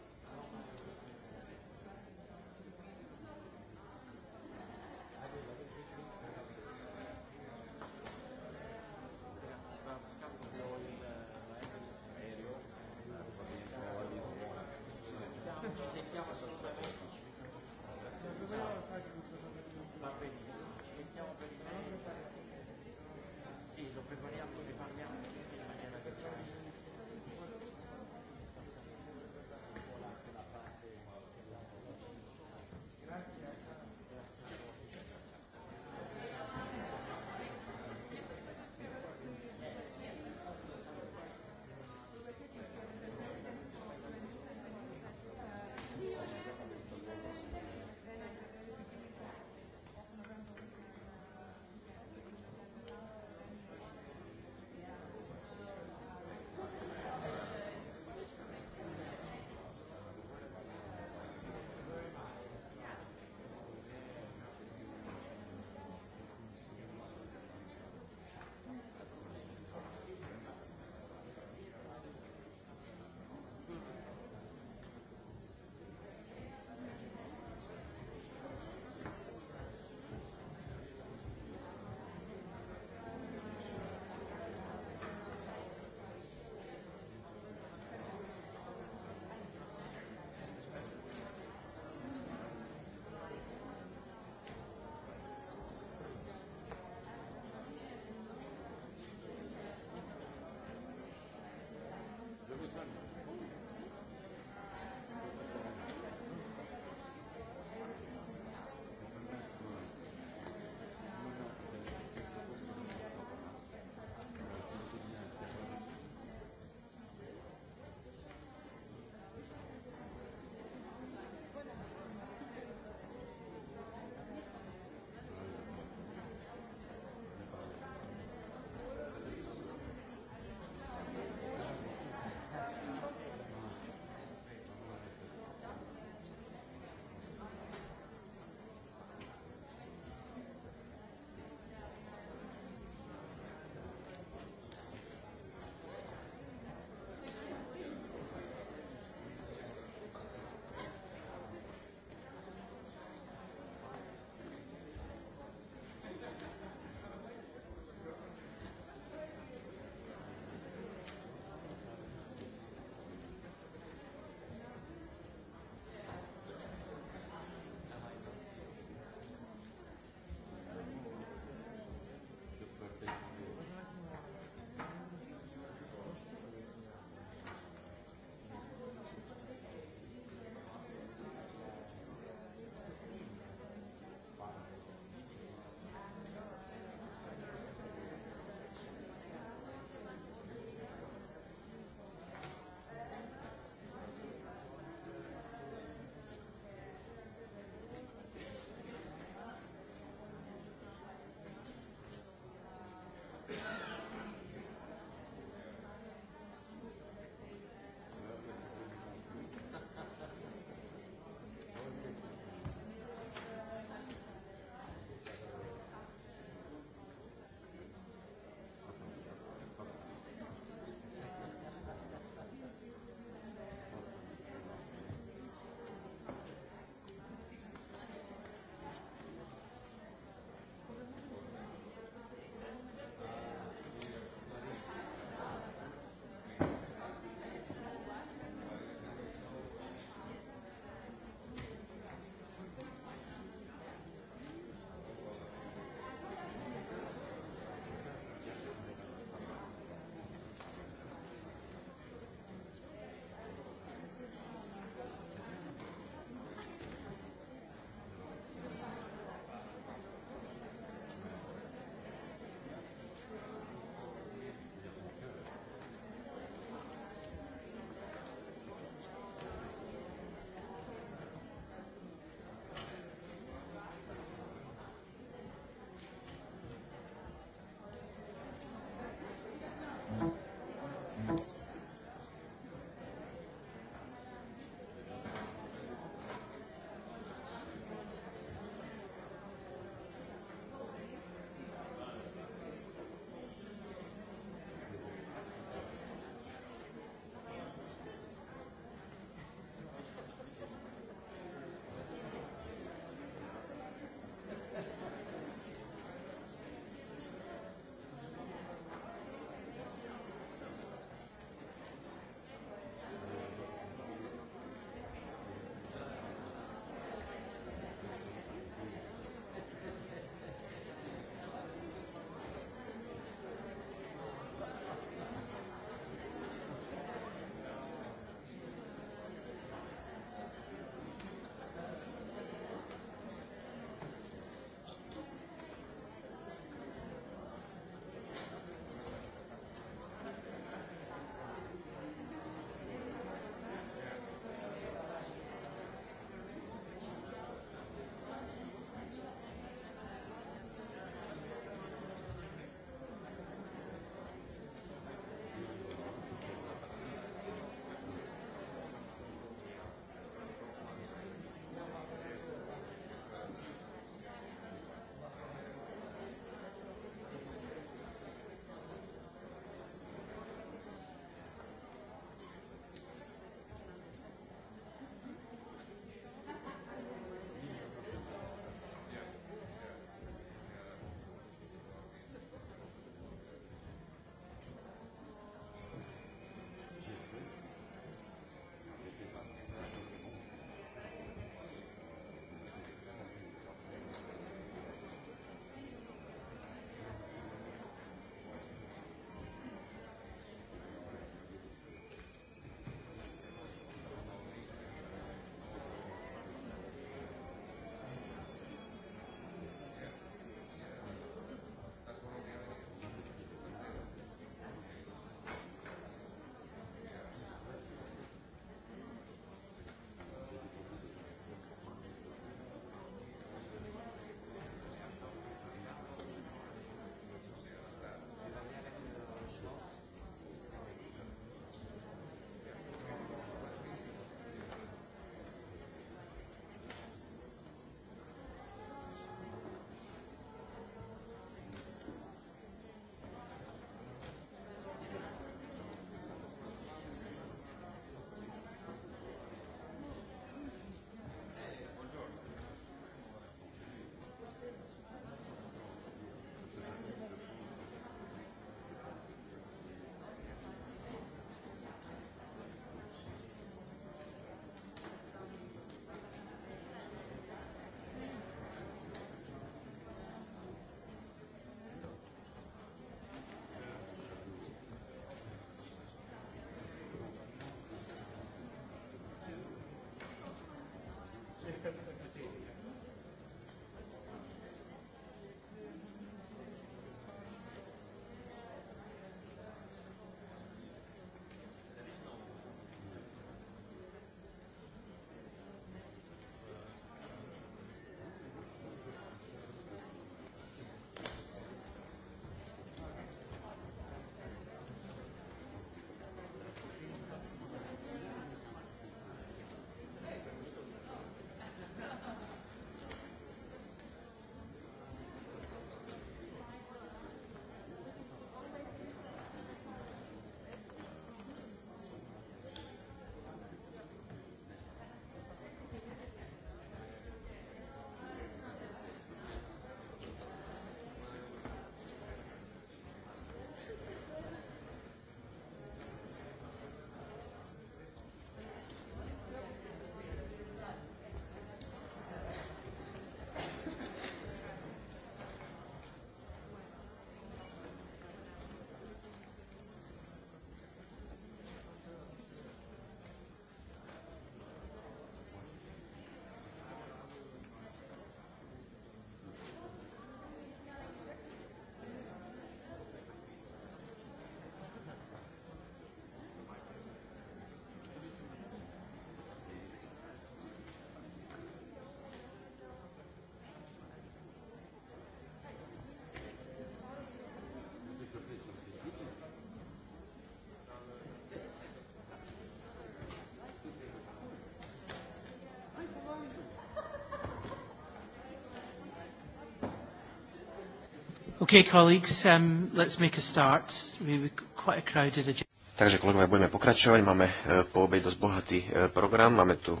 Okay, colleagues, um, let's make a start. We quite a crowded agenda. Takže kolegovia, budeme pokračovať. Máme e, po obej dosť bohatý e, program, máme tu e,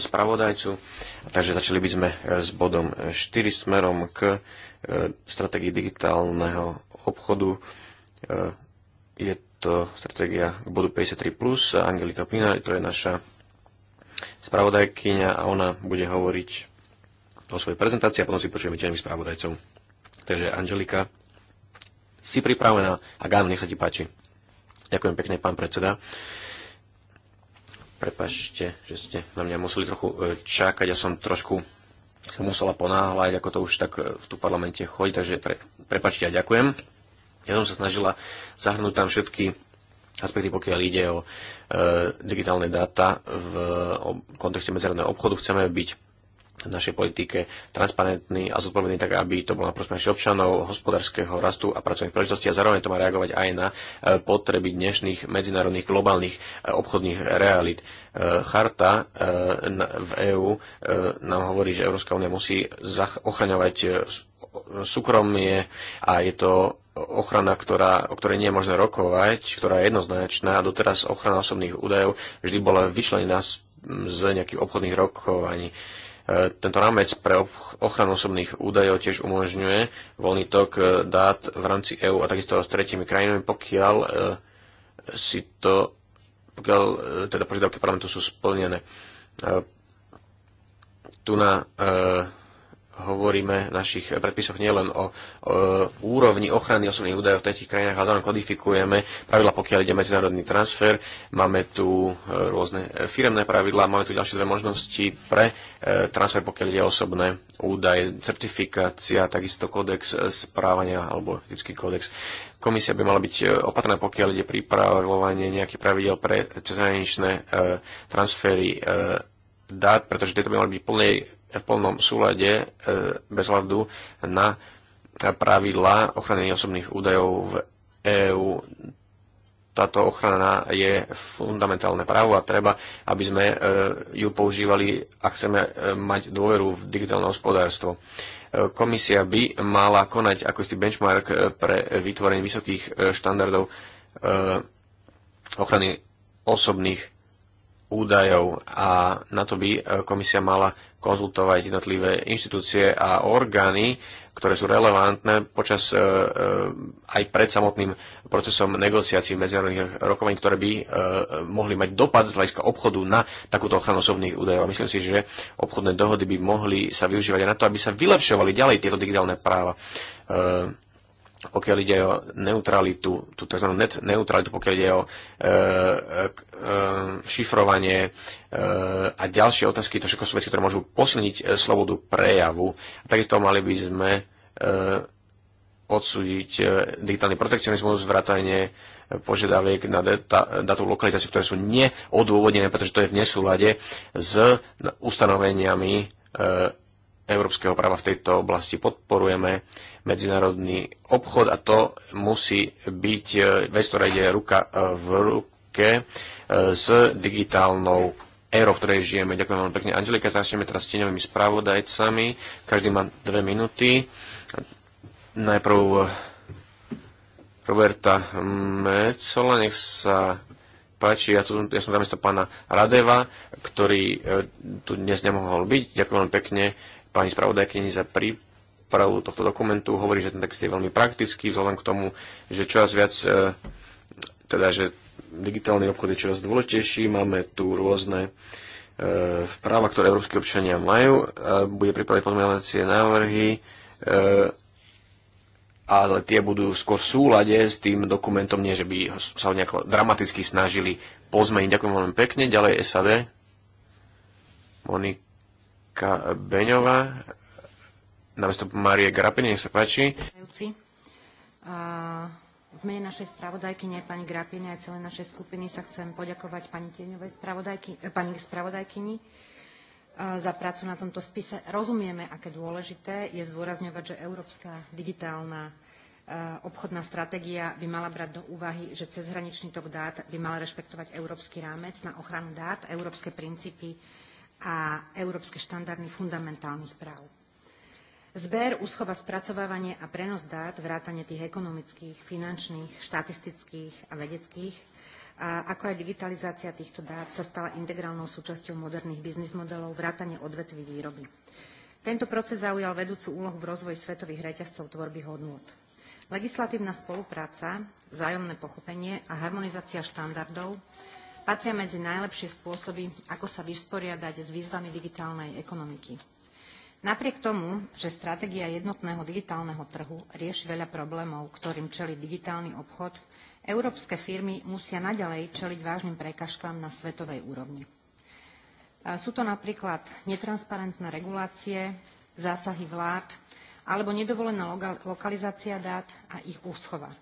spravodajcu. Takže začali by sme s bodom 4 smerom k strategii digitálneho obchodu. Je to stratégia k bodu 53+. Angelika Pina, to je naša spravodajkyňa a ona bude hovoriť o svojej prezentácii a potom si počujeme tieňových spravodajcov. Takže Angelika, si pripravená? Ak áno, nech sa ti páči. Ďakujem pekne, pán predseda. Prepašte, že ste na mňa museli trochu e, čakať. Ja som trošku sa musela ponáhľať, ako to už tak e, v tu parlamente chodí, takže pre, prepačte a ďakujem. Ja som sa snažila zahrnúť tam všetky aspekty, pokiaľ ide o e, digitálne dáta v v kontexte medzinárodného obchodu. Chceme byť v našej politike transparentný a zodpovedný, tak aby to bolo na prospech občanov, hospodárskeho rastu a pracovných príležitostí a zároveň to má reagovať aj na e, potreby dnešných medzinárodných globálnych e, obchodných realít. E, charta v EÚ nám hovorí, že Európska únia musí ochraňovať súkromie a je to ochrana, ktorá, o ktorej nie je možné rokovať, ktorá je jednoznačná a doteraz ochrana osobných údajov vždy bola vyčlenená z, z nejakých obchodných rokovaní. Uh, tento rámec pre ochranu osobných údajov tiež umožňuje voľný tok e, dát v rámci EÚ a takisto s tretimi krajinami, pokiaľ e, si to, pokiaľ e, teda požiadavky parlamentu sú splnené. Tu na hovoríme v našich predpisoch nielen o, o úrovni ochrany osobných údajov v tretich krajinách, ale zároveň kodifikujeme pravidla, pokiaľ ide medzinárodný transfer. Máme tu e, rôzne e, firemné pravidlá, máme tu ďalšie dve možnosti pre e, transfer, pokiaľ ide osobné údaje, certifikácia, takisto kódex správania alebo etický kódex. Komisia by mala byť opatrná, pokiaľ ide pripravovanie nejakých pravidel pre cezhraničné transfery dát, pretože tieto by mali byť plnej v plnom súlade e, bez hľadu na pravidlá ochrany osobných údajov v EÚ. Táto ochrana je fundamentálne právo a treba, aby sme e, ju používali, ak chceme e, mať dôveru v digitálne hospodárstvo. Komisia by mala konať ako istý benchmark pre vytvorenie vysokých štandardov ochrany osobných údajov a na to by komisia mala konzultovať jednotlivé inštitúcie a orgány, ktoré sú relevantné počas e, e, aj pred samotným procesom negociácií medzinárodných rokovaní, ktoré by e, mohli mať dopad z hľadiska obchodu na takúto ochranu osobných údajov. A myslím si, že obchodné dohody by mohli sa využívať aj na to, aby sa vylepšovali ďalej tieto digitálne práva pokiaľ ide o neutralitu, tú tzv. net neutralitu, pokiaľ ide o e, e, e, šifrovanie e, a ďalšie otázky, to všetko sú veci, ktoré môžu posilniť e, slobodu prejavu. A takisto mali by sme e, odsúdiť e, digitálny protekcionizmus, vrátanie e, požiadaviek na data, datú lokalizáciu, ktoré sú neodôvodnené, pretože to je v nesúlade s ustanoveniami e, európskeho práva v tejto oblasti. Podporujeme medzinárodný obchod a to musí byť e, vec, ktorá ide ruka e, v ruke e, s digitálnou éro, v ktorej žijeme. Ďakujem veľmi pekne. Angelika, začneme teraz s tieňovými spravodajcami. Každý má dve minúty. Najprv Roberta Mecola, nech sa páči, ja, tu, ja som tam pána Radeva, ktorý tu dnes nemohol byť. Ďakujem veľmi pekne pani spravodajkyni za prípravu tohto dokumentu. Hovorí, že ten text je veľmi praktický, vzhľadom k tomu, že čoraz viac, e, teda že digitálny obchod je čoraz dôležitejší, máme tu rôzne e, práva, ktoré európsky občania majú. E, bude pripravať pozmeňovacie návrhy, ale tie budú skôr v súlade s tým dokumentom, nie že by sa ho nejako dramaticky snažili pozmeniť. Ďakujem veľmi pekne. Ďalej SAD. Monik. Ka Beňová, namiesto Marie Grapini, nech sa páči. V mene našej spravodajkyne pani Grapini aj celej našej skupiny sa chcem poďakovať pani Tieňovej spravodajky, e, pani spravodajkyni za prácu na tomto spise. Rozumieme, aké dôležité je zdôrazňovať, že európska digitálna e, obchodná stratégia by mala brať do úvahy, že cezhraničný tok dát by mal rešpektovať európsky rámec na ochranu dát, európske princípy a európske štandardy fundamentálnych práv. Zber, úschova, spracovávanie a prenos dát, vrátanie tých ekonomických, finančných, štatistických a vedeckých, a ako aj digitalizácia týchto dát sa stala integrálnou súčasťou moderných biznis modelov, vrátane odvetví výroby. Tento proces zaujal vedúcu úlohu v rozvoji svetových reťazcov tvorby hodnôt. Legislatívna spolupráca, vzájomné pochopenie a harmonizácia štandardov patria medzi najlepšie spôsoby, ako sa vysporiadať s výzvami digitálnej ekonomiky. Napriek tomu, že stratégia jednotného digitálneho trhu rieši veľa problémov, ktorým čelí digitálny obchod, európske firmy musia naďalej čeliť vážnym prekažkám na svetovej úrovni. Sú to napríklad netransparentné regulácie, zásahy vlád alebo nedovolená lokalizácia dát a ich úschova.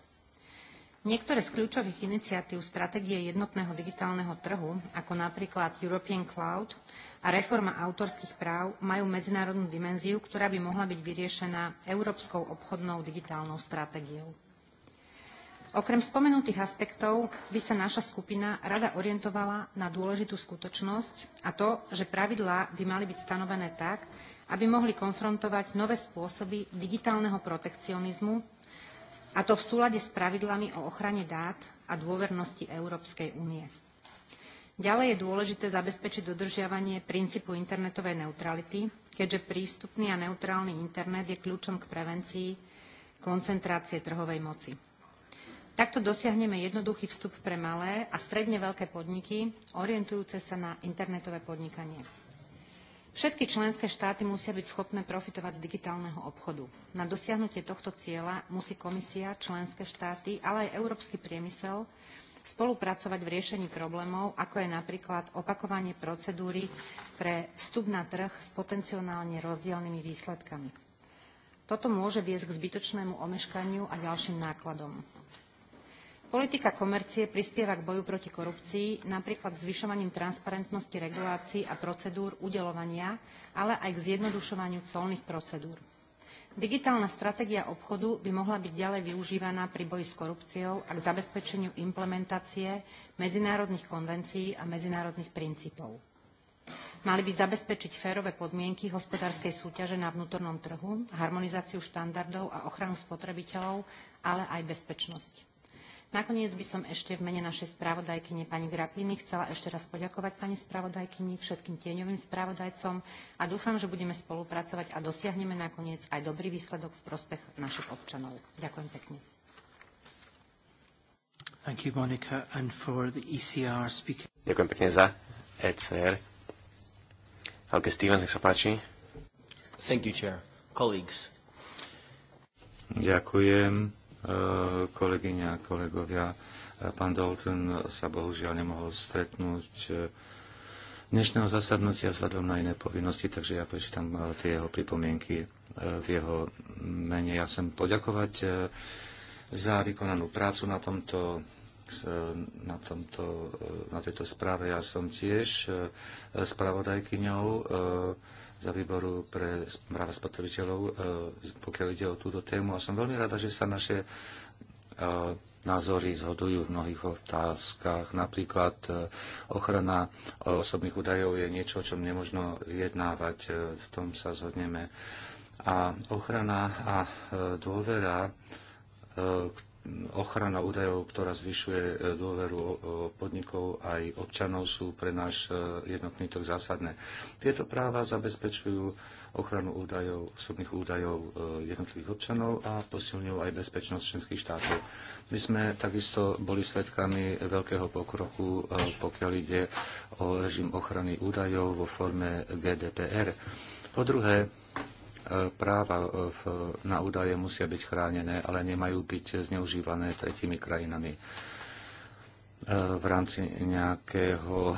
Niektoré z kľúčových iniciatív stratégie jednotného digitálneho trhu, ako napríklad European Cloud a reforma autorských práv, majú medzinárodnú dimenziu, ktorá by mohla byť vyriešená európskou obchodnou digitálnou stratégiou. Okrem spomenutých aspektov by sa naša skupina rada orientovala na dôležitú skutočnosť a to, že pravidlá by mali byť stanovené tak, aby mohli konfrontovať nové spôsoby digitálneho protekcionizmu a to v súlade s pravidlami o ochrane dát a dôvernosti Európskej únie. Ďalej je dôležité zabezpečiť dodržiavanie princípu internetovej neutrality, keďže prístupný a neutrálny internet je kľúčom k prevencii koncentrácie trhovej moci. Takto dosiahneme jednoduchý vstup pre malé a stredne veľké podniky, orientujúce sa na internetové podnikanie. Všetky členské štáty musia byť schopné profitovať z digitálneho obchodu. Na dosiahnutie tohto cieľa musí komisia, členské štáty, ale aj európsky priemysel spolupracovať v riešení problémov, ako je napríklad opakovanie procedúry pre vstup na trh s potenciálne rozdielnymi výsledkami. Toto môže viesť k zbytočnému omeškaniu a ďalším nákladom. Politika komercie prispieva k boju proti korupcii napríklad zvyšovaním transparentnosti regulácií a procedúr udelovania, ale aj k zjednodušovaniu colných procedúr. Digitálna stratégia obchodu by mohla byť ďalej využívaná pri boji s korupciou a k zabezpečeniu implementácie medzinárodných konvencií a medzinárodných princípov. Mali by zabezpečiť férové podmienky hospodárskej súťaže na vnútornom trhu, harmonizáciu štandardov a ochranu spotrebiteľov, ale aj bezpečnosť. Nakoniec by som ešte v mene našej spravodajkyne pani Grapiny chcela ešte raz poďakovať pani spravodajkyni, všetkým tieňovým spravodajcom a dúfam, že budeme spolupracovať a dosiahneme nakoniec aj dobrý výsledok v prospech našich občanov. Ďakujem pekne. Thank you, Monica. And for the ECR speaker... Ďakujem pekne za ECR. Alke Stevens, nech sa páči. Thank you, Chair. Colleagues. Ďakujem Eh, kolegyňa a kolegovia. Eh, pán Dalton sa bohužiaľ nemohol stretnúť eh, dnešného zasadnutia vzhľadom na iné povinnosti, takže ja prečítam tie jeho pripomienky v jeho mene. Ja chcem poďakovať za vykonanú prácu na tomto na, tomto, na tejto správe. Ja som tiež spravodajkyňou za výboru pre práva spotrebiteľov, e, pokiaľ ide o túto tému. A som veľmi rada, že sa naše e, názory zhodujú v mnohých otázkach. Napríklad e, ochrana osobných údajov je niečo, o čom nemôžno vyjednávať. V tom sa zhodneme. A ochrana a dôvera, ochrana údajov, ktorá zvyšuje e, dôveru podnikov aj občanov sú pre náš e, jednotný trh zásadné. Tieto práva zabezpečujú ochranu údajov, osobných údajov e, jednotlivých občanov a posilňujú aj bezpečnosť členských štátov. My sme takisto boli svedkami veľkého pokroku, pokiaľ ide o režim ochrany údajov vo forme GDPR. Po druhé, práva e, v, na údaje musia byť chránené, ale nemajú byť zneužívané tretími krajinami e, v rámci nejakého e,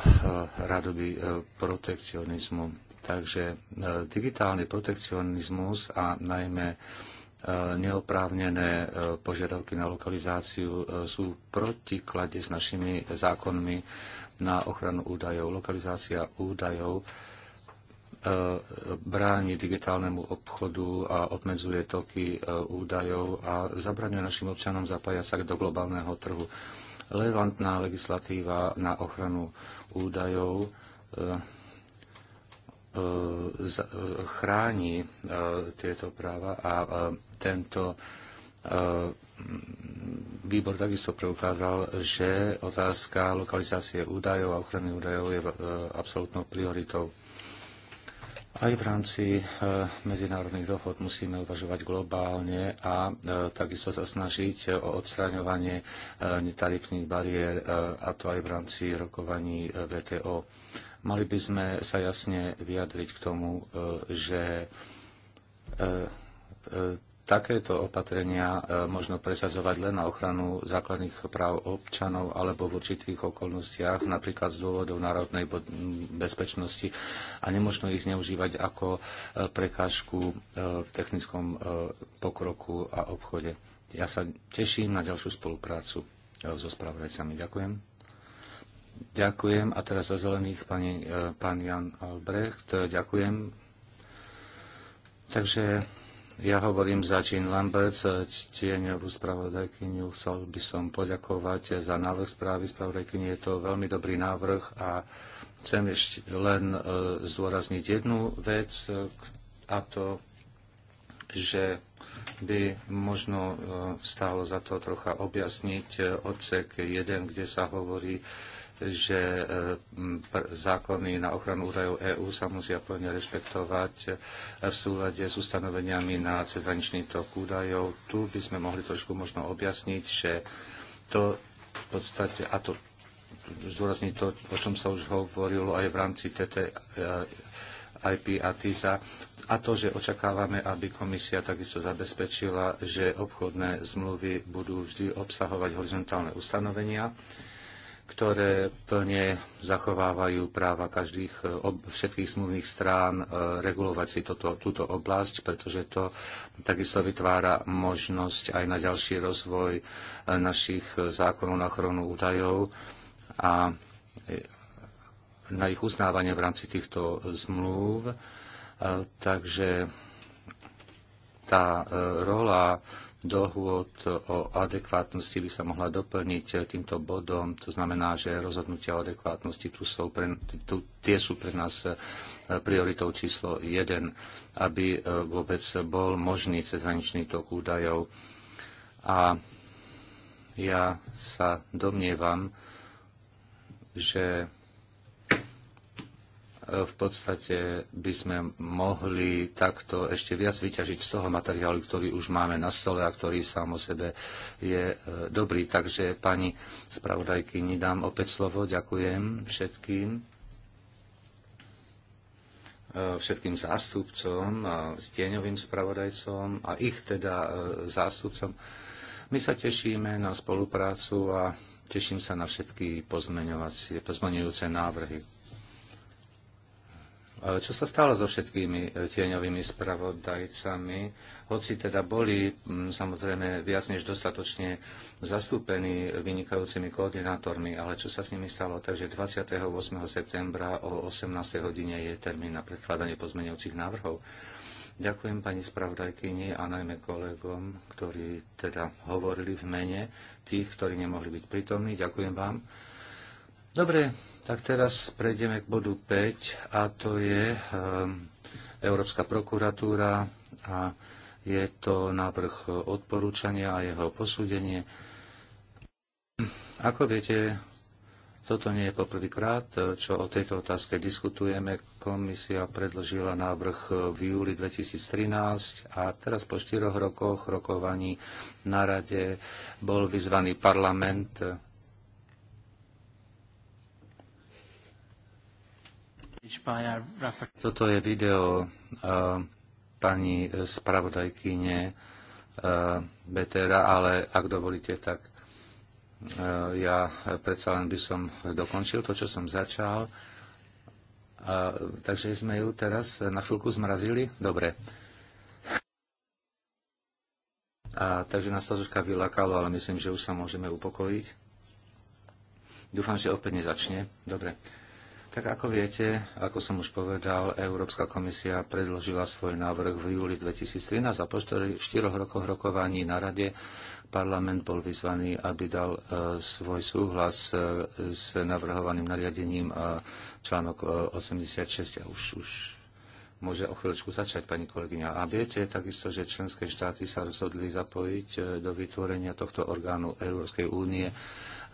radoby protekcionizmu. Takže digitálny protekcionizmus a najmä neoprávnené požiadavky na lokalizáciu sú protiklade s našimi zákonmi na ochranu údajov. Lokalizácia údajov E, bráni digitálnemu obchodu a obmedzuje toky e, údajov a zabraňuje našim občanom zapájať sa do globálneho trhu. Relevantná legislatíva na ochranu údajov e, chráni tieto práva a tento výbor takisto preukázal, že otázka lokalizácie údajov a ochrany údajov je absolútnou prioritou. Aj v rámci e, medzinárodných dohod musíme uvažovať globálne a e, takisto sa snažiť o odstraňovanie e, netarifných bariér, a to aj v rámci rokovaní VTO. Mali by sme sa jasne vyjadriť k tomu, že takéto opatrenia e, možno presazovať len na ochranu základných práv občanov alebo v určitých okolnostiach, napríklad z dôvodov národnej bezpečnosti a nemožno ich zneužívať ako e, prekážku e, v technickom pokroku a obchode. Ja sa teším na ďalšiu spoluprácu so spravodajcami. Ďakujem. Ďakujem. A teraz za zelených pani, pán Jan Albrecht. Ďakujem. Takže ja hovorím za Jean Lambert, tieňovú spravodajkyniu. Chcel by som poďakovať za návrh správy spravodajkyni. Je to veľmi dobrý návrh a chcem ešte len e, zdôrazniť jednu vec e, a to, že by možno e, stálo za to trocha objasniť odsek 1, kde sa hovorí že e, zákony na ochranu údajov EÚ sa musia plne rešpektovať e, v súlade s ustanoveniami na cezhraničný tok údajov. Tu by sme mohli trošku možno objasniť, že to v podstate, a to zúrazní to, o čom sa už hovorilo aj v rámci TTIP e, a TISA, a to, že očakávame, aby komisia takisto zabezpečila, že obchodné zmluvy budú vždy obsahovať horizontálne ustanovenia, ktoré plne zachovávajú práva každých, eh, všetkých smluvných strán eh, regulovať si toto, túto oblasť, pretože to takisto vytvára možnosť aj na ďalší rozvoj eh, našich zákonov na ochranu údajov a na ich uznávanie v rámci týchto zmluv. Takže tá rola dohôd o adekvátnosti by sa mohla doplniť týmto bodom. To znamená, že rozhodnutia o adekvátnosti tu sú pre, tu, tie sú pre nás e, prioritou číslo 1, aby e, vôbec bol možný cezhraničný tok údajov. A ja sa domnievam, že v podstate by sme mohli takto ešte viac vyťažiť z toho materiálu, ktorý už máme na stole a ktorý sám o sebe je e, dobrý. Takže pani spravodajkyni dám opäť slovo. Ďakujem všetkým e, všetkým zástupcom, a e, stieňovým spravodajcom a ich teda zástupcom. My sa tešíme na spoluprácu a teším sa na všetky pozmeňujúce návrhy. Čo sa stalo so všetkými e, tieňovými spravodajcami? Hoci teda boli samozrejme viac než dostatočne zastúpení vynikajúcimi koordinátormi, ale čo sa s nimi stalo? Takže 28. septembra o 18. hodine je termín na predkladanie pozmeňujúcich návrhov. Ďakujem pani spravodajkyni a najmä kolegom, ktorí teda hovorili v mene tých, ktorí nemohli byť prítomní. Ďakujem vám. Dobre, tak teraz prejdeme k bodu 5 a to je ehm, Európska prokuratúra a je to návrh odporúčania a jeho posúdenie. Ako viete, toto nie je poprvýkrát, čo o tejto otázke diskutujeme. Komisia predložila návrh v júli 2013 a teraz po štyroch rokoch rokovaní na rade bol vyzvaný parlament Toto je video uh, pani spravodajkyne uh, Betera, ale ak dovolíte, tak uh, ja predsa len by som dokončil to, čo som začal. Uh, takže sme ju teraz na chvíľku zmrazili? Dobre. A, takže nás to troška vylakalo, ale myslím, že už sa môžeme upokojiť. Dúfam, že opäť nezačne. Dobre. Tak ako viete, ako som už povedal, Európska komisia predložila svoj návrh v júli 2013 a po štyroch rokoch rokovaní na rade parlament bol vyzvaný, aby dal e, svoj súhlas e, s navrhovaným nariadením e, článok 86 a už, už môže o chvíľočku začať, pani kolegyňa. A viete takisto, že členské štáty sa rozhodli zapojiť do vytvorenia tohto orgánu Európskej únie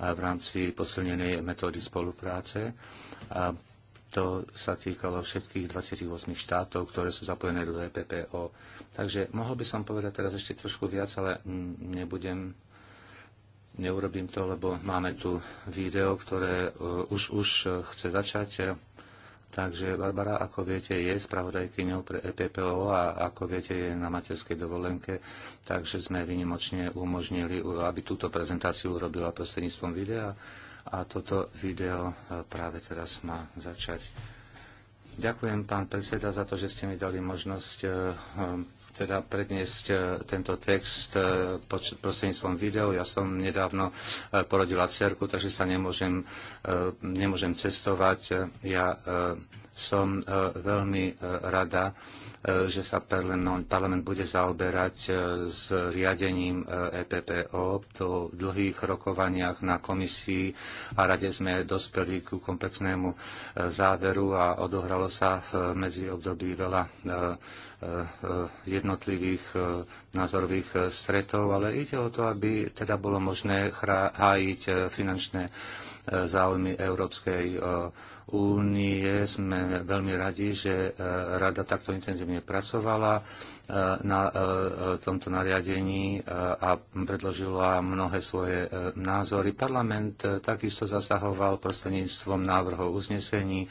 v rámci posilnenej metódy spolupráce. A to sa týkalo všetkých 28 štátov, ktoré sú zapojené do EPPO. Takže mohol by som povedať teraz ešte trošku viac, ale nebudem, neurobím to, lebo máme tu video, ktoré uh, už, už uh, chce začať. Takže Barbara, ako viete, je spravodajkyňou pre EPPO a ako viete, je na materskej dovolenke, takže sme vynimočne umožnili, aby túto prezentáciu urobila prostredníctvom videa a toto video e, práve teraz má začať. Ďakujem, pán predseda, za to, že ste mi dali možnosť e, e, teda predniesť e, tento text e, prostredníctvom videu. Ja som nedávno e, porodila cerku, takže sa nemôžem, nemôžem cestovať. Ja som e, veľmi e, rada, e, že sa parlament bude zaoberať s riadením EPPO. Po dlhých rokovaniach na komisii a rade sme dospeli ku komplexnému záveru a odohralo sa v medziobdobí veľa jednotlivých názorových stretov, ale ide o to, aby teda bolo možné hájiť finančné E, záujmy Európskej e, únie. Sme veľmi radi, že e, rada takto intenzívne pracovala na tomto nariadení a predložila mnohé svoje názory. Parlament takisto zasahoval prostredníctvom návrhov uznesení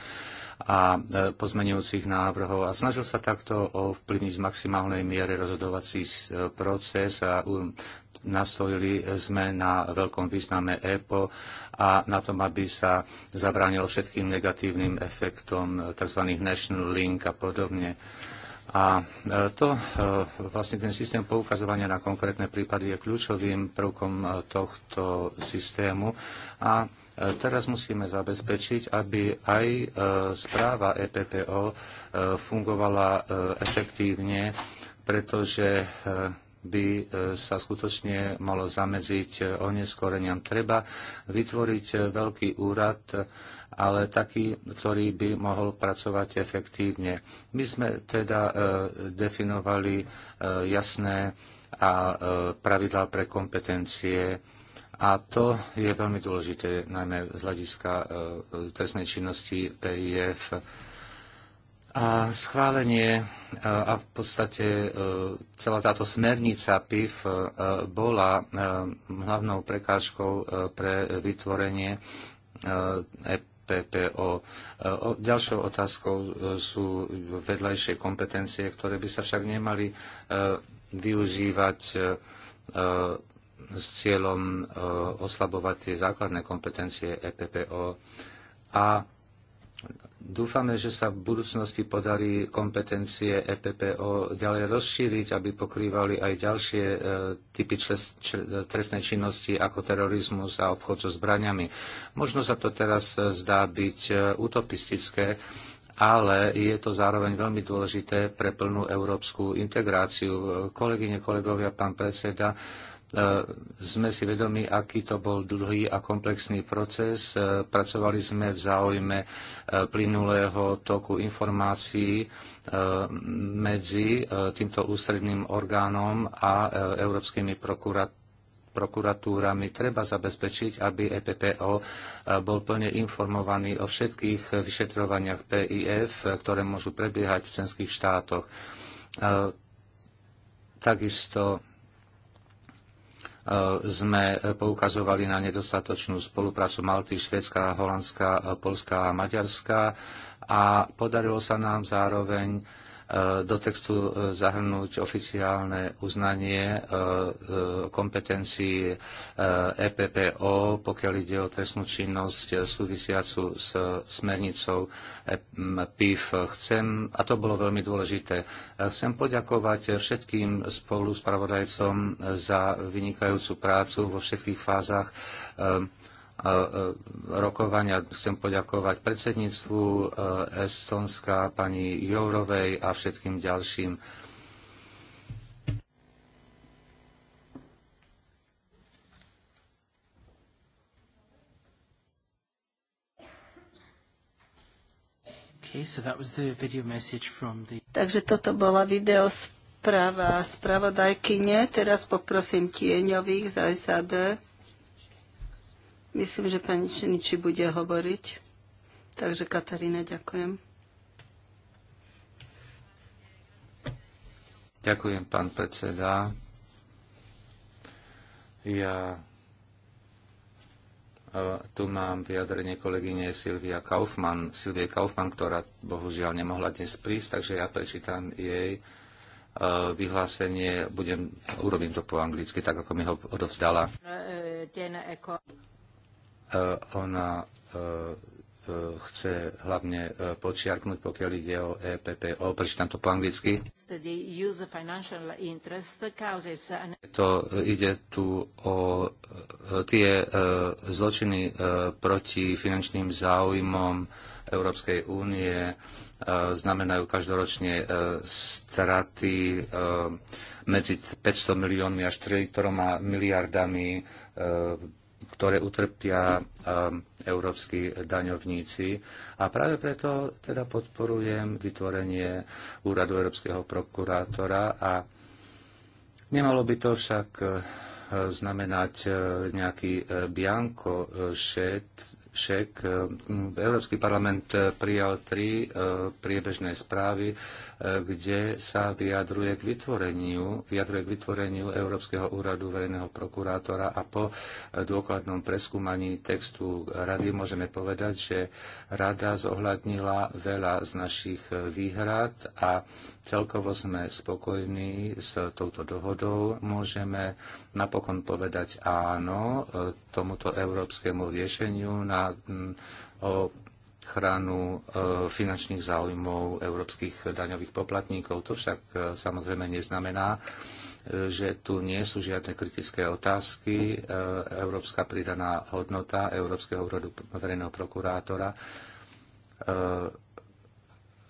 a pozmenujúcich návrhov a snažil sa takto ovplyvniť v maximálnej miere rozhodovací proces a nastojili sme na veľkom význame EPO a na tom, aby sa zabránilo všetkým negatívnym efektom eh, tzv. national link a podobne. A eh, to, eh, vlastne ten systém poukazovania na konkrétne prípady je kľúčovým prvkom tohto systému a Teraz musíme zabezpečiť, aby aj správa EPPO fungovala efektívne, pretože by e, sa skutočne malo zamedziť e, oneskoreniam. Treba vytvoriť e, veľký úrad, ale taký, ktorý by mohol pracovať efektívne. My sme teda definovali jasné a pravidlá pre kompetencie a to je veľmi dôležité, najmä z hľadiska trestnej činnosti PIF a schválenie e, a v podstate e, celá táto smernica PIF e, bola hlavnou prekážkou pre vytvorenie EPPO. Ďalšou otázkou sú vedľajšie kompetencie, ktoré by sa však nemali využívať s cieľom oslabovať tie základné kompetencie EPPO. A Dúfame, že sa v budúcnosti podarí kompetencie EPPO ďalej rozšíriť, aby pokrývali aj ďalšie e, typy trestnej činnosti ako terorizmus a obchod so zbraniami. Možno sa to teraz e, zdá byť e, utopistické, ale je to zároveň veľmi dôležité pre plnú európsku integráciu. Kolegyne, kolegovia, pán predseda, E, sme si vedomi, aký to bol dlhý a komplexný proces. E, pracovali sme v záujme e, plynulého toku informácií medzi týmto ústredným orgánom a európskymi prokuratúrami. Treba zabezpečiť, aby EPPO bol plne informovaný o všetkých vyšetrovaniach PIF, ktoré môžu prebiehať v členských štátoch. Takisto E, sme poukazovali na nedostatočnú spoluprácu Malty, Švedska, Holandska, Polska a Maďarska a podarilo sa nám zároveň do textu e, zahrnúť oficiálne uznanie e, e, kompetencií EPPO, pokiaľ ide o trestnú činnosť súvisiacu s smernicou PIF. Chcem, a to bolo veľmi dôležité, chcem poďakovať všetkým spolu za vynikajúcu prácu vo všetkých fázach E, rokovania. Chcem poďakovať predsedníctvu e, Estonska, pani Jourovej a všetkým ďalším. Okay, so the... Takže toto bola video správa spravodajkyne. Teraz poprosím tieňových z SAD Myslím, že pani Činiči bude hovoriť. Takže Katarína, ďakujem. Ďakujem, pán predseda. Ja e, tu mám vyjadrenie kolegyne Silvia Kaufmann, Silvie Kaufmann, ktorá bohužiaľ nemohla dnes prísť, takže ja prečítam jej e, vyhlásenie, budem, urobím to po anglicky, tak ako mi ho odovzdala. E, E, ona e, e, chce hlavne počiarknúť, pokiaľ ide o EPPO, prečítam to po anglicky. To ide tu o tie zločiny proti finančným záujmom Európskej únie, znamenajú každoročne straty medzi 500 miliónmi až 3 miliardami ktoré utrpia um, európsky daňovníci. A práve preto teda podporujem vytvorenie úradu európskeho prokurátora a nemalo by to však eh, znamenať eh, nejaký eh, bianko šet, však e, Európsky parlament e, prijal tri e, priebežné správy, kde sa vyjadruje k vytvoreniu, vyjadruje k vytvoreniu Európskeho úradu verejného prokurátora a po dôkladnom preskúmaní textu rady môžeme povedať, že rada zohľadnila veľa z našich výhrad a Celkovo sme spokojní s touto dohodou. Môžeme napokon povedať áno e, tomuto európskemu riešeniu na ochranu e, finančných záujmov európskych daňových poplatníkov. To však e, samozrejme neznamená, že tu nie sú žiadne kritické otázky. Európska pridaná hodnota Európskeho úradu verejného prokurátora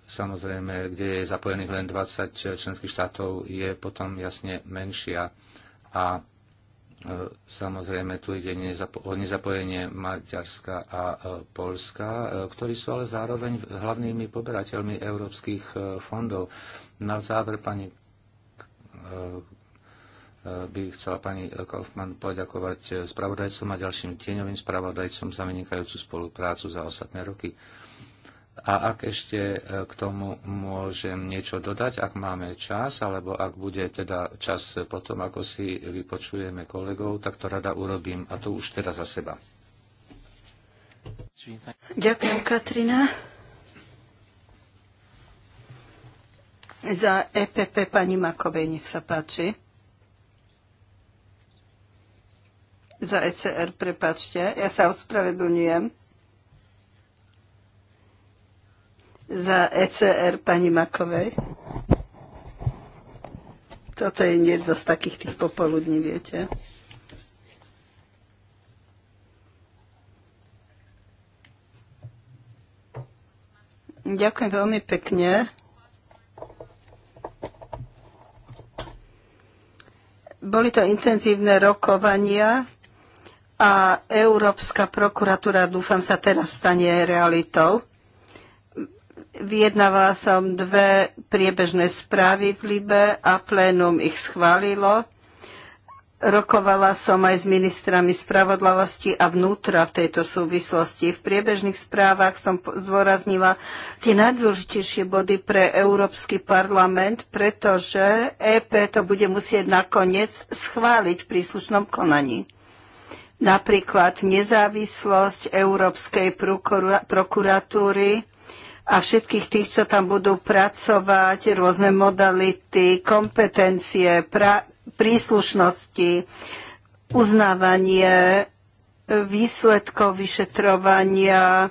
Samozrejme, kde je zapojených len 20 členských štátov, je potom jasne menšia. A e, Samozrejme, tu ide o nezapojenie Maďarska a e, Polska, e, ktorí sú ale zároveň hlavnými poberateľmi európskych fondov. Na záver pani by chcela pani Kaufmann poďakovať spravodajcom a ďalším tieňovým spravodajcom za vynikajúcu spoluprácu za ostatné roky. A ak ešte e, k tomu môžem niečo dodať, ak máme čas, alebo ak bude teda čas potom, ako si vypočujeme kolegov, tak to rada urobím. A to už teda za seba. Ďakujem, Katrina. Za EPP pani Makovej, nech sa páči. Za ECR, prepačte, ja sa ospravedlňujem. za ECR pani Makovej. Toto je jedno z takých tých popoludní, viete. Ďakujem veľmi pekne. Boli to intenzívne rokovania a Európska prokuratúra, dúfam, sa teraz stane realitou. Vyjednávala som dve priebežné správy v Libe a plénum ich schválilo. Rokovala som aj s ministrami spravodlavosti a vnútra v tejto súvislosti. V priebežných správach som zdôraznila tie najdôležitejšie body pre Európsky parlament, pretože EP to bude musieť nakoniec schváliť v príslušnom konaní. Napríklad nezávislosť Európskej prokuratúry, a všetkých tých, čo tam budú pracovať, rôzne modality, kompetencie, pra, príslušnosti, uznávanie výsledkov vyšetrovania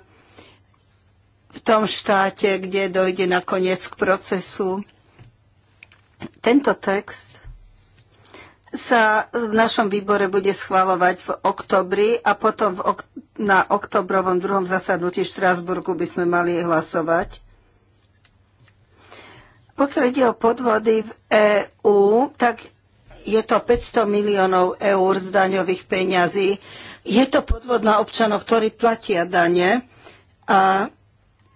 v tom štáte, kde dojde nakoniec k procesu. Tento text sa v našom výbore bude schvalovať v oktobri a potom v ok- na oktobrovom druhom zasadnutí v Štrásburgu by sme mali hlasovať. Pokiaľ ide o podvody v EÚ, tak je to 500 miliónov eur z daňových peňazí. Je to podvod na občanov, ktorí platia dane a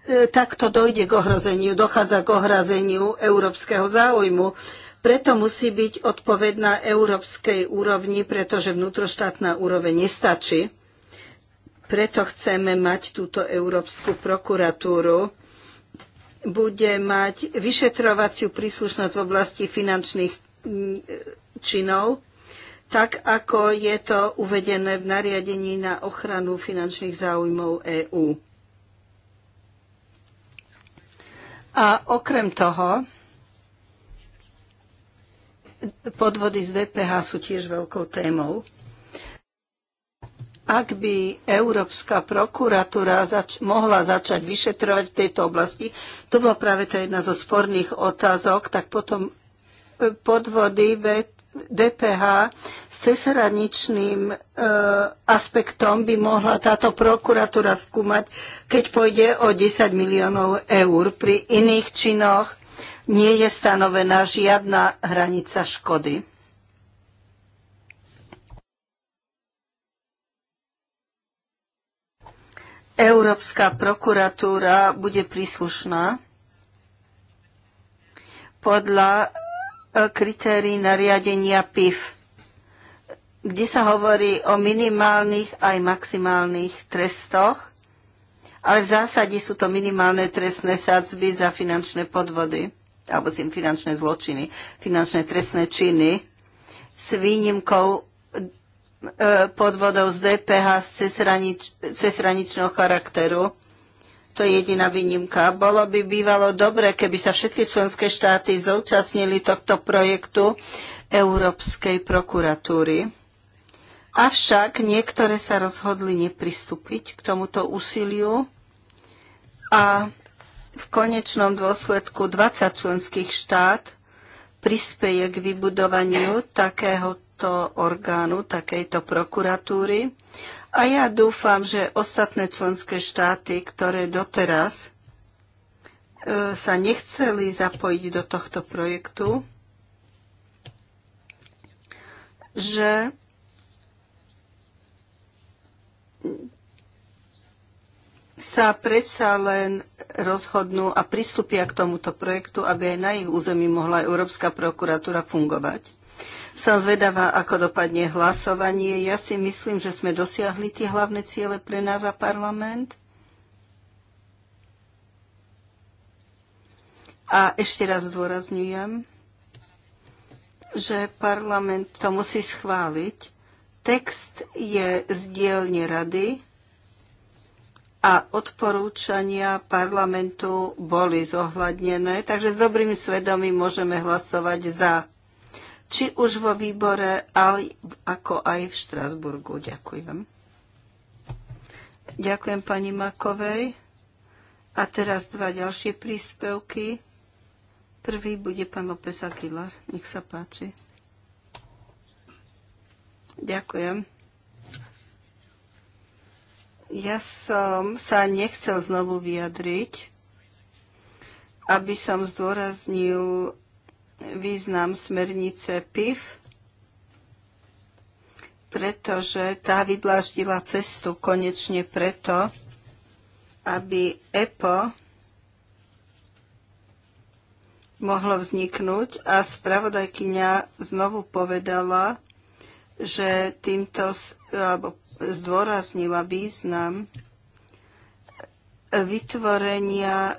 e, takto dojde k ohrozeniu, dochádza k ohrozeniu európskeho záujmu. Preto musí byť odpoveď na európskej úrovni, pretože vnútroštátna úroveň nestačí. Preto chceme mať túto Európsku prokuratúru. Bude mať vyšetrovaciu príslušnosť v oblasti finančných mm, činov, tak ako je to uvedené v nariadení na ochranu finančných záujmov EÚ. A okrem toho, podvody z DPH sú tiež veľkou témou. Ak by Európska prokuratúra zač- mohla začať vyšetrovať v tejto oblasti, to bola práve tá jedna zo sporných otázok, tak potom e, podvody DPH s cesraničným e, aspektom by mohla táto prokuratúra skúmať, keď pôjde o 10 miliónov eur pri iných činoch nie je stanovená žiadna hranica škody. Európska prokuratúra bude príslušná podľa e, kritérií nariadenia PIF, kde sa hovorí o minimálnych aj maximálnych trestoch, ale v zásade sú to minimálne trestné sadzby za finančné podvody alebo tým finančné zločiny, finančné trestné činy s výnimkou e, podvodov z DPH z cezhranič, cezhraničného charakteru. To je jediná výnimka. Bolo by bývalo dobre, keby sa všetky členské štáty zúčastnili tohto projektu Európskej prokuratúry. Avšak niektoré sa rozhodli nepristúpiť k tomuto úsiliu a v konečnom dôsledku 20 členských štát prispeje k vybudovaniu takéhoto orgánu, takejto prokuratúry. A ja dúfam, že ostatné členské štáty, ktoré doteraz e, sa nechceli zapojiť do tohto projektu, že sa predsa len rozhodnú a pristúpia k tomuto projektu, aby aj na ich území mohla Európska prokuratúra fungovať. Som zvedavá, ako dopadne hlasovanie. Ja si myslím, že sme dosiahli tie hlavné ciele pre nás a parlament. A ešte raz zdôrazňujem, že parlament to musí schváliť. Text je z dielne rady a odporúčania parlamentu boli zohľadnené, takže s dobrým svedomím môžeme hlasovať za, či už vo výbore, ale ako aj v Štrasburgu. Ďakujem. Ďakujem pani Makovej. A teraz dva ďalšie príspevky. Prvý bude pán López Aguilar. Nech sa páči. Ďakujem. Ja som sa nechcel znovu vyjadriť, aby som zdôraznil význam smernice PIF, pretože tá vydláždila cestu konečne preto, aby EPO mohlo vzniknúť a spravodajkyňa znovu povedala, že týmto, alebo zdôraznila význam vytvorenia e,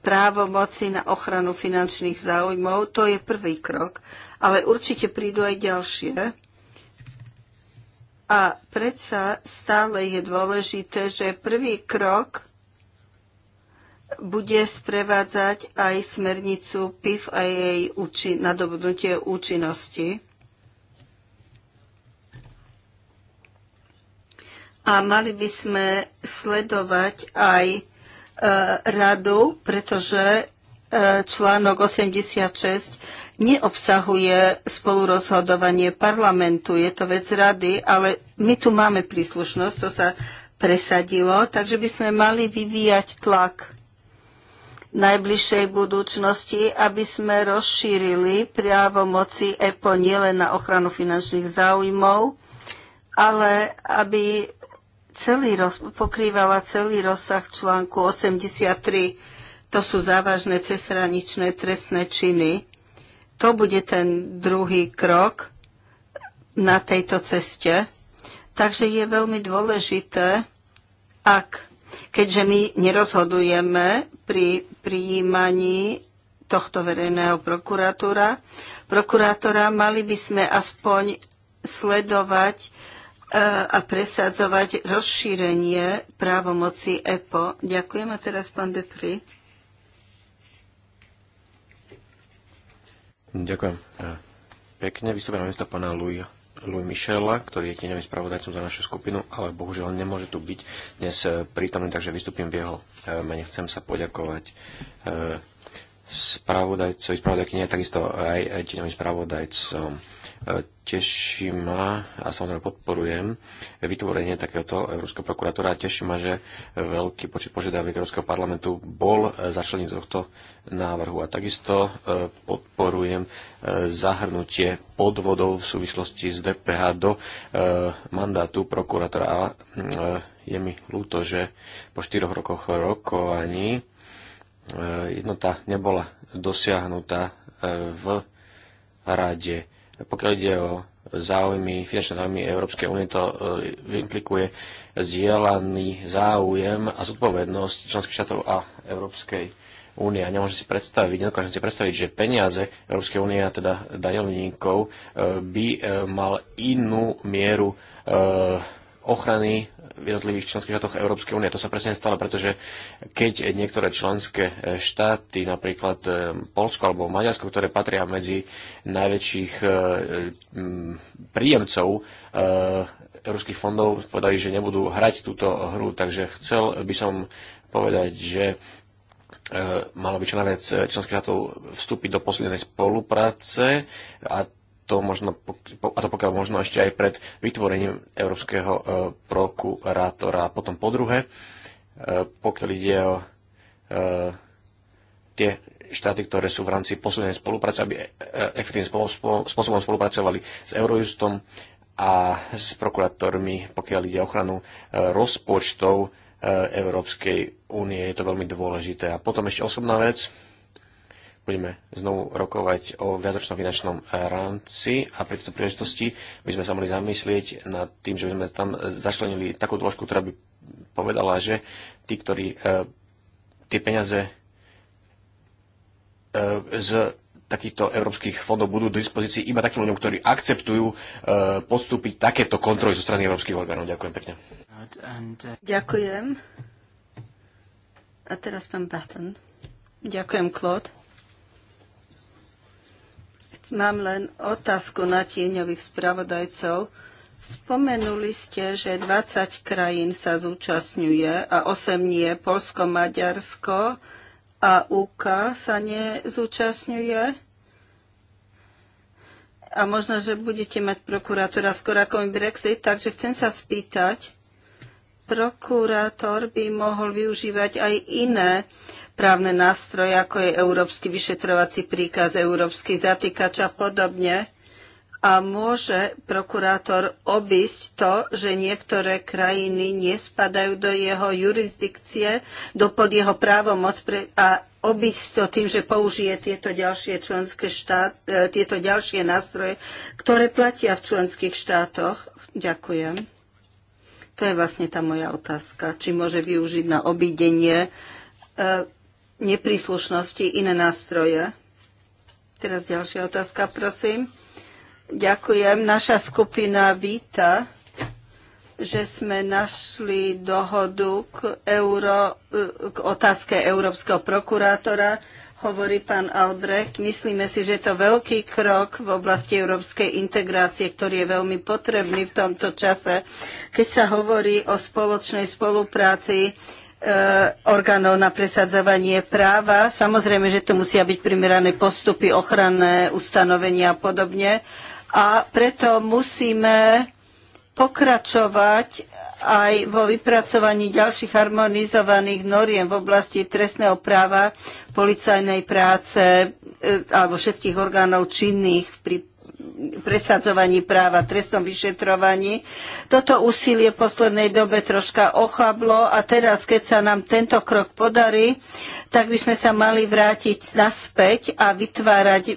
právomoci na ochranu finančných záujmov. To je prvý krok, ale určite prídu aj ďalšie. A predsa stále je dôležité, že prvý krok bude sprevádzať aj smernicu PIF a jej nadobudnutie účinnosti. a mali by sme sledovať aj e, radu, pretože e, článok 86 neobsahuje spolurozhodovanie parlamentu, je to vec rady, ale my tu máme príslušnosť, to sa presadilo, takže by sme mali vyvíjať tlak najbližšej budúcnosti, aby sme rozšírili moci EPO nielen na ochranu finančných záujmov, ale aby celý roz, pokrývala celý rozsah článku 83. To sú závažné cezhraničné trestné činy. To bude ten druhý krok na tejto ceste. Takže je veľmi dôležité, ak, keďže my nerozhodujeme pri prijímaní tohto verejného prokurátora, prokurátora mali by sme aspoň sledovať a presadzovať rozšírenie právomoci EPO. Ďakujem a teraz pán Depri. Ďakujem. E, pekne vystupujem na miesto pána Louis, Louis Michela, ktorý je tieňovým spravodajcom za našu skupinu, ale bohužiaľ nemôže tu byť dnes e, prítomný, takže vystúpim v jeho e, mene. Chcem sa poďakovať spravodajcovi, spravodajkyni, takisto aj, tieňovým spravodajcom Teší ma a samozrejme podporujem vytvorenie takéhoto Európskeho prokurátora a teší ma, že veľký počet požiadaviek Európskeho parlamentu bol začlený z tohto návrhu. A takisto e, podporujem e, zahrnutie podvodov v súvislosti s DPH do e, mandátu prokurátora. A je mi ľúto, že po štyroch rokoch rokovaní jednota nebola dosiahnutá v rade. Pokiaľ ide o záujmy, finančné záujmy Európskej únie, to e, implikuje zielaný záujem a zodpovednosť členských štátov a Európskej únie. A nemôžem si predstaviť, nedokážem si predstaviť, že peniaze Európskej únie a teda daňovníkov e, by e, mal inú mieru ochrany v jednotlivých členských štátoch Európskej únie. To sa presne stalo, pretože keď niektoré členské e, štáty, napríklad e, Polsko alebo Maďarsko, ktoré patria medzi najväčších e, príjemcov európskych fondov, povedali, že nebudú hrať túto hru. Takže chcel by som povedať, že malo by čo najviac členských štátov vstúpiť do poslednej spolupráce a to možno, a to pokiaľ možno ešte aj pred vytvorením Európskeho e, prokurátora. A potom po druhé, e, pokiaľ ide o e, tie štáty, ktoré sú v rámci posilnenej spolupráce, aby efektívnym spôsobom spolupracovali s Eurojustom a s prokurátormi, pokiaľ ide o ochranu rozpočtov Európskej únie. Je to veľmi dôležité. A potom ešte osobná vec, budeme znovu rokovať o viacročnom finančnom rámci a pri tejto príležitosti by sme sa mohli zamyslieť nad tým, že by sme tam začlenili takú dĺžku, ktorá by povedala, že tí, ktorí e, tie peniaze e, z takýchto európskych fondov budú do dispozícii iba takým ľuďom, ktorí akceptujú e, podstúpiť takéto kontroly zo strany európskych orgánov. Ďakujem pekne. Ďakujem. A teraz pán Batten. Ďakujem, Claude. Mám len otázku na tieňových spravodajcov. Spomenuli ste, že 20 krajín sa zúčastňuje a 8 nie. Polsko, Maďarsko a UK sa nezúčastňuje. A možno, že budete mať prokurátora skôr ako Brexit, takže chcem sa spýtať, prokurátor by mohol využívať aj iné právne nástroje, ako je Európsky vyšetrovací príkaz, Európsky zatýkač a podobne. A môže prokurátor obísť to, že niektoré krajiny nespadajú do jeho jurisdikcie, do pod jeho právomoc pre, a obísť to tým, že použije tieto ďalšie, členské štát, e, tieto ďalšie nástroje, ktoré platia v členských štátoch. Ďakujem. To je vlastne tá moja otázka. Či môže využiť na obídenie e, nepríslušnosti iné nástroje. Teraz ďalšia otázka, prosím. Ďakujem. Naša skupina víta, že sme našli dohodu k, euro, k otázke Európskeho prokurátora, hovorí pán Albrecht. Myslíme si, že je to veľký krok v oblasti európskej integrácie, ktorý je veľmi potrebný v tomto čase, keď sa hovorí o spoločnej spolupráci Eh, orgánov na presadzovanie práva. Samozrejme, že to musia byť primerané postupy, ochranné ustanovenia a podobne. A preto musíme pokračovať aj vo vypracovaní ďalších harmonizovaných noriem v oblasti trestného práva, policajnej práce eh, alebo všetkých orgánov činných pri presadzovaní práva, trestnom vyšetrovaní. Toto úsilie v poslednej dobe troška ochablo a teraz, keď sa nám tento krok podarí, tak by sme sa mali vrátiť naspäť a vytvárať e,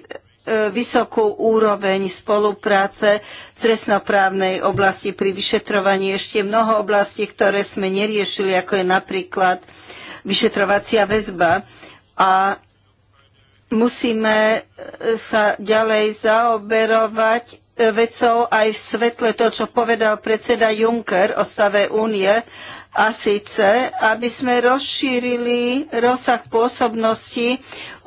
vysokú úroveň spolupráce v trestnoprávnej oblasti pri vyšetrovaní ešte mnoho oblastí, ktoré sme neriešili, ako je napríklad vyšetrovacia väzba. A musíme e, sa ďalej zaoberovať e, vecou aj v svetle to, čo povedal predseda Juncker o stave únie, a síce, aby sme rozšírili rozsah pôsobnosti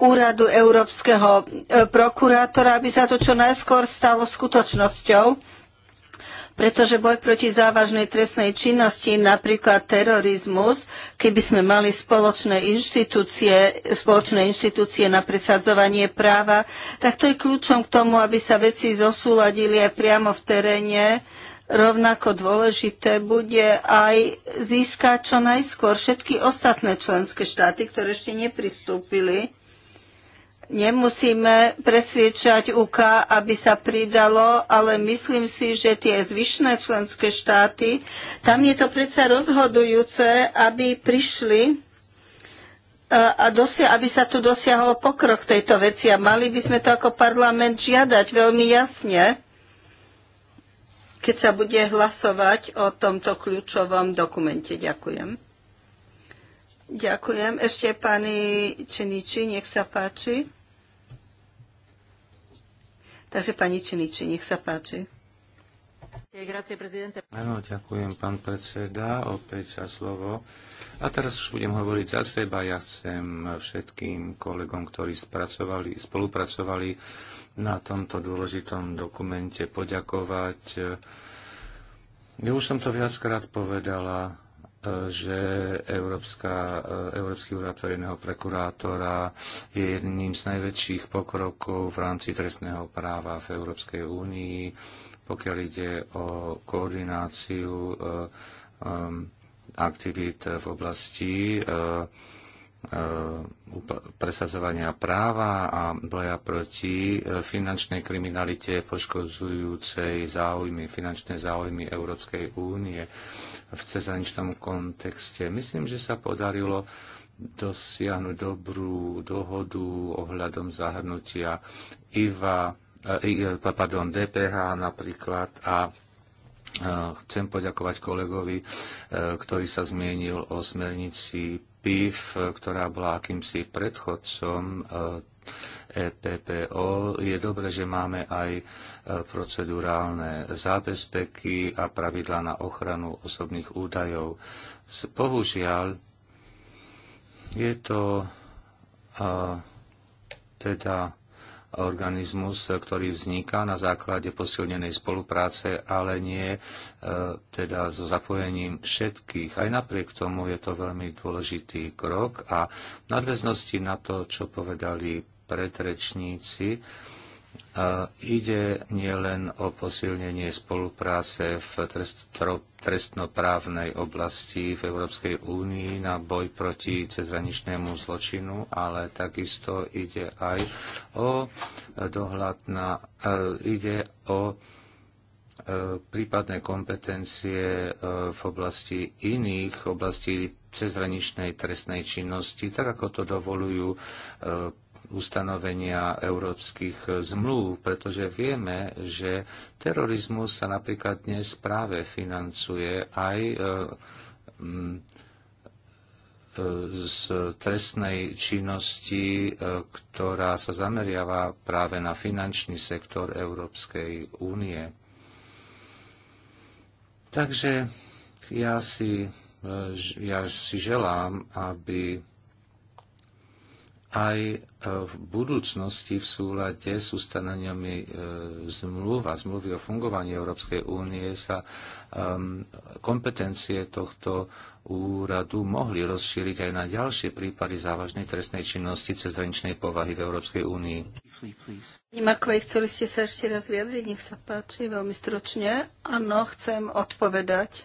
úradu Európskeho e, prokurátora, aby sa to čo najskôr stalo skutočnosťou pretože boj proti závažnej trestnej činnosti, napríklad terorizmus, keby sme mali spoločné inštitúcie, spoločné inštitúcie na presadzovanie práva, tak to je kľúčom k tomu, aby sa veci zosúladili aj priamo v teréne. Rovnako dôležité bude aj získať čo najskôr všetky ostatné členské štáty, ktoré ešte nepristúpili Nemusíme presviečať UK, aby sa pridalo, ale myslím si, že tie zvyšné členské štáty, tam je to predsa rozhodujúce, aby prišli e, a dosia- aby sa tu dosiahol pokrok v tejto veci a mali by sme to ako parlament žiadať veľmi jasne, keď sa bude hlasovať o tomto kľúčovom dokumente. Ďakujem. Ďakujem. Ešte pani Činiči, nech sa páči. Takže pani Činiči, nech sa páči. Áno, ďakujem, pán predseda, opäť za slovo. A teraz už budem hovoriť za seba. Ja chcem všetkým kolegom, ktorí spracovali, spolupracovali na tomto dôležitom dokumente poďakovať. Ja už som to viackrát povedala, že Európska, e, Európsky úrad verejného prekurátora je jedným z najväčších pokrokov v rámci trestného práva v Európskej únii, pokiaľ ide o koordináciu e, e, aktivít v oblasti E, presazovania práva a boja proti e, finančnej kriminalite poškodzujúcej záujmy, finančné záujmy Európskej únie v cezaničnom kontexte. Myslím, že sa podarilo dosiahnuť dobrú dohodu ohľadom zahrnutia IVA, e, pardon, DPH napríklad a Chcem poďakovať kolegovi, ktorý sa zmienil o smernici PIF, ktorá bola akýmsi predchodcom EPPO. Eh, e je dobré, že máme aj eh, procedurálne zábezpeky a pravidla na ochranu osobných údajov. Bohužiaľ, je to eh, teda organizmus, e, ktorý vzniká na základe posilnenej spolupráce, ale nie e, teda so zapojením všetkých. Aj napriek tomu je to veľmi dôležitý krok a nadväznosti na to, čo povedali predrečníci, a ide nielen o posilnenie spolupráce v trestnoprávnej oblasti v Európskej únii na boj proti cezhraničnému zločinu, ale takisto ide aj o dohľad na, e, ide o e, prípadné kompetencie e, v oblasti iných, oblasti cezhraničnej trestnej činnosti, tak ako to dovolujú ustanovenia európskych zmluv, pretože vieme, že terorizmus sa napríklad dnes práve financuje aj e, e, z trestnej činnosti, e, ktorá sa zameriava práve na finančný sektor Európskej únie. Takže ja si, ja si želám, aby aj e, v budúcnosti v súlade s ustanoveniami e, zmluv a zmluvy o fungovaní Európskej únie sa kompetencie tohto úradu mohli rozšíriť aj na ďalšie prípady závažnej trestnej činnosti cezhraničnej povahy v Európskej únii. Makovej, chceli ste sa ešte raz vyjadriť? Nech sa páči, veľmi stručne. Áno, chcem odpovedať.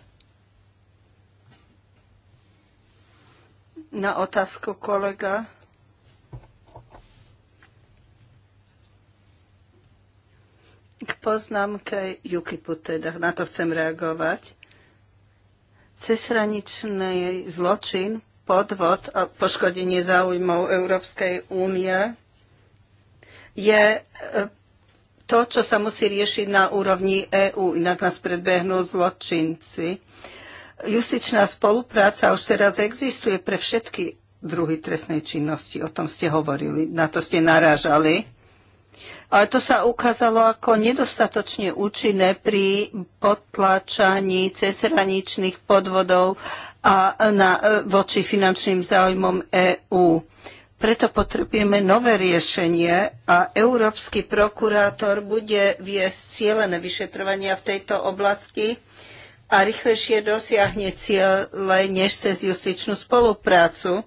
Na otázku kolega k poznámke Jukipu teda, na to chcem reagovať. Cezhraničný zločin, podvod a poškodenie záujmov Európskej únie je e, to, čo sa musí riešiť na úrovni EÚ, inak nás predbehnú zločinci. Justičná spolupráca už teraz existuje pre všetky druhy trestnej činnosti, o tom ste hovorili, na to ste narážali. Ale to sa ukázalo ako nedostatočne účinné pri potláčaní cezhraničných podvodov a na, voči finančným záujmom EÚ. Preto potrebujeme nové riešenie a európsky prokurátor bude viesť cieľené vyšetrovania v tejto oblasti a rýchlejšie dosiahne cieľe než cez justičnú spoluprácu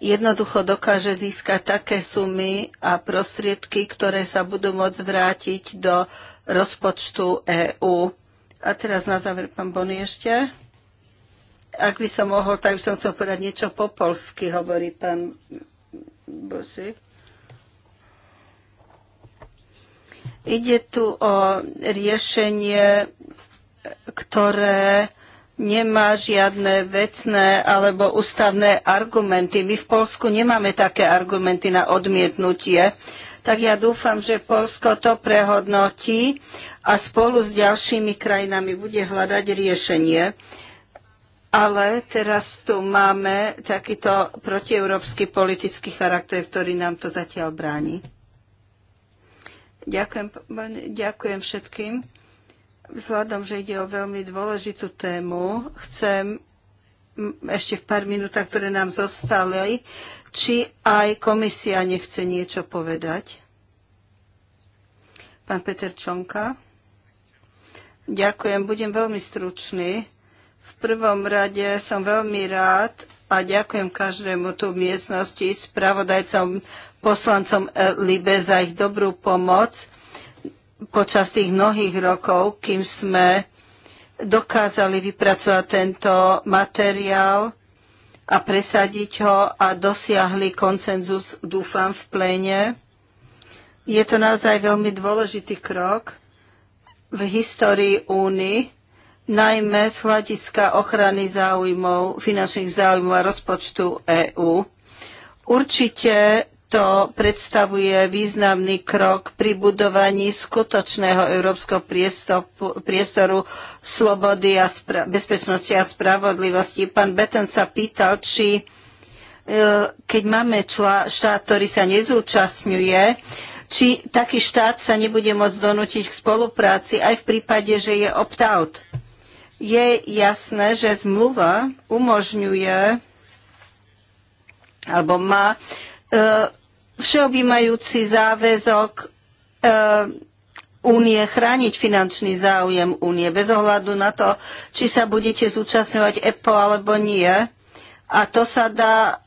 jednoducho dokáže získať také sumy a prostriedky, ktoré sa budú môcť vrátiť do rozpočtu EÚ. A teraz na záver pán Boni, ešte. Ak by som mohol, tak by som chcel povedať niečo po polsky, hovorí pán Bosik. Ide tu o riešenie, ktoré nemá žiadne vecné alebo ústavné argumenty. My v Polsku nemáme také argumenty na odmietnutie. Tak ja dúfam, že Polsko to prehodnotí a spolu s ďalšími krajinami bude hľadať riešenie. Ale teraz tu máme takýto protieurópsky politický charakter, ktorý nám to zatiaľ bráni. Ďakujem, ďakujem všetkým. Vzhľadom, že ide o veľmi dôležitú tému, chcem ešte v pár minútach, ktoré nám zostali, či aj komisia nechce niečo povedať. Pán Peter Čonka. Ďakujem, budem veľmi stručný. V prvom rade som veľmi rád a ďakujem každému tu v miestnosti, spravodajcom, poslancom Libe za ich dobrú pomoc počas tých mnohých rokov, kým sme dokázali vypracovať tento materiál a presadiť ho a dosiahli konsenzus, dúfam, v pléne. Je to naozaj veľmi dôležitý krok v histórii úny, najmä z hľadiska ochrany záujmov, finančných záujmov a rozpočtu EÚ. Určite to predstavuje významný krok pri budovaní skutočného európskeho priestoru slobody a bezpečnosti a spravodlivosti. Pán Beton sa pýtal, či e, keď máme štát, ktorý sa nezúčastňuje, či taký štát sa nebude môcť donútiť k spolupráci aj v prípade, že je opt-out. Je jasné, že zmluva umožňuje alebo má e, všeobjímajúci záväzok eh, únie chrániť finančný záujem únie bez ohľadu na to, či sa budete zúčastňovať EPO alebo nie. A to sa dá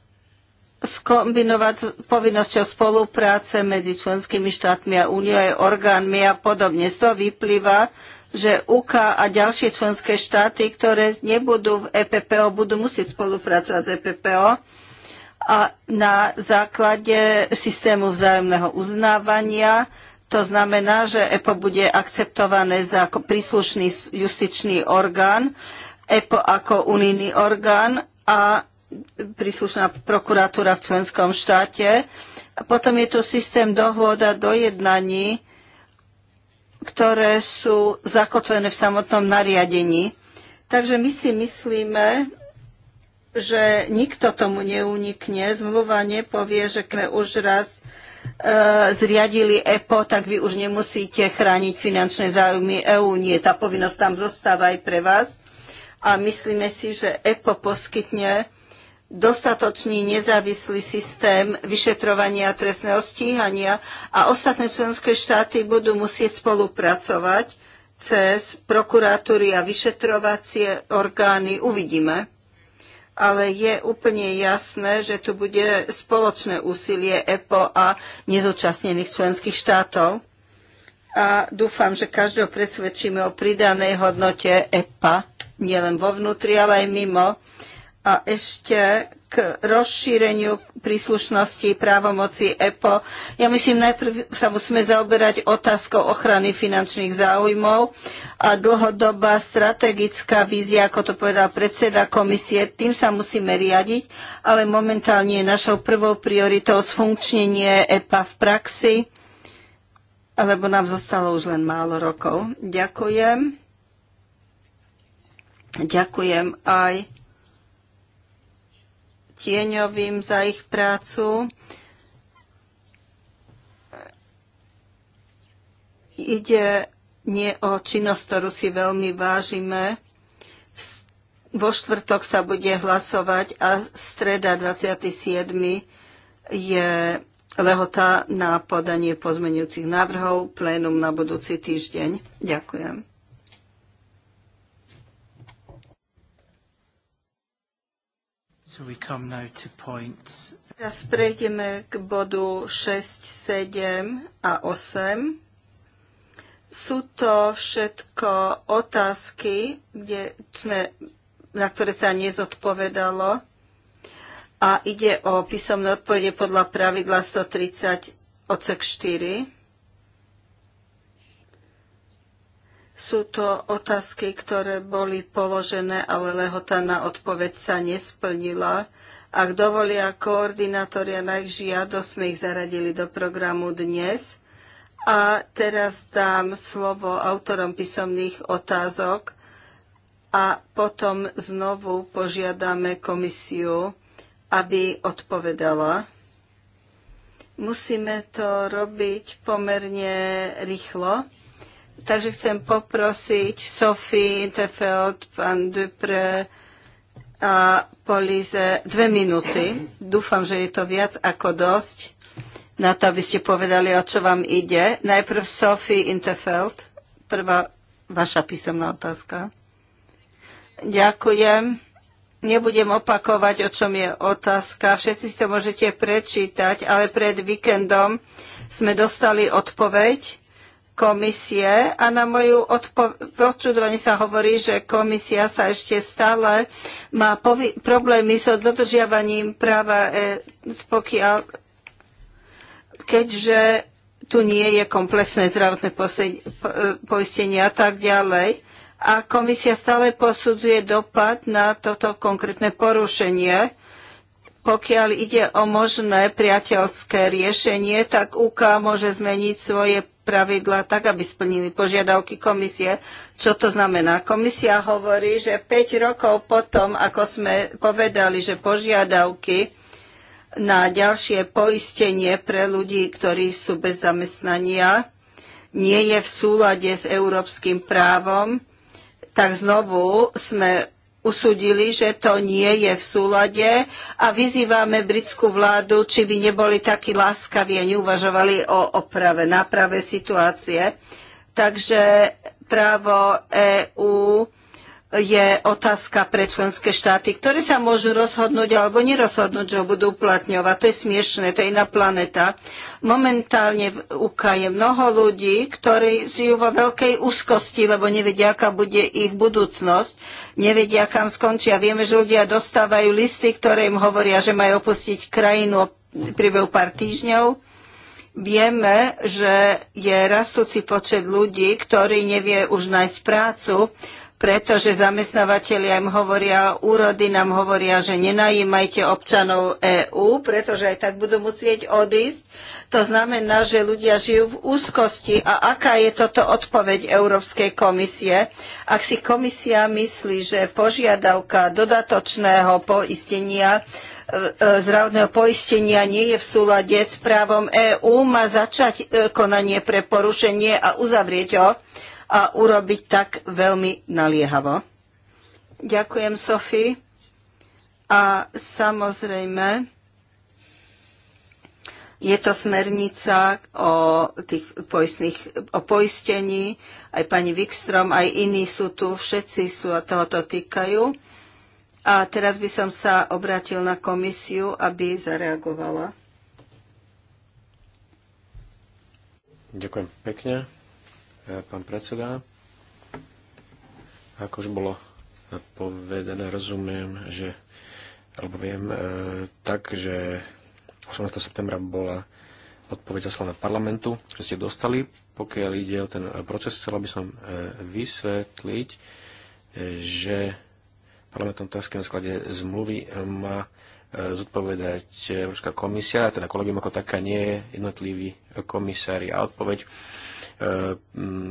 skombinovať s povinnosťou spolupráce medzi členskými štátmi a úniou aj orgánmi a podobne. Z toho vyplýva, že UK a ďalšie členské štáty, ktoré nebudú v EPPO, budú musieť spolupracovať s EPPO a na základe systému vzájomného uznávania. To znamená, že EPO bude akceptované za príslušný justičný orgán, EPO ako unijný orgán a príslušná prokuratúra v členskom štáte. A potom je tu systém dohôd a dojednaní, ktoré sú zakotvené v samotnom nariadení. Takže my si myslíme, že nikto tomu neunikne. Zmluva nepovie, že keď už raz e, zriadili EPO, tak vy už nemusíte chrániť finančné záujmy EÚ. Nie, tá povinnosť tam zostáva aj pre vás. A myslíme si, že EPO poskytne dostatočný nezávislý systém vyšetrovania trestného stíhania a ostatné členské štáty budú musieť spolupracovať cez prokuratúry a vyšetrovacie orgány. Uvidíme ale je úplne jasné, že tu bude spoločné úsilie EPO a nezúčastnených členských štátov. A dúfam, že každého presvedčíme o pridanej hodnote EPA, nielen vo vnútri, ale aj mimo. A ešte k rozšíreniu príslušnosti právomoci EPO. Ja myslím, najprv sa musíme zaoberať otázkou ochrany finančných záujmov a dlhodobá strategická vízia, ako to povedal predseda komisie, tým sa musíme riadiť, ale momentálne je našou prvou prioritou zfunkčnenie EPA v praxi, lebo nám zostalo už len málo rokov. Ďakujem. Ďakujem aj tieňovým za ich prácu. Ide nie o činnosť, ktorú si veľmi vážime. Vo štvrtok sa bude hlasovať a streda 27. je lehota na podanie pozmenujúcich návrhov plénum na budúci týždeň. Ďakujem. Teraz prejdeme k bodu 6, 7 a 8. Sú to všetko otázky, kde sme, na ktoré sa nezodpovedalo a ide o písomné odpovede podľa pravidla 130 odsek 4. Sú to otázky, ktoré boli položené, ale lehota na odpoveď sa nesplnila. Ak dovolia koordinátoria na ich žiadosť, sme ich zaradili do programu dnes. A teraz dám slovo autorom písomných otázok a potom znovu požiadame komisiu, aby odpovedala. Musíme to robiť pomerne rýchlo Takže chcem poprosiť Sofie Tefeld, pán Dupre a Polize dve minúty. Dúfam, že je to viac ako dosť na to, aby ste povedali, o čo vám ide. Najprv Sophie Interfeld, prvá vaša písomná otázka. Ďakujem. Nebudem opakovať, o čom je otázka. Všetci si to môžete prečítať, ale pred víkendom sme dostali odpoveď komisie a na moju odčudovanie sa hovorí, že komisia sa ešte stále má problémy so dodržiavaním práva, e, pokiaľ, keďže tu nie je komplexné zdravotné e, poistenie a tak ďalej. A komisia stále posudzuje dopad na toto konkrétne porušenie. Pokiaľ ide o možné priateľské riešenie, tak UK môže zmeniť svoje pravidla tak, aby splnili požiadavky komisie. Čo to znamená? Komisia hovorí, že 5 rokov potom, ako sme povedali, že požiadavky na ďalšie poistenie pre ľudí, ktorí sú bez zamestnania, nie je v súlade s európskym právom, tak znovu sme usudili, že to nie je v súlade a vyzývame britskú vládu, či by neboli takí láskaví a neuvažovali o oprave, náprave situácie. Takže právo EÚ je otázka pre členské štáty, ktoré sa môžu rozhodnúť alebo nerozhodnúť, že ho budú uplatňovať. To je smiešné, to je iná planeta. Momentálne v UK je mnoho ľudí, ktorí žijú vo veľkej úzkosti, lebo nevedia, aká bude ich budúcnosť, nevedia, kam skončia. Vieme, že ľudia dostávajú listy, ktoré im hovoria, že majú opustiť krajinu priebehu pár týždňov. Vieme, že je rastúci počet ľudí, ktorí nevie už nájsť prácu, pretože zamestnávateľi im hovoria, úrody nám hovoria, že nenajímajte občanov EÚ, pretože aj tak budú musieť odísť. To znamená, že ľudia žijú v úzkosti. A aká je toto odpoveď Európskej komisie? Ak si komisia myslí, že požiadavka dodatočného poistenia e, e, zdravotného poistenia nie je v súlade s právom EÚ, má začať e, konanie pre porušenie a uzavrieť ho a urobiť tak veľmi naliehavo. Ďakujem, Sofi. A samozrejme, je to smernica o, tých poistných, o poistení, aj pani Wikstrom, aj iní sú tu, všetci sú a tohoto týkajú. A teraz by som sa obrátil na komisiu, aby zareagovala. Ďakujem pekne. E, pán predseda. Ako už bolo povedané, rozumiem, že, alebo viem e, tak, že 18. septembra bola odpoveď zaslaná parlamentu, že ste dostali. Pokiaľ ide o ten proces, chcel by som e, vysvetliť, e, že parlamentom otázky na sklade zmluvy má e, zodpovedať Európska komisia, teda kolegium ako taká nie, jednotliví komisári a odpoveď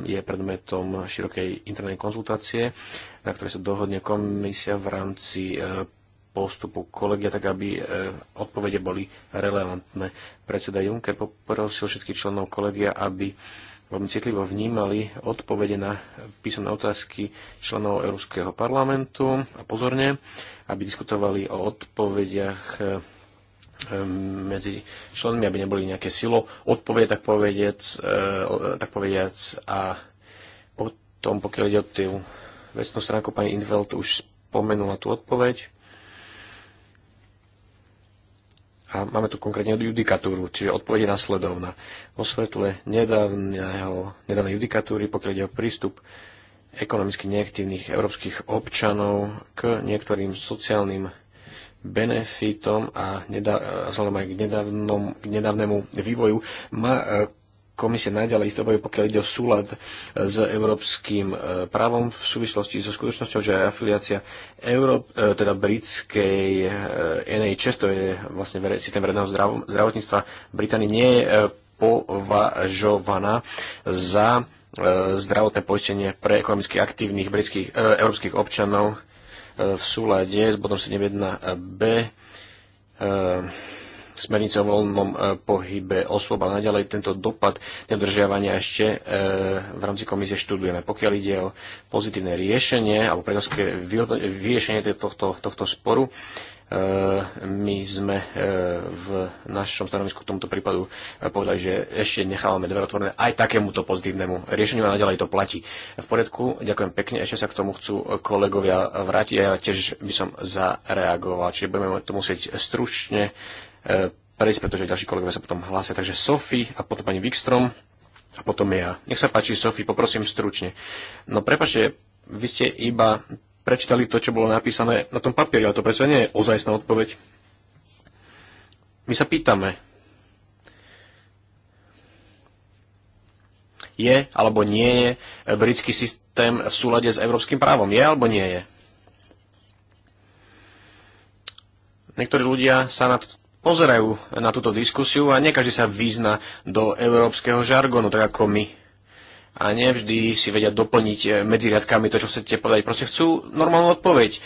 je predmetom širokej internej konzultácie, na ktorej sa dohodne komisia v rámci e, postupu kolegia, tak aby e, odpovede boli relevantné. Predseda Juncker poprosil všetkých členov kolegia, aby veľmi citlivo vnímali odpovede na písomné otázky členov Európskeho parlamentu a pozorne, aby diskutovali o odpovediach e, medzi členmi, aby neboli nejaké silo, odpovie tak povediac, e, tak povediac a potom, pokiaľ ide o tú vecnú stránku, pani Inveld už spomenula tú odpoveď. A máme tu konkrétne judikatúru, čiže odpoveď je nasledovná. Vo svetle nedávneho, nedávnej judikatúry, pokiaľ ide o prístup ekonomicky neaktívnych európskych občanov k niektorým sociálnym benefitom a vzhľadom aj k, nedávnom, k nedávnemu vývoju má e, komisia naďalej obavy, pokiaľ ide o súlad e, s európskym e, právom v súvislosti so skutočnosťou, že afiliácia Euró- teda britskej NHS, to je vlastne systém verejného zdravotníctva Británie, nie je považovaná za zdravotné poistenie pre ekonomicky aktívnych britských, európskych občanov v súlade s bodom 7.1b e, smernice o voľnom e, pohybe osôb, ale naďalej tento dopad nedržiavania ešte e, v rámci komisie študujeme. Pokiaľ ide o pozitívne riešenie alebo predovské vyriešenie tohto, tohto sporu, my sme e, v našom stanovisku k tomuto prípadu e, povedali, že ešte nechávame dvere otvorené aj takémuto pozitívnemu riešeniu a naďalej to platí. V poriadku, ďakujem pekne, ešte sa k tomu chcú kolegovia vrátiť a ja tiež by som zareagoval, čiže budeme to musieť stručne e, prejsť, pretože ďalší kolegovia sa potom hlásia. Takže Sophie a potom pani Wikstrom a potom ja. Nech sa páči, Sophie, poprosím stručne. No prepačte, vy ste iba prečítali to, čo bolo napísané na tom papieri, ale to predsa nie je ozajstná odpoveď. My sa pýtame, je alebo nie je britský systém v súlade s európskym právom? Je alebo nie je? Niektorí ľudia sa na to pozerajú na túto diskusiu a nekaždý sa význa do európskeho žargonu, tak ako my a nevždy si vedia doplniť e, medzi riadkami to, čo chcete povedať. Proste chcú normálnu odpoveď.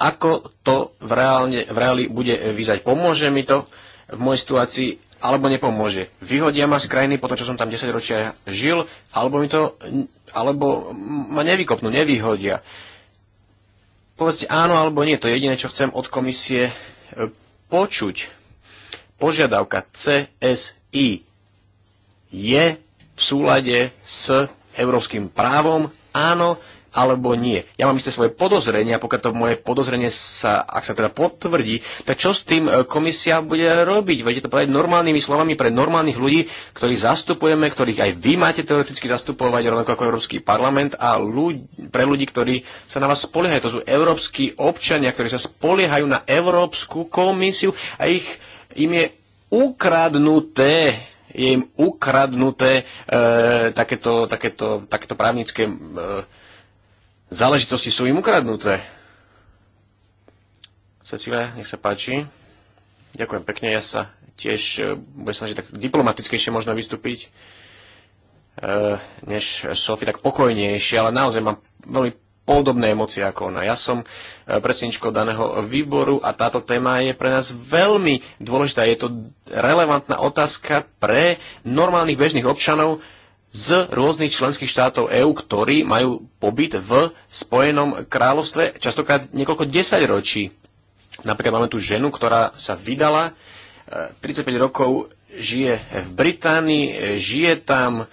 Ako to v, reálne, v reáli bude vyzať? Pomôže mi to v mojej situácii alebo nepomôže? Vyhodia ma z krajiny po tom, čo som tam 10 ročia žil, alebo, mi to, alebo ma nevykopnú, nevyhodia. Povedzte áno alebo nie, to je jediné, čo chcem od komisie e, počuť. Požiadavka CSI je v súlade s európskym právom, áno alebo nie. Ja mám isté svoje a pokiaľ to moje podozrenie sa, ak sa teda potvrdí, tak čo s tým e, komisia bude robiť? Viete to povedať normálnymi slovami pre normálnych ľudí, ktorých zastupujeme, ktorých aj vy máte teoreticky zastupovať, rovnako ako Európsky parlament a ľudí, pre ľudí, ktorí sa na vás spoliehajú. To sú európsky občania, ktorí sa spoliehajú na Európsku komisiu a ich im je ukradnuté je im ukradnuté e, takéto, takéto, takéto právnické e, záležitosti sú im ukradnuté. Cecília, nech sa páči. Ďakujem pekne, ja sa tiež e, budem snažiť tak diplomatickejšie možno vystúpiť e, než Sofie tak pokojnejšie, ale naozaj mám veľmi podobné emócie ako ona. Ja som e, predsedničkou daného výboru a táto téma je pre nás veľmi dôležitá. Je to relevantná otázka pre normálnych bežných občanov z rôznych členských štátov EÚ, ktorí majú pobyt v Spojenom kráľovstve častokrát niekoľko desaťročí. Napríklad máme tu ženu, ktorá sa vydala, 35 e, rokov žije v Británii, e, žije tam,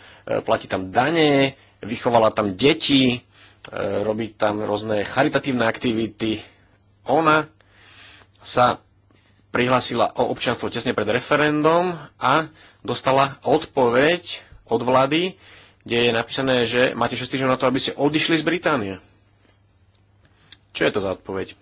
platí tam dane, vychovala tam deti, E, robí tam rôzne charitatívne aktivity. Ona sa prihlasila o občianstvo tesne pred referendum a dostala odpoveď od vlády, kde je napísané, že máte 6 týždňov na to, aby ste odišli z Británie. Čo je to za odpoveď?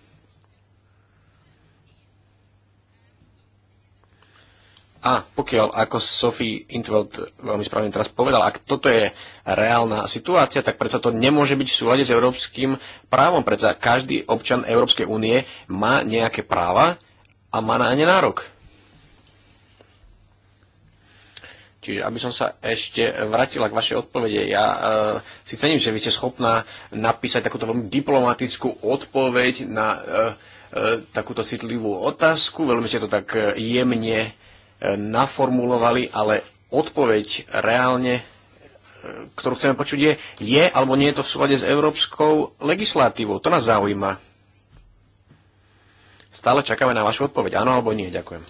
A pokiaľ, ako Sophie Intveld veľmi správne teraz povedal, ak toto je reálna situácia, tak predsa to nemôže byť v súlade s európskym právom. Predsa každý občan Európskej únie má nejaké práva a má na ne nárok. Čiže aby som sa ešte vrátila k vašej odpovede, ja e, si cením, že vy ste schopná napísať takúto veľmi diplomatickú odpoveď na e, e, takúto citlivú otázku. Veľmi ste to tak jemne naformulovali, ale odpoveď reálne e, ktorú chceme počuť, je, je alebo nie je to v súlade s európskou legislatívou. To nás zaujíma. Stále čakáme na vašu odpoveď. Áno alebo nie? Ďakujem.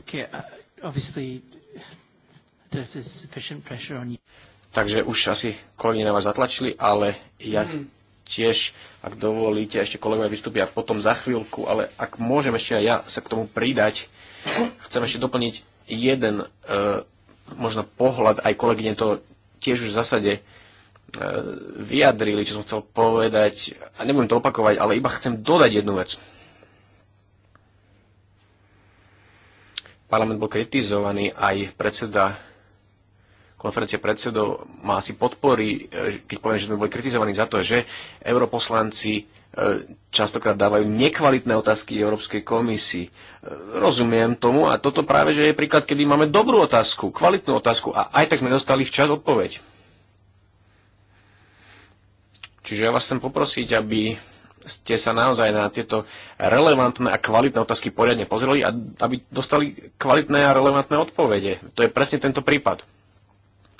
Uh, Takže už asi kolegy na vás zatlačili, ale ja tiež, ak dovolíte, ešte kolegovia vystúpia potom za chvíľku, ale ak môžem ešte aj ja sa k tomu pridať, Chcem ešte doplniť jeden e, možno pohľad, aj kolegyne to tiež už v zásade e, vyjadrili, čo som chcel povedať, a nebudem to opakovať, ale iba chcem dodať jednu vec. Parlament bol kritizovaný, aj predseda konferencie predsedov má asi podpory, e, keď poviem, že sme boli kritizovaní za to, že europoslanci častokrát dávajú nekvalitné otázky Európskej komisii. Rozumiem tomu a toto práve, že je príklad, kedy máme dobrú otázku, kvalitnú otázku a aj tak sme dostali včas odpoveď. Čiže ja vás chcem poprosiť, aby ste sa naozaj na tieto relevantné a kvalitné otázky poriadne pozreli a aby dostali kvalitné a relevantné odpovede. To je presne tento prípad.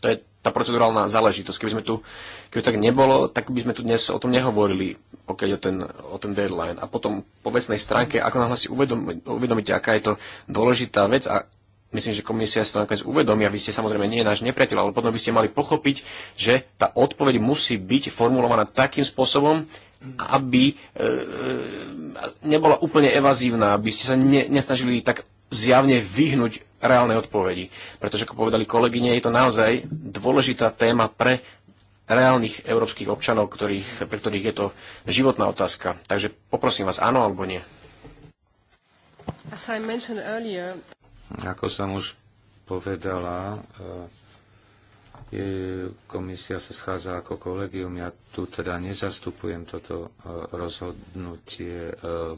To je tá procedurálna záležitosť. Keby, sme tu, keby tak nebolo, tak by sme tu dnes o tom nehovorili, pokiaľ o ten, o ten deadline. A potom po vecnej stránke, ako nám si uvedomi, uvedomíte, aká je to dôležitá vec a myslím, že komisia si to nakoniec uvedomí a vy ste samozrejme nie náš nepriateľ, ale potom by ste mali pochopiť, že tá odpoveď musí byť formulovaná takým spôsobom, aby e, e nebola úplne evazívna, aby ste sa ne, nesnažili tak zjavne vyhnúť reálnej odpovedi. Pretože, ako povedali kolegyne, je to naozaj dôležitá téma pre reálnych európskych občanov, ktorých, pre ktorých je to životná otázka. Takže poprosím vás, áno alebo nie. Earlier... Ako som už povedala, eh, E, komisia sa schádza ako kolegium. Ja tu teda nezastupujem toto e, rozhodnutie e,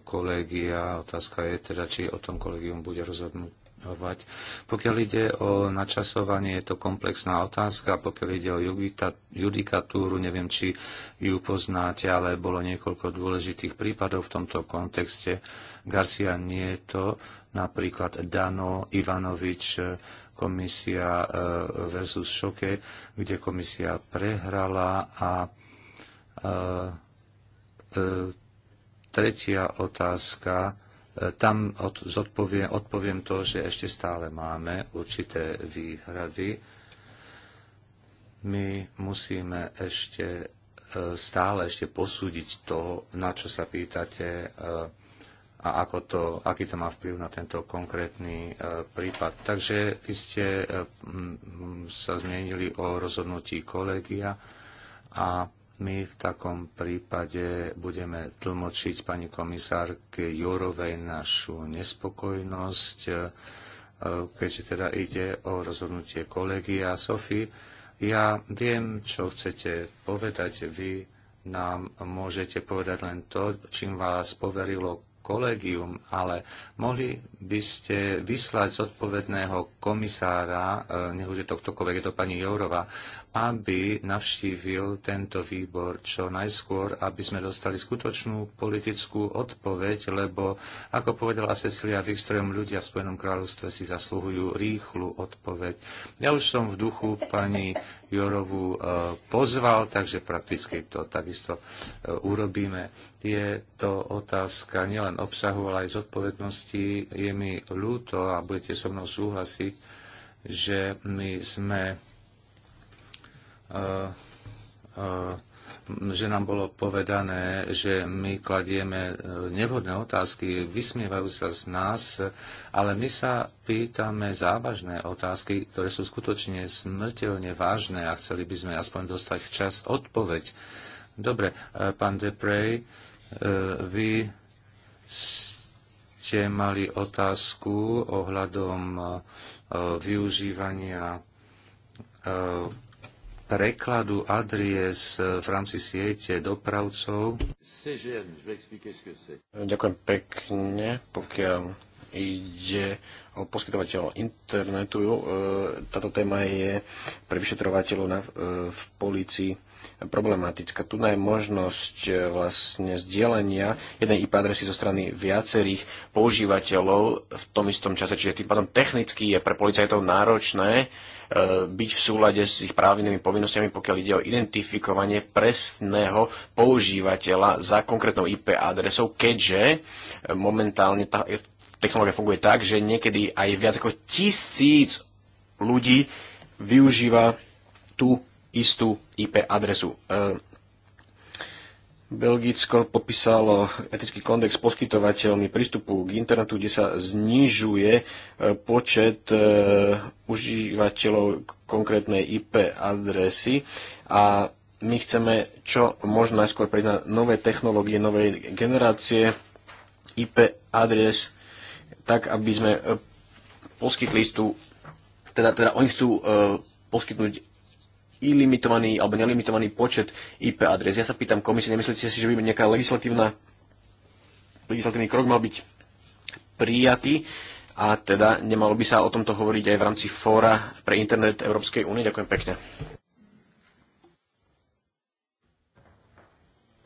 kolegia. Otázka je teda, či o tom kolegium bude rozhodnúť. Pokiaľ ide o načasovanie, je to komplexná otázka. Pokiaľ ide o judikatúru, neviem, či ju poznáte, ale bolo niekoľko dôležitých prípadov v tomto kontexte. Garcia nie je to, napríklad Dano Ivanovič, komisia e, versus Šoke, kde komisia prehrala a e, e, tretia otázka, tam odpoviem, odpoviem to, že ešte stále máme určité výhrady. My musíme ešte stále ešte posúdiť to, na čo sa pýtate, a ako to, aký to má vplyv na tento konkrétny e, prípad. Takže vy ste e, sa zmienili o rozhodnutí kolegia a my v takom prípade budeme tlmočiť pani komisárke Jurovej našu nespokojnosť, e, keďže teda ide o rozhodnutie kolegia. Sofie, ja viem, čo chcete povedať. Vy nám môžete povedať len to, čím vás poverilo kolegium, ale mohli by ste vyslať zodpovedného komisára, eh, nech už je to ktokoľvek, je to pani Jourova, aby navštívil tento výbor čo najskôr, aby sme dostali skutočnú politickú odpoveď, lebo, ako povedala Cecilia Wikström, ľudia v Spojenom kráľovstve si zasluhujú rýchlu odpoveď. Ja už som v duchu pani Jorovu e, pozval, takže prakticky to takisto e, urobíme. Je to otázka nielen obsahu, ale aj zodpovednosti. Je mi ľúto a budete so mnou súhlasiť, že my sme E, e, že nám bolo povedané, že my kladieme e, nevhodné otázky, vysmievajú sa z nás, ale my sa pýtame závažné otázky, ktoré sú skutočne smrteľne vážne a chceli by sme aspoň dostať včas odpoveď. Dobre, pán Deprej, vy ste mali otázku ohľadom využívania prekladu adries eh, v rámci siete dopravcov. Ďakujem pekne, pokiaľ ide o poskytovateľov internetu. Eh, táto téma je pre vyšetrovateľov na, eh, v polícii problematická. Tu je možnosť vlastne zdieľania jednej IP adresy zo strany viacerých používateľov v tom istom čase, čiže tým pádom technicky je pre policajtov náročné E, byť v súlade s ich právnymi povinnosťami, pokiaľ ide o identifikovanie presného používateľa za konkrétnou IP adresou, keďže e, momentálne tá technológia funguje tak, že niekedy aj viac ako tisíc ľudí využíva tú istú IP adresu. E, Belgicko popísalo etický kondex poskytovateľmi prístupu k internetu, kde sa znižuje e, počet e, užívateľov konkrétnej IP adresy a my chceme čo možno najskôr prejsť na nové technológie, nové generácie IP adres, tak aby sme e, poskytli tú, teda, teda oni chcú poskytnúť ilimitovaný alebo nelimitovaný počet IP adres. Ja sa pýtam komisie, nemyslíte si, že by nejaká legislatívna, legislatívny krok mal byť prijatý a teda nemalo by sa o tomto hovoriť aj v rámci fóra pre internet Európskej únie. Ďakujem pekne.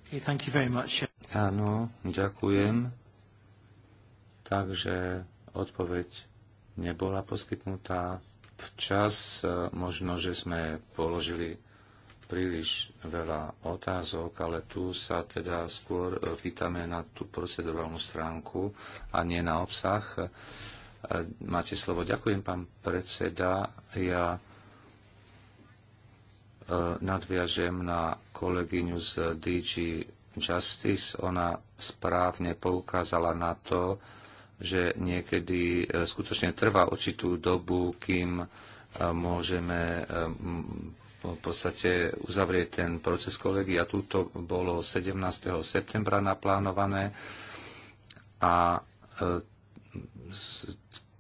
Okay, thank you very much. Áno, ďakujem. Takže odpoveď nebola poskytnutá včas. E, možno, že sme položili príliš veľa otázok, ale tu sa teda skôr e, pýtame na tú procedurálnu stránku a nie na obsah. E, máte slovo. Ďakujem, pán predseda. Ja nadviažem na kolegyňu z DG Justice. Ona správne poukázala na to, že niekedy e, skutočne trvá určitú dobu, kým e, môžeme e, v podstate uzavrieť ten proces kolegy a túto bolo 17. septembra naplánované a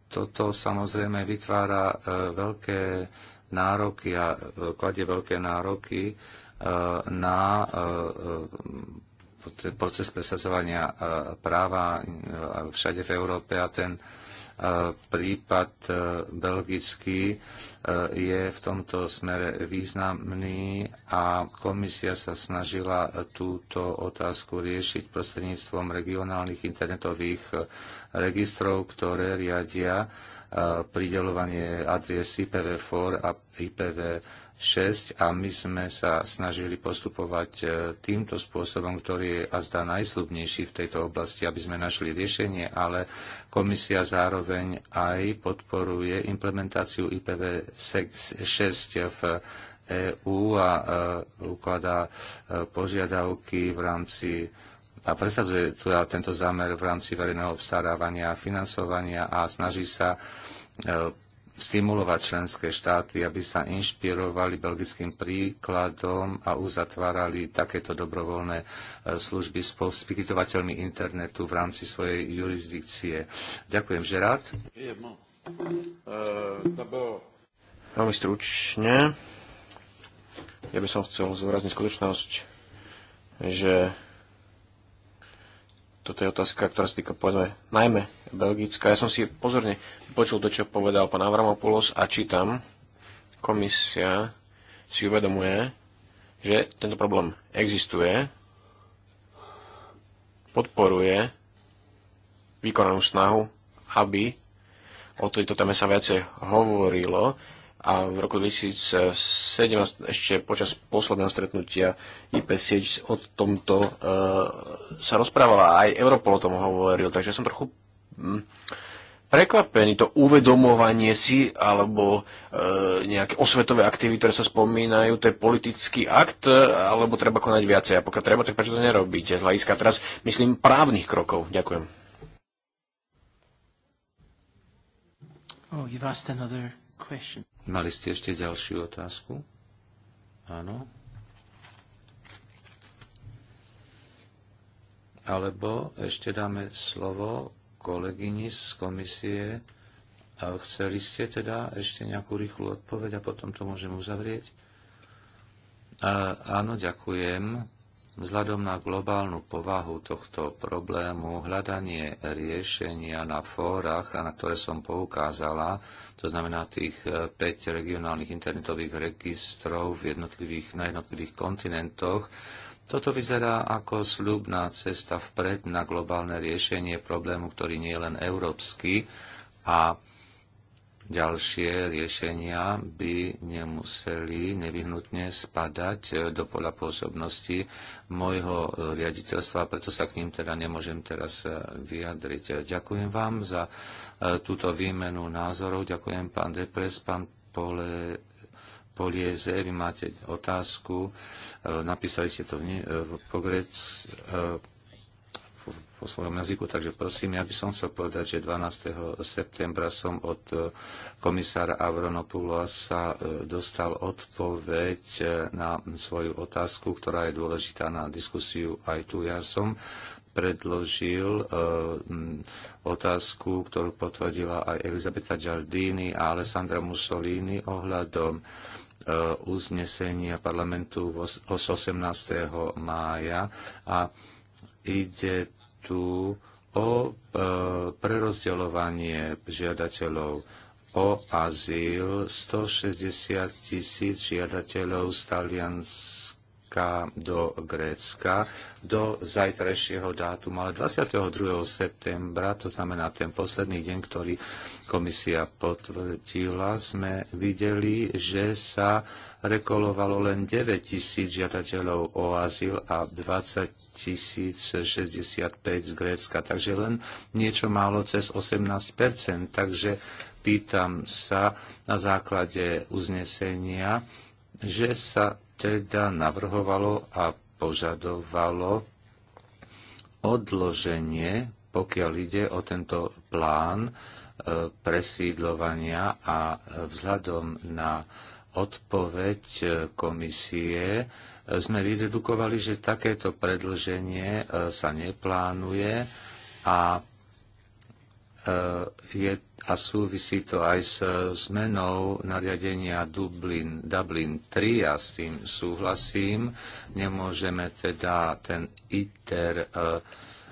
toto samozrejme vytvára veľké nároky a kladie veľké nároky na proces presadzovania e, práva e, všade v Európe a ten e, prípad belgický je v tomto smere významný a komisia sa snažila túto otázku riešiť prostredníctvom regionálnych internetových registrov, ktoré riadia pridelovanie adries IPv4 a IPv6 a my sme sa snažili postupovať e, týmto spôsobom, ktorý je a zdá najslubnejší v tejto oblasti, aby sme našli riešenie, ale komisia zároveň aj podporuje implementáciu IPv6 v EÚ e a e, ukladá požiadavky v rámci a presadzuje teda tento zámer v rámci verejného obstarávania a financovania a snaží sa e, stimulovať členské štáty, aby sa inšpirovali belgickým príkladom a uzatvárali takéto dobrovoľné e, služby s poskytovateľmi internetu v rámci svojej jurisdikcie. Ďakujem, Žerát. E, veľmi stručne. Ja by som chcel zúrazniť skutočnosť, že toto je otázka, ktorá sa týka, povedzme, najmä Belgická. Ja som si pozorne počul to, čo povedal pán Avramopoulos a čítam. Komisia si uvedomuje, že tento problém existuje, podporuje vykonanú snahu, aby o tejto téme sa viacej hovorilo a v roku 2017 ešte počas posledného stretnutia IP sieť o tomto e, sa rozprávala, aj Europol o tom hovoril, takže som trochu hm, prekvapený, to uvedomovanie si alebo e, nejaké osvetové aktivity, ktoré sa spomínajú, to je politický akt, e, alebo treba konať viacej. A pokiaľ treba, tak prečo to nerobíte? Z hľadiska teraz, myslím, právnych krokov. Ďakujem. Oh, you've asked another question. Mali ste ešte ďalšiu otázku? Áno. Alebo ešte dáme slovo kolegyni z komisie. chceli ste teda ešte nejakú rýchlu odpoveď a potom to môžem uzavrieť? áno, ďakujem. Vzhľadom na globálnu povahu tohto problému, hľadanie riešenia na fórach, na ktoré som poukázala, to znamená tých 5 e, regionálnych internetových registrov v jednotlivých, na jednotlivých kontinentoch, toto vyzerá ako sľubná cesta vpred na globálne riešenie problému, ktorý nie je len európsky a Ďalšie riešenia by nemuseli nevyhnutne spadať e, do pola pôsobnosti môjho e, riaditeľstva, preto sa k ním teda nemôžem teraz e, vyjadriť. Ďakujem vám za túto výmenu názorov. Ďakujem pán Depres, pán Pole, Polieze, vy máte otázku, napísali ste to v, v, v, v, v po svojom jazyku, takže prosím, ja by som chcel povedať, že 12. septembra som od e, komisára Avronopula sa e, dostal odpoveď e, na svoju otázku, ktorá je dôležitá na diskusiu aj tu. Ja som predložil otázku, ktorú potvrdila aj Elizabeta Giardini a Alessandra Mussolini ohľadom uznesenia parlamentu z 18. mája a ide tu o e, prerozdeľovanie žiadateľov o azyl. 160 tisíc žiadateľov z Talianska do Grécka do zajtrajšieho dátuma, ale 22. septembra, to znamená ten posledný deň, ktorý komisia potvrdila, sme videli, že sa rekolovalo len 9 tisíc žiadateľov o azyl a 20 tisíc 65 z Grécka, takže len niečo málo cez 18 Takže pýtam sa na základe uznesenia, že sa teda navrhovalo a požadovalo odloženie, pokiaľ ide o tento plán e, presídlovania a vzhľadom na odpoveď e, komisie sme vydedukovali, že takéto predlženie e, sa neplánuje a, e, je, a súvisí to aj s zmenou nariadenia Dublin, Dublin 3 a ja s tým súhlasím. Nemôžeme teda ten ITER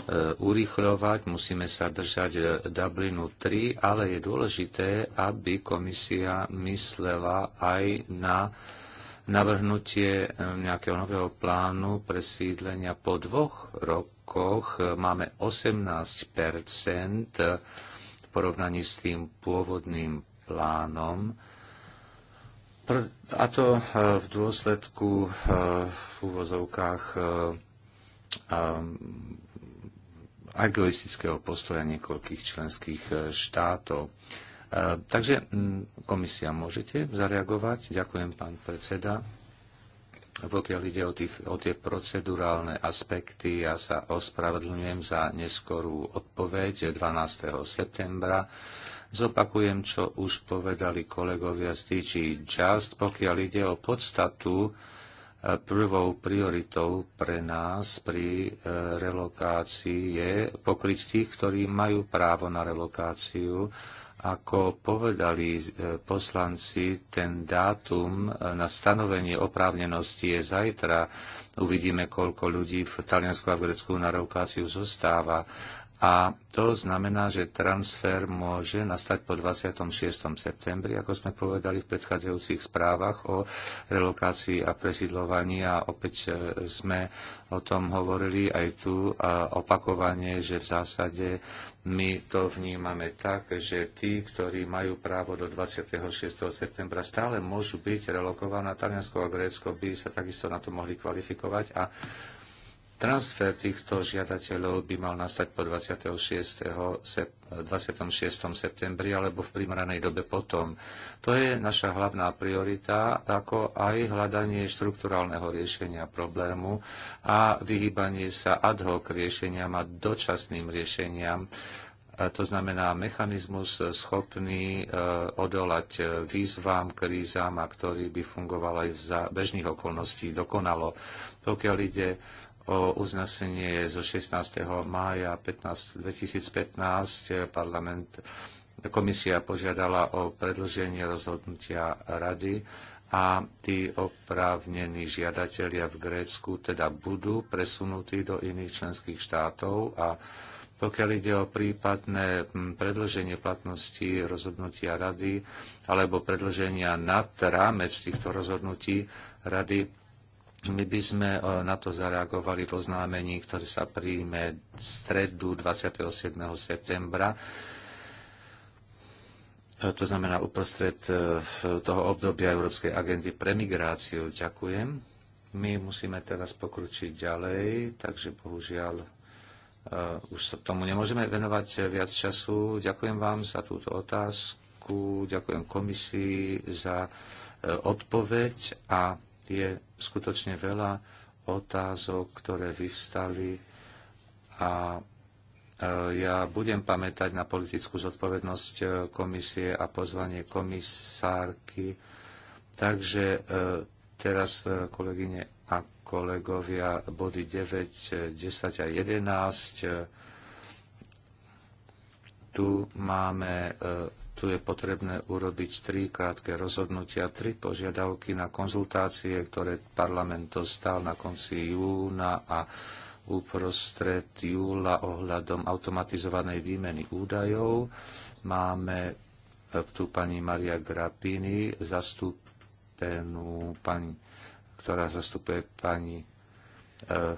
E, urýchľovať, musíme sa držať e, Dublinu 3, ale je dôležité, aby komisia myslela aj na navrhnutie e, nejakého nového plánu presídlenia po dvoch rokoch. Máme 18 v porovnaní s tým pôvodným plánom. A to v dôsledku v úvozovkách egoistického postoja niekoľkých členských e, štátov. E, takže komisia, môžete zareagovať? Ďakujem, pán predseda. Pokiaľ ide o, tých, o tie procedurálne aspekty, ja sa ospravedlňujem za neskorú odpoveď 12. septembra. Zopakujem, čo už povedali kolegovia z DG Just. Pokiaľ ide o podstatu, prvou prioritou pre nás pri e, relokácii je pokryť tých, ktorí majú právo na relokáciu. Ako povedali e, poslanci, ten dátum e, na stanovenie oprávnenosti je zajtra. Uvidíme, koľko ľudí v Taliansku a v Grecku na relokáciu zostáva. A to znamená, že transfer môže nastať po 26. septembri, ako sme povedali v predchádzajúcich správach o relokácii a presídlovaní. A opäť e, sme o tom hovorili aj tu a opakovane, že v zásade my to vnímame tak, že tí, ktorí majú právo do 26. septembra, stále môžu byť relokovaní. Taliansko a Grécko by sa takisto na to mohli kvalifikovať. A Transfer týchto žiadateľov by mal nastať po 26. 26. septembri alebo v primeranej dobe potom. To je naša hlavná priorita, ako aj hľadanie štruktúrálneho riešenia problému a vyhýbanie sa ad hoc riešeniam a dočasným riešeniam. To znamená mechanizmus schopný e, odolať e, výzvám, krízam a ktorý by fungoval aj v bežných okolností dokonalo. Pokiaľ ide o uznesenie zo 16. mája 15, 2015 parlament komisia požiadala o predlženie rozhodnutia rady a tí oprávnení žiadatelia v Grécku teda budú presunutí do iných členských štátov a pokiaľ ide o prípadné predlženie platnosti rozhodnutia rady alebo predlženia nad rámec týchto rozhodnutí rady, my by sme e, na to zareagovali v oznámení, ktoré sa príjme v stredu 27. septembra. E, to znamená uprostred e, toho obdobia Európskej agendy pre migráciu. Ďakujem. My musíme teraz pokročiť ďalej, takže bohužiaľ už sa tomu nemôžeme venovať viac času. Ďakujem vám za túto otázku, ďakujem komisii za odpoveď a je skutočne veľa otázok, ktoré vyvstali a e, ja budem pamätať na politickú zodpovednosť e, komisie a pozvanie komisárky. Takže e, teraz, kolegyne a kolegovia, body 9, 10 a 11. Tu máme tu je potrebné urobiť tri krátke rozhodnutia, tri požiadavky na konzultácie, ktoré parlament dostal na konci júna a uprostred júla ohľadom automatizovanej výmeny údajov. Máme eh, tu pani Maria Grapini, zastúpenú pani, ktorá zastupuje pani uh,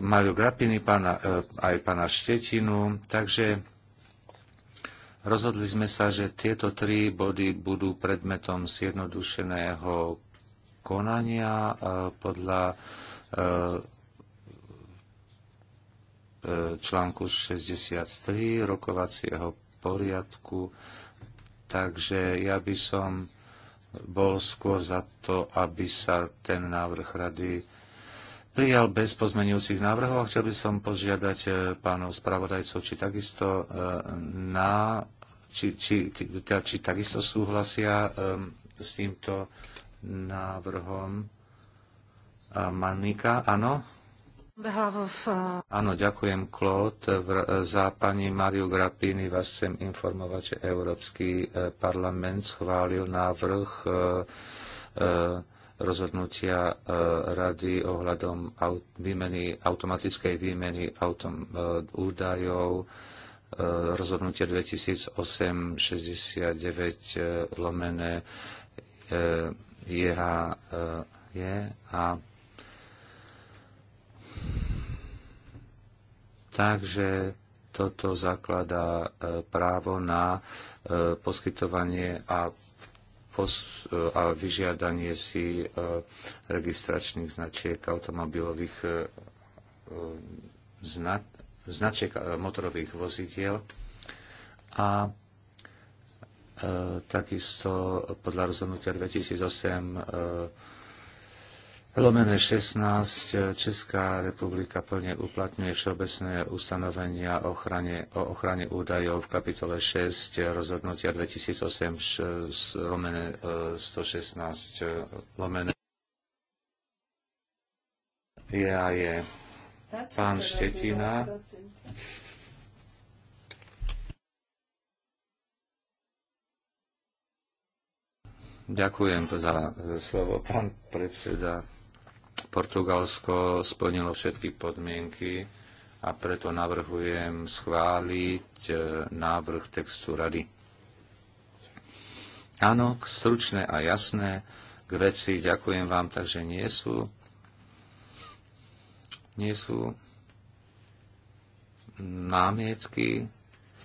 Mario Grapiny, pána, aj pána Štetinu. Takže Rozhodli sme sa, že tieto tri body budú predmetom zjednodušeného konania e, podľa e, e, článku 63 rokovacieho poriadku. Takže ja by som bol skôr za to, aby sa ten návrh rady prijal bez pozmenujúcich návrhov a chcel by som požiadať e, pánov spravodajcov, či takisto e, na či, či, či, teda, či takisto súhlasia um, s týmto návrhom e, Manika. Áno? Áno, ďakujem, Claude. Za pani Mariu Grapini vás chcem informovať, že Európsky parlament schválil návrh uh, uh, rozhodnutia e, rady ohľadom výmeny, automatickej výmeny autom, e, údajov, e, rozhodnutia 2008-69 lomené JHE a takže toto zakladá právo na poskytovanie a E, a vyžiadanie si e, registračných značiek automobilových e, značiek motorových vozidiel a takisto podľa rozhodnutia 2008 Lomené 16. Eh, Česká republika plne uplatňuje všeobecné ustanovenia o ochrane, o ochrane údajov v kapitole 6 eh, rozhodnutia 2008 eh, lomené 116 lomené je a je. Pán Štetina. Ďakujem za slovo, pán predseda. Portugalsko splnilo všetky podmienky a preto navrhujem schváliť e, návrh textu rady. Áno, stručné a jasné, k veci ďakujem vám, takže nie sú, nie sú námietky.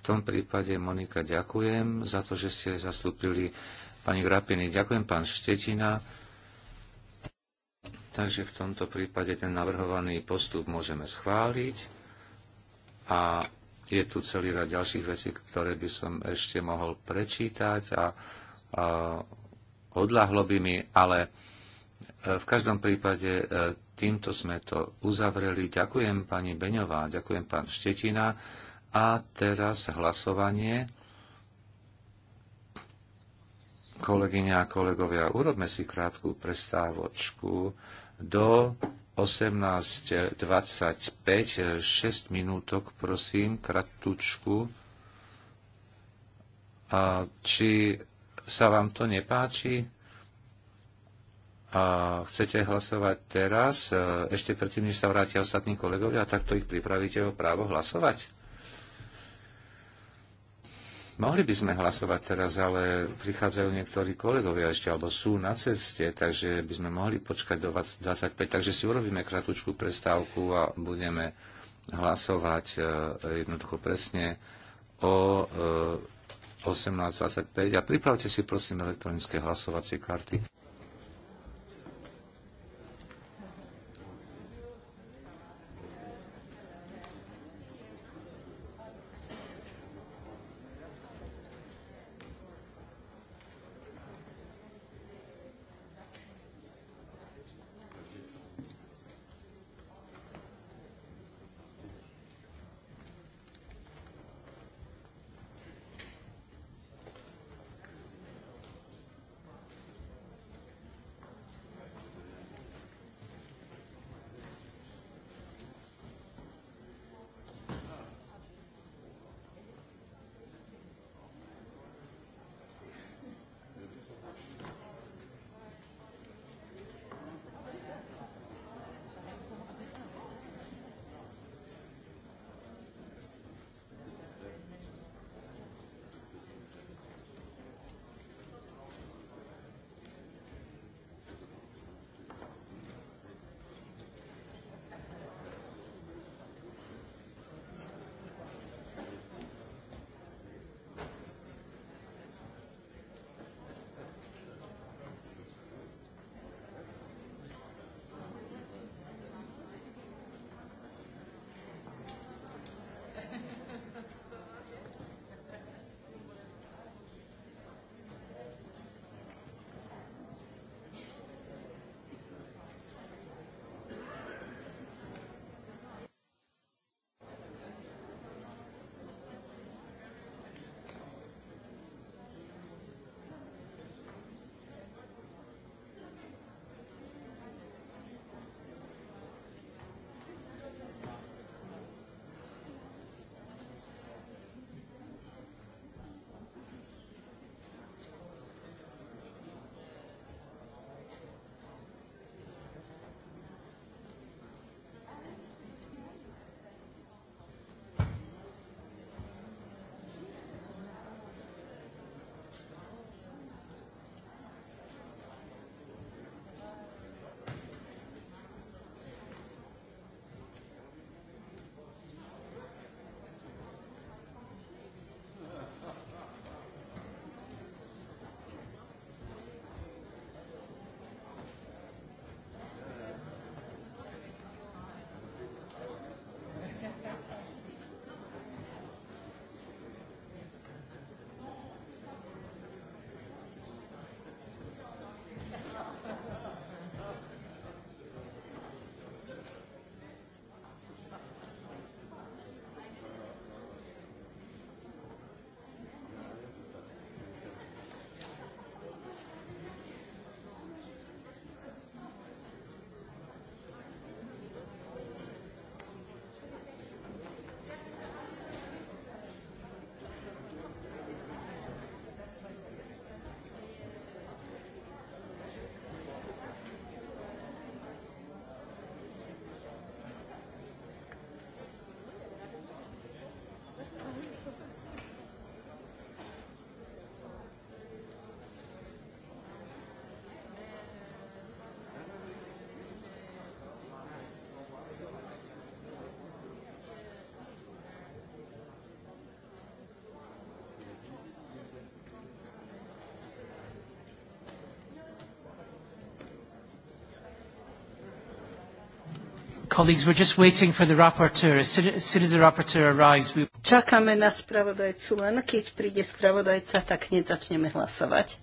V tom prípade, Monika, ďakujem za to, že ste zastúpili pani Grapiny. Ďakujem, pán Štetina. Takže v tomto prípade ten navrhovaný postup môžeme schváliť a je tu celý rad ďalších vecí, ktoré by som ešte mohol prečítať a, a odľahlo by mi, ale e, v každom prípade e, týmto sme to uzavreli. Ďakujem pani Beňová, ďakujem pán Štetina a teraz hlasovanie. Kolegyňa a kolegovia, urobme si krátku prestávočku do 18.25, 6 eh, minútok, prosím, kratučku. A či sa vám to nepáči? A chcete hlasovať teraz, eh, ešte predtým, než sa vrátia ostatní kolegovia, tak to ich pripravíte o právo hlasovať? Mohli by sme hlasovať teraz, ale prichádzajú niektorí kolegovia ešte, alebo sú na ceste, takže by sme mohli počkať do 25. Takže si urobíme kratúčku prestávku a budeme hlasovať e, jednoducho presne o 18.25 e, a pripravte si prosím elektronické hlasovacie karty. Colleagues, we're just waiting for the rapporteur. As soon, as soon as the rapporteur arrives, we... Čakáme na spravodajcu, len keď príde spravodajca, tak hneď začneme hlasovať.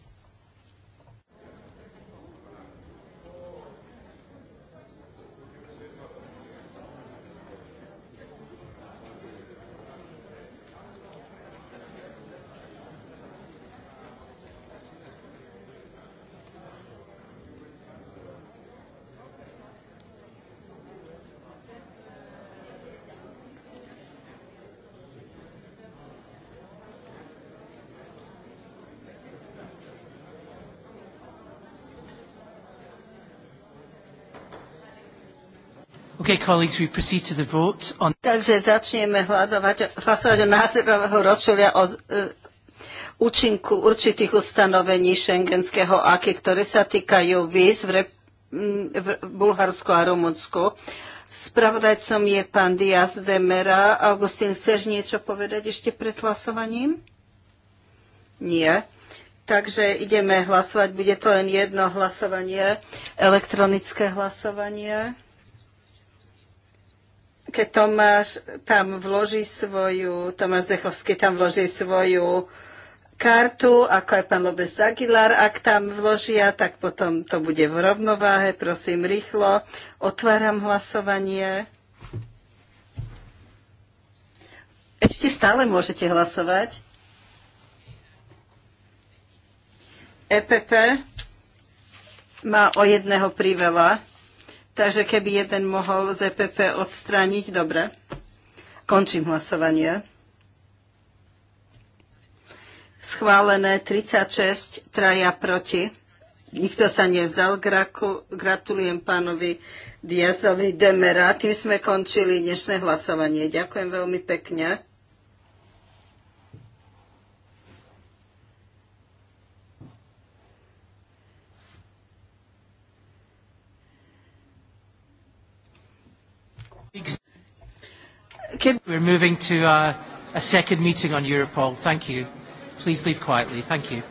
Okay, colleagues, we proceed to the vote on... Takže začneme hľadovať, hlasovať o názorového rozšovia o e, účinku určitých ustanovení šengenského aky, ktoré sa týkajú víz v, v Bulharsku a Rumunsku. Spravodajcom je pán Diaz de Mera. Augustín, chceš niečo povedať ešte pred hlasovaním? Nie. Takže ideme hlasovať. Bude to len jedno hlasovanie, elektronické hlasovanie keď Tomáš tam vloží svoju, Tomáš Zdechovský tam vloží svoju kartu, ako aj pán Lobes Zagilar, ak tam vložia, tak potom to bude v rovnováhe, prosím rýchlo. Otváram hlasovanie. Ešte stále môžete hlasovať. EPP má o jedného priveľa. Takže keby jeden mohol z EPP odstrániť, dobre. Končím hlasovanie. Schválené 36, traja proti. Nikto sa nezdal. Graku, gratulujem pánovi Diazovi Demera. Tým sme končili dnešné hlasovanie. Ďakujem veľmi pekne. Kim. We're moving to uh, a second meeting on Europol. Thank you. Please leave quietly. Thank you.